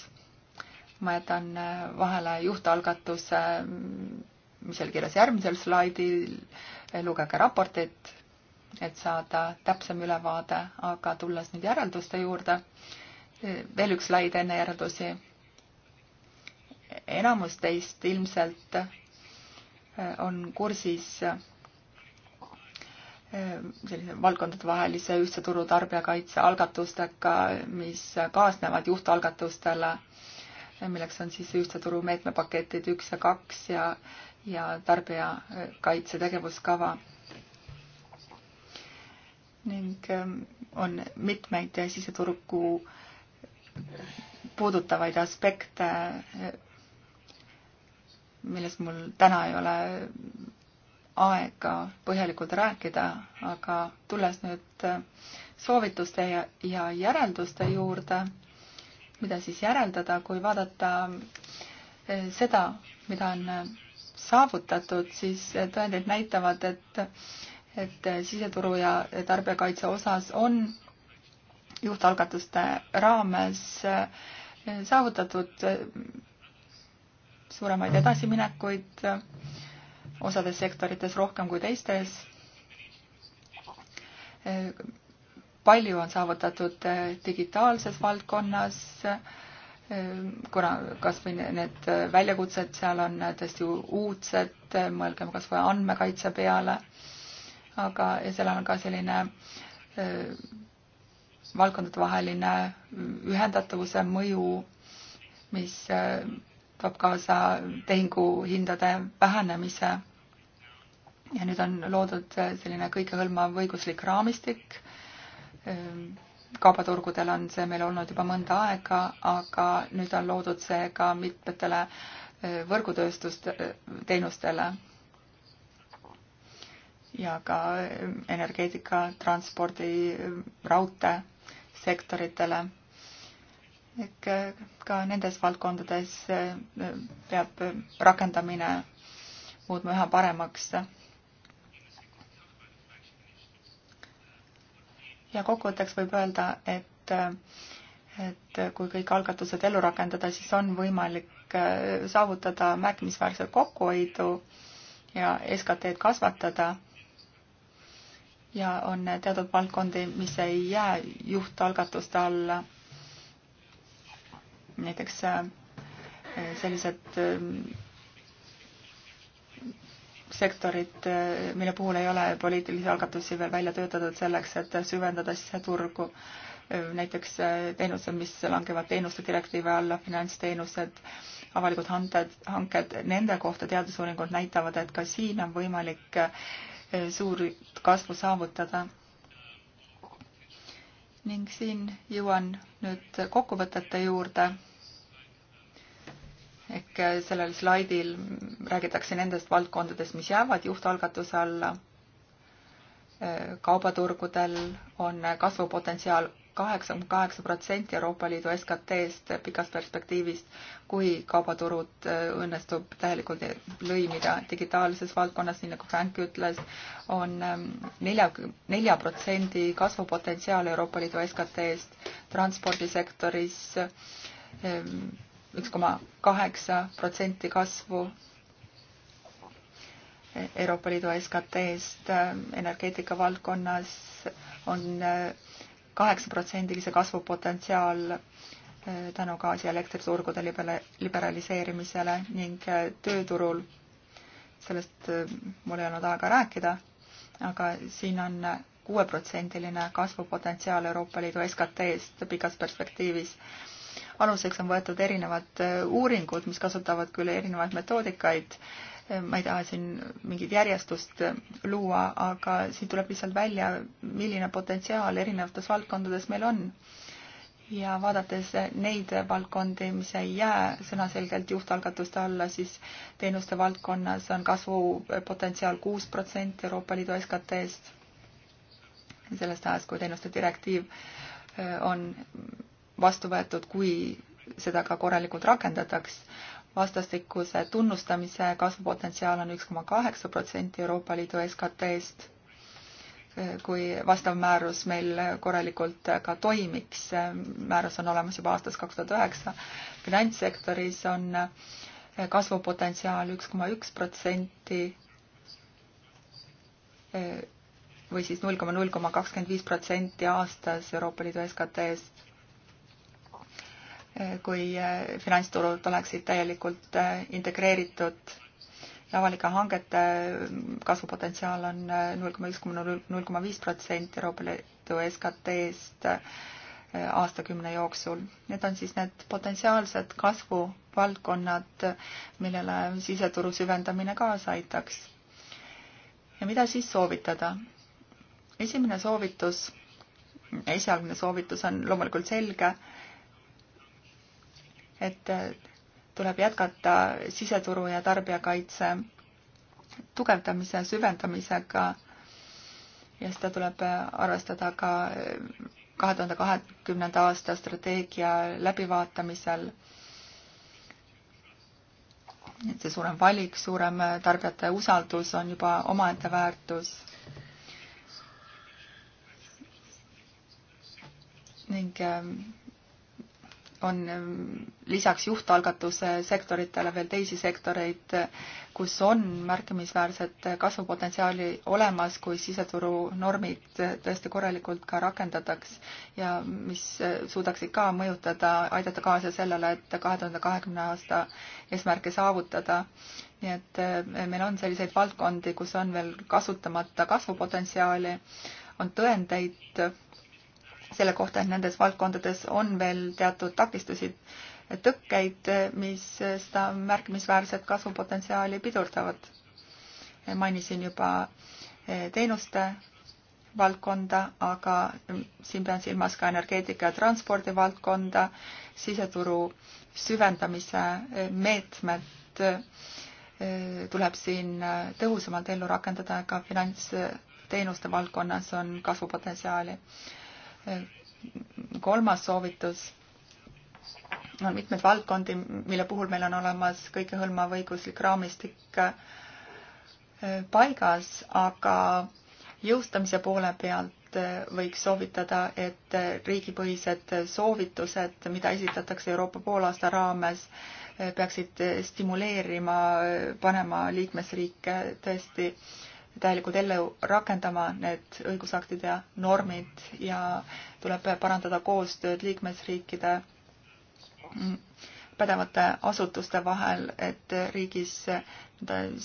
ma jätan äh, vahele juhtalgatuse, mm, mis oli kirjas järgmisel slaidil, äh, lugege raportit, et saada täpsem ülevaade, aga tulles nüüd järelduste juurde, äh, veel üks slaid enne järeldusi. enamus teist ilmselt on kursis sellise valdkondadevahelise ühtse turu tarbijakaitse algatustega, mis kaasnevad juhtalgatustele milleks on siis ühtse turu meetmepaketid üks ja kaks ja, ja tarbijakaitse tegevuskava. ning ähm, on mitmeid siseturgu puudutavaid aspekte, milles mul täna ei ole aega põhjalikult rääkida, aga tulles nüüd äh, soovituste ja, ja järelduste juurde mida siis järeldada, kui vaadata eh, seda, mida on eh, saavutatud, siis eh, tõendid näitavad, et, et siseturu ja tarbijakaitse osas on juhtalgatuste raames saavutatud suuremaid edasiminekuid osades sektorites rohkem kui teistes palju on saavutatud äh, digitaalses valdkonnas, äh, kuna kas või need äh, väljakutsed seal on tõesti uudsed, mõelgem kas või andmekaitse peale, aga ja seal on ka selline valdkondadevaheline ühendatavuse mõju, mis toob kaasa tehinguhindade vähenemise. ja nüüd on loodud selline kõikehõlmav õiguslik raamistik Ehm, kaubaturgudel on see meil olnud juba mõnda aega, aga nüüd on loodud see ka mitmetele eh, võrgutööstusteenustele eh, ja ka eh, energeetika, transpordi, raudteesektoritele. ehk ka nendes valdkondades peab rakendamine muutma üha paremaks ja kokkuvõtteks võib öelda, et, et kui kõik algatused ellu rakendada, siis on võimalik äh, saavutada märkimisväärset kokkuhoidu ja SKT-d kasvatada. ja on teatud valdkondi, mis ei jää juhtalgatuste alla. näiteks äh, sellised ähm, sektorit, mille puhul ei ole poliitilisi algatusi veel välja töötatud selleks, et süvendada siseturgu. näiteks teenused, mis langevad teenuste direktiivi alla, finantsteenused, avalikud hanked, hanked, nende kohta teadusuuringud näitavad, et ka siin on võimalik suurt kasvu saavutada. ning siin jõuan nüüd kokkuvõtete juurde kõik eh, sellel slaidil räägitakse nendest valdkondadest, mis jäävad juhtalgatuse alla. Eh, kaubaturgudel on kasvupotentsiaal kaheksakümmend kaheksa protsenti Euroopa Liidu SKT-st pikas perspektiivis, kui kaubaturud eh, õnnestub täielikult lõimida digitaalses valdkonnas, nii nagu Frank ütles on, on nelja, nelja protsendi kasvupotentsiaal Euroopa Liidu SKT-st transpordisektoris üks koma kaheksa protsenti kasvu Euroopa Liidu SKT-st äh, energeetika valdkonnas on äh, kaheksaprotsendilise kasvu potentsiaal äh, tänu gaasi ja elektriturgude liberaliseerimisele ning tööturul. sellest mul ei olnud aega rääkida, aga siin on kuueprotsendiline kasvupotentsiaal Euroopa Liidu SKT-st pikas perspektiivis aluseks on võetud erinevad äh, uuringud, mis kasutavad küll erinevaid metoodikaid. Äh, ma ei taha siin mingit järjestust äh, luua, aga siit tuleb lihtsalt välja, milline potentsiaal erinevates valdkondades meil on ja vaadates neid valdkondi, mis ei jää sõnaselgelt juhtalgatuste alla, siis teenuste valdkonnas on kasvupotentsiaal kuus protsenti Euroopa Liidu SKT-st sellest ajast, kui teenuste direktiiv on vastu võetud, kui seda ka korralikult rakendataks. vastastikuse tunnustamise kasvupotentsiaal on üks koma kaheksa protsenti Euroopa Liidu SKT-st, kui vastav määrus meil korralikult ka toimiks. määrus on olemas juba aastast kaks tuhat üheksa. finantssektoris on kasvupotentsiaal üks koma üks protsenti või siis null koma null koma kakskümmend viis protsenti aastas Euroopa Liidu SKT-st kui äh, finantsturud oleksid täielikult äh, integreeritud ja avalike hangete äh, kasvupotentsiaal on null koma üks koma null koma viis protsenti Euroopa Liidu SKT-st aastakümne jooksul. Need on siis need potentsiaalsed kasvuvaldkonnad, millele siseturu süvendamine kaasa aitaks. ja mida siis soovitada? esimene soovitus, esialgne soovitus on loomulikult selge et äh, tuleb jätkata siseturu ja tarbijakaitse tugevdamise, süvendamisega ja seda tuleb äh, arvestada ka äh, kahe tuhande kahekümnenda aasta strateegia läbivaatamisel. et see suurem valik, suurem tarbijate usaldus on juba omaette väärtus. ning ähm, on ähm, lisaks juhtalgatuse sektoritele veel teisi sektoreid, kus on märkimisväärset kasvupotentsiaali olemas, kui siseturu normid tõesti korralikult ka rakendataks ja mis äh, suudaksid ka mõjutada, aidata kaasa sellele, et kahe tuhande kahekümne aasta eesmärke saavutada. nii et äh, meil on selliseid valdkondi, kus on veel kasutamata kasvupotentsiaali, on tõendeid selle kohta, et nendes valdkondades on veel teatud takistusi, tõkkeid, mis seda märkimisväärset kasvupotentsiaali pidurdavad. mainisin juba eh, teenuste valdkonda, aga siin pean silmas ka energeetika ja transpordi valdkonda, siseturu süvendamise eh, meetmed eh, tuleb siin tõhusamalt ellu rakendada, ka finantsteenuste valdkonnas on kasvupotentsiaali kolmas soovitus on mitmeid valdkondi, mille puhul meil on olemas kõikehõlmav õiguslik raamistik äh, paigas, aga jõustamise poole pealt äh, võiks soovitada, et äh, riigipõhised soovitused, mida esitatakse Euroopa poolaasta raames, peaksid stimuleerima, panema liikmesriike tõesti äh, täielikult ellu rakendama need õigusaktid ja normid ja tuleb parandada koostööd liikmesriikide pädevate asutuste vahel, et riigis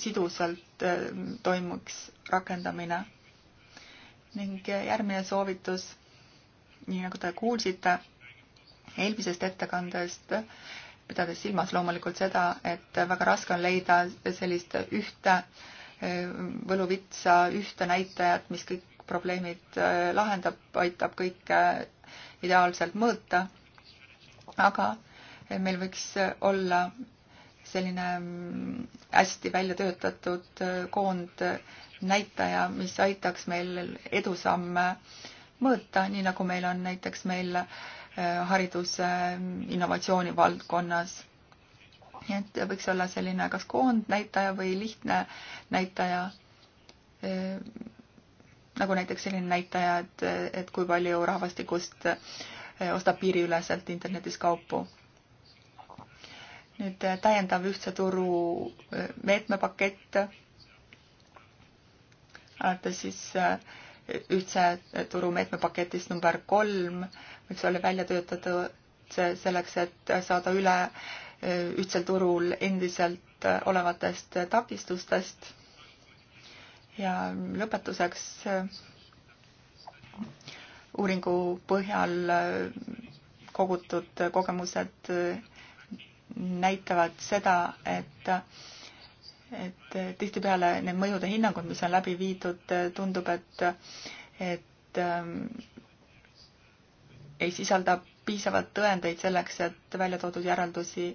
sidusalt ehm, toimuks rakendamine. ning järgmine soovitus, nii nagu te kuulsite eelmisest ettekandest, pidades silmas loomulikult seda, et väga raske on leida sellist ühte äh, võluvitsa ühte näitajat, mis kõik probleemid äh, lahendab, aitab kõike ideaalselt mõõta. aga meil võiks olla selline mm, hästi välja töötatud äh, koondnäitaja, äh, mis aitaks meil edusamme mõõta, nii nagu meil on näiteks meil hariduse mm, innovatsiooni valdkonnas nii et võiks olla selline kas koondnäitaja või lihtne näitaja, nagu näiteks selline näitaja, et, et kui palju rahvastikust ostab piiriüleselt internetis kaupu. nüüd täiendav ühtse turu meetmepakett, alates siis ühtse turu meetmepaketist number kolm võiks olla välja töötatud selleks, et saada üle ühtsel turul endiselt äh, olevatest äh, takistustest. ja lõpetuseks äh, uuringu põhjal kogutud kogemused näitavad seda, et et tihtipeale need mõjude hinnangud, mis on läbi viidud, tundub, et, et ähm, ei sisalda piisavalt tõendeid selleks, et välja toodud järeldusi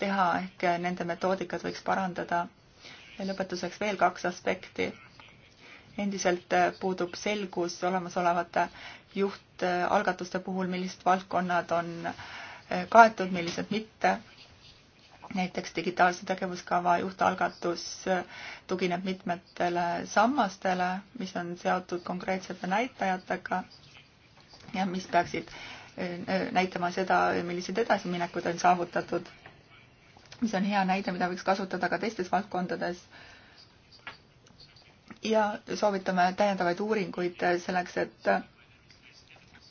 teha, ehk nende metoodikat võiks parandada. ja lõpetuseks veel kaks aspekti. endiselt puudub selgus olemasolevate juhtalgatuste puhul, millised valdkonnad on kaetud, millised mitte. näiteks digitaalse tegevuskava juhtalgatus tugineb mitmetele sammastele, mis on seotud konkreetsete näitajatega ja mis peaksid näitama seda, millised edasiminekud on saavutatud, mis on hea näide, mida võiks kasutada ka teistes valdkondades. ja soovitame täiendavaid uuringuid selleks, et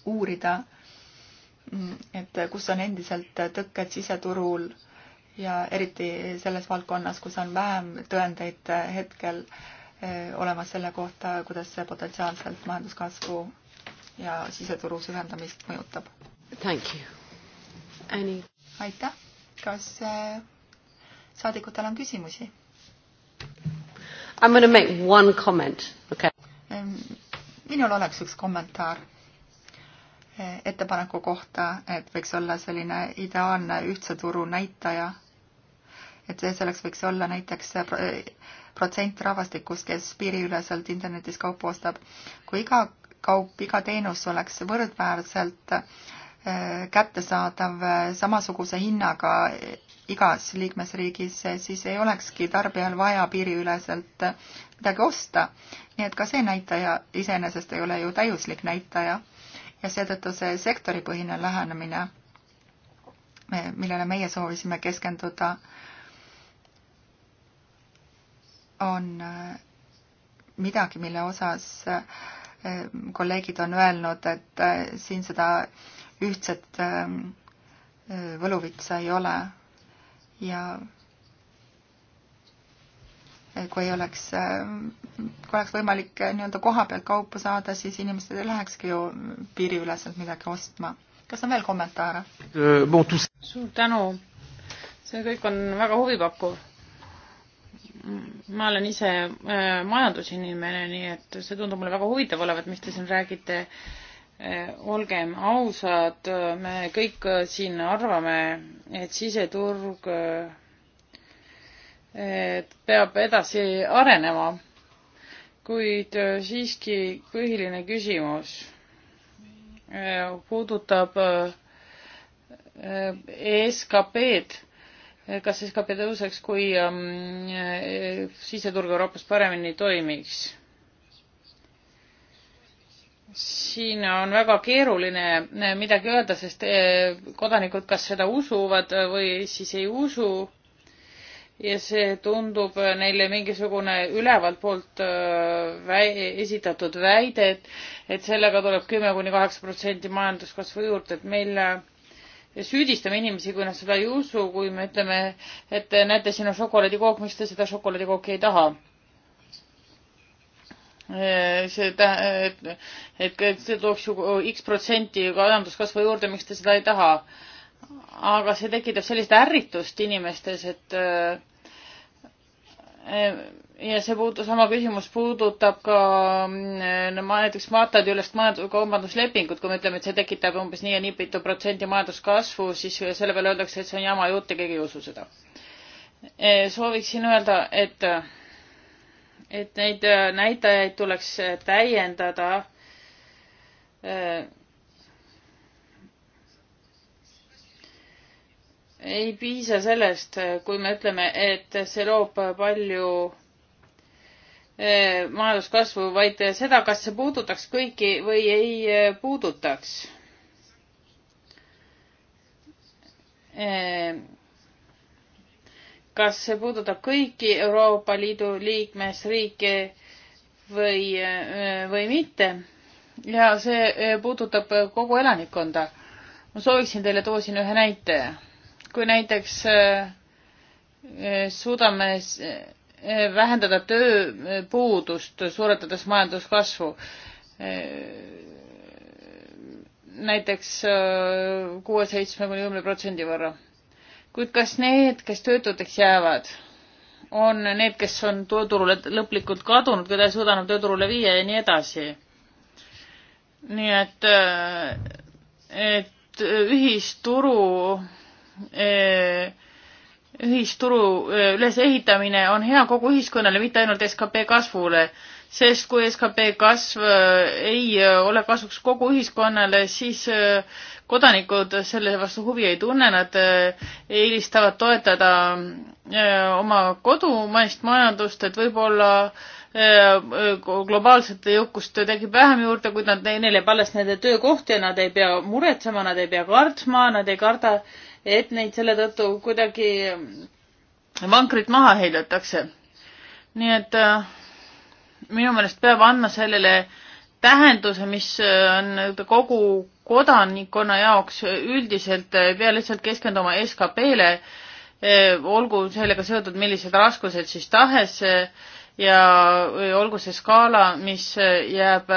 uurida, et kus on endiselt tõkked siseturul ja eriti selles valdkonnas, kus on vähem tõendeid hetkel eh, olemas selle kohta, kuidas see potentsiaalselt majanduskasvu ja siseturu süvendamist mõjutab. aitäh, kas äh, saadikutel on küsimusi? I am going to make one comment, okay? minul oleks üks kommentaar äh, ettepaneku kohta, et võiks olla selline ideaalne ühtse turu näitaja. et selleks võiks olla näiteks äh, protsent rahvastikust, kes piiriüleselt internetis kaupa ostab. kui iga kaup, iga teenus oleks võrdväärselt äh, kättesaadav äh, samasuguse hinnaga äh, igas liikmesriigis, siis ei olekski tarbijal vaja piiriüleselt midagi osta. nii et ka see näitaja iseenesest ei ole ju täiuslik näitaja ja seetõttu see sektoripõhine lähenemine, millele meie soovisime keskenduda, on midagi, mille osas äh, Ehm, kolleegid on öelnud, et eh, siin seda ühtset ehm, eh, võluvitsa ei ole ja eh, kui ei oleks, ehm, kui oleks võimalik nii-öelda koha pealt kaupa saada, siis inimesed ei lähekski ju piiriüleselt midagi ostma. kas on veel kommentaare? Euh, suur tänu, see kõik on väga huvipakkuv ma olen ise äh, majandusinimene, nii et see tundub mulle väga huvitav olevat, mis te siin räägite. Äh, olgem ausad, äh, me kõik siin arvame, et siseturg et peab edasi arenema, kuid siiski põhiline küsimus puudutab e SKP-d Eh, kas skp tõuseks, kui ähm, eh, siseturg Euroopas paremini toimiks? siin on väga keeruline eh, midagi öelda, sest kodanikud kas seda usuvad või siis ei usu ja see tundub neile mingisugune ülevalt poolt väi, esitatud väide, et, et sellega tuleb kümme kuni kaheksa protsenti majanduskasvu juurde, et meil süüdistame inimesi, kui nad seda ei usu, kui me ütleme, et näete, siin on šokolaadikook, miks te seda šokolaadikooki ei taha. see tä-, et, et, et see tooks ju X protsenti majanduskasvu juurde, miks te seda ei taha. aga see tekitab sellist ärritust inimestes, et äh, Ehm, ja see puudu-, sama küsimus puudutab ka mm, näiteks maatadiülest majanduskaubanduslepingut, kui me ütleme, et see tekitab umbes nii ja nii mitu protsenti majanduskasvu, siis selle peale öeldakse, et see on jama jutt ja keegi ei usu seda. Ehm, sooviksin öelda, et, et neid äh, näitajaid tuleks täiendada ehm, ei piisa sellest, kui me ütleme, et see loob palju eh, majanduskasvu, vaid seda, kas see puudutaks kõiki või ei eh, puudutaks. Eh, kas see puudutab kõiki Euroopa Liidu liikmesriike või, või mitte ja see puudutab kogu elanikkonda. ma sooviksin teile tuua siin ühe näite kui näiteks äh, äh, suudame äh, vähendada tööpuudust, suurendades majanduskasvu. näiteks kuue, seitsme kuni kümne protsendi võrra. kuid kas need, kes töötuteks jäävad, on need, kes on tööturule lõplikult kadunud, keda ei suuda enam tööturule viia ja nii edasi? nii et, et ühisturu Äh, ühisturu äh, ülesehitamine on hea kogu ühiskonnale, mitte ainult skp kasvule, sest kui skp kasv äh, ei ole kasuks kogu ühiskonnale, siis kodanikud selle vastu huvi ei tunne, nad eelistavad toetada oma kodumaist majandust, et võib-olla globaalset jõukust tekib vähem juurde, kuid nad, neil jääb alles nende töökoht ja nad ei pea muretsema, nad ei pea kartma, nad ei karda et neid selle tõttu kuidagi vankrit maha heidetakse. nii et äh, minu meelest peab andma sellele tähenduse, mis äh, on kogu kodanikkonna jaoks üldiselt, äh, ei pea lihtsalt keskenduma SKP-le, olgu sellega seotud millised raskused siis tahes ja olgu see skaala, mis jääb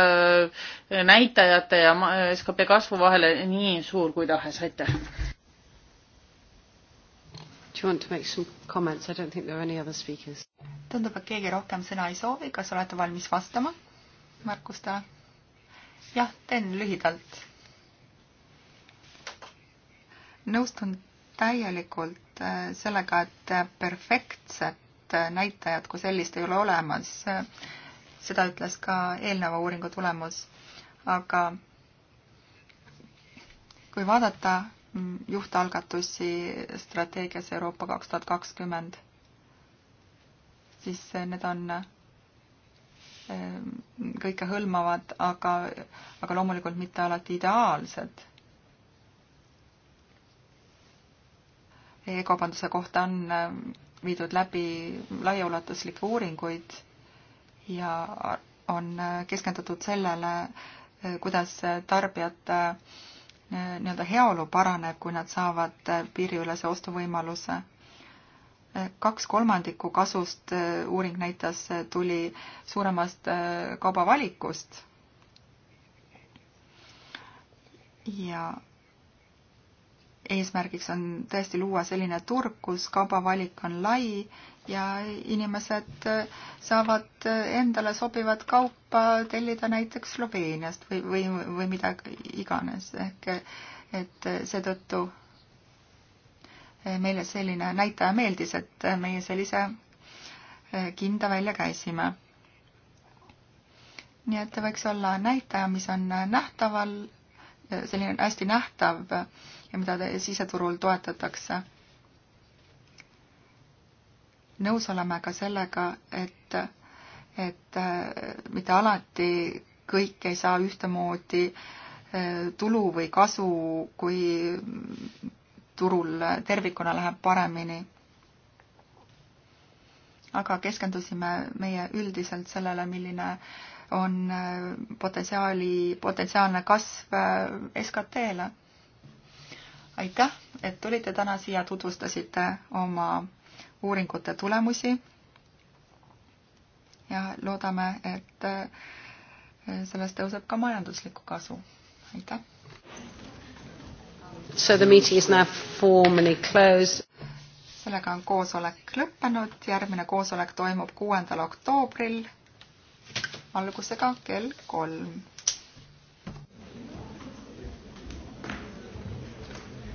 näitajate ja SKP kasvu vahele nii suur kui tahes, aitäh. Do you want to make some comments? I don't think there are any other speakers. tundub, et keegi rohkem sõna ei soovi, kas olete valmis vastama märkustele? jah, teen lühidalt. nõustun täielikult äh, sellega, et perfektset äh, näitajat kui sellist ei ole olemas. seda ütles ka eelneva uuringu tulemus. aga kui vaadata juhtalgatusi strateegias Euroopa kaks tuhat kakskümmend, siis need on ehm, kõikehõlmavad, aga, aga loomulikult mitte alati ideaalsed e. e-kaubanduse kohta on ehm, viidud läbi laiaulatuslikke uuringuid ja on ehm, keskendutud sellele, kuidas tarbijate Äh, nii-öelda heaolu paraneb, kui nad saavad äh, piiriülese ostuvõimaluse. Äh, kaks kolmandikku kasust, uuring näitas, tuli suuremast kaubavalikust. ja eesmärgiks on tõesti luua selline turg, kus kaubavalik on lai ja inimesed äh, saavad äh, endale sobivat kaupa tellida näiteks Sloveeniast või, või, või mida iganes, ehk et seetõttu äh, meile selline näitaja meeldis, et meie sellise kinda välja käisime. nii et võiks olla näitaja, mis on nähtaval selline on hästi nähtav ja mida siseturul toetatakse. nõus oleme ka sellega, et, et äh, mitte alati kõik ei saa ühtemoodi äh, tulu või kasu, kui turul tervikuna läheb paremini. aga keskendusime meie üldiselt sellele, milline äh, on äh, potentsiaali, potentsiaalne kasv äh, SKT-le. aitäh, et tulite täna siia, tutvustasite oma uuringute tulemusi. ja loodame, et äh, sellest tõuseb ka majanduslikku kasu. aitäh. So the meeting is now formally closed sellega on koosolek lõppenud, järgmine koosolek toimub kuuendal oktoobril algusega kell kolm.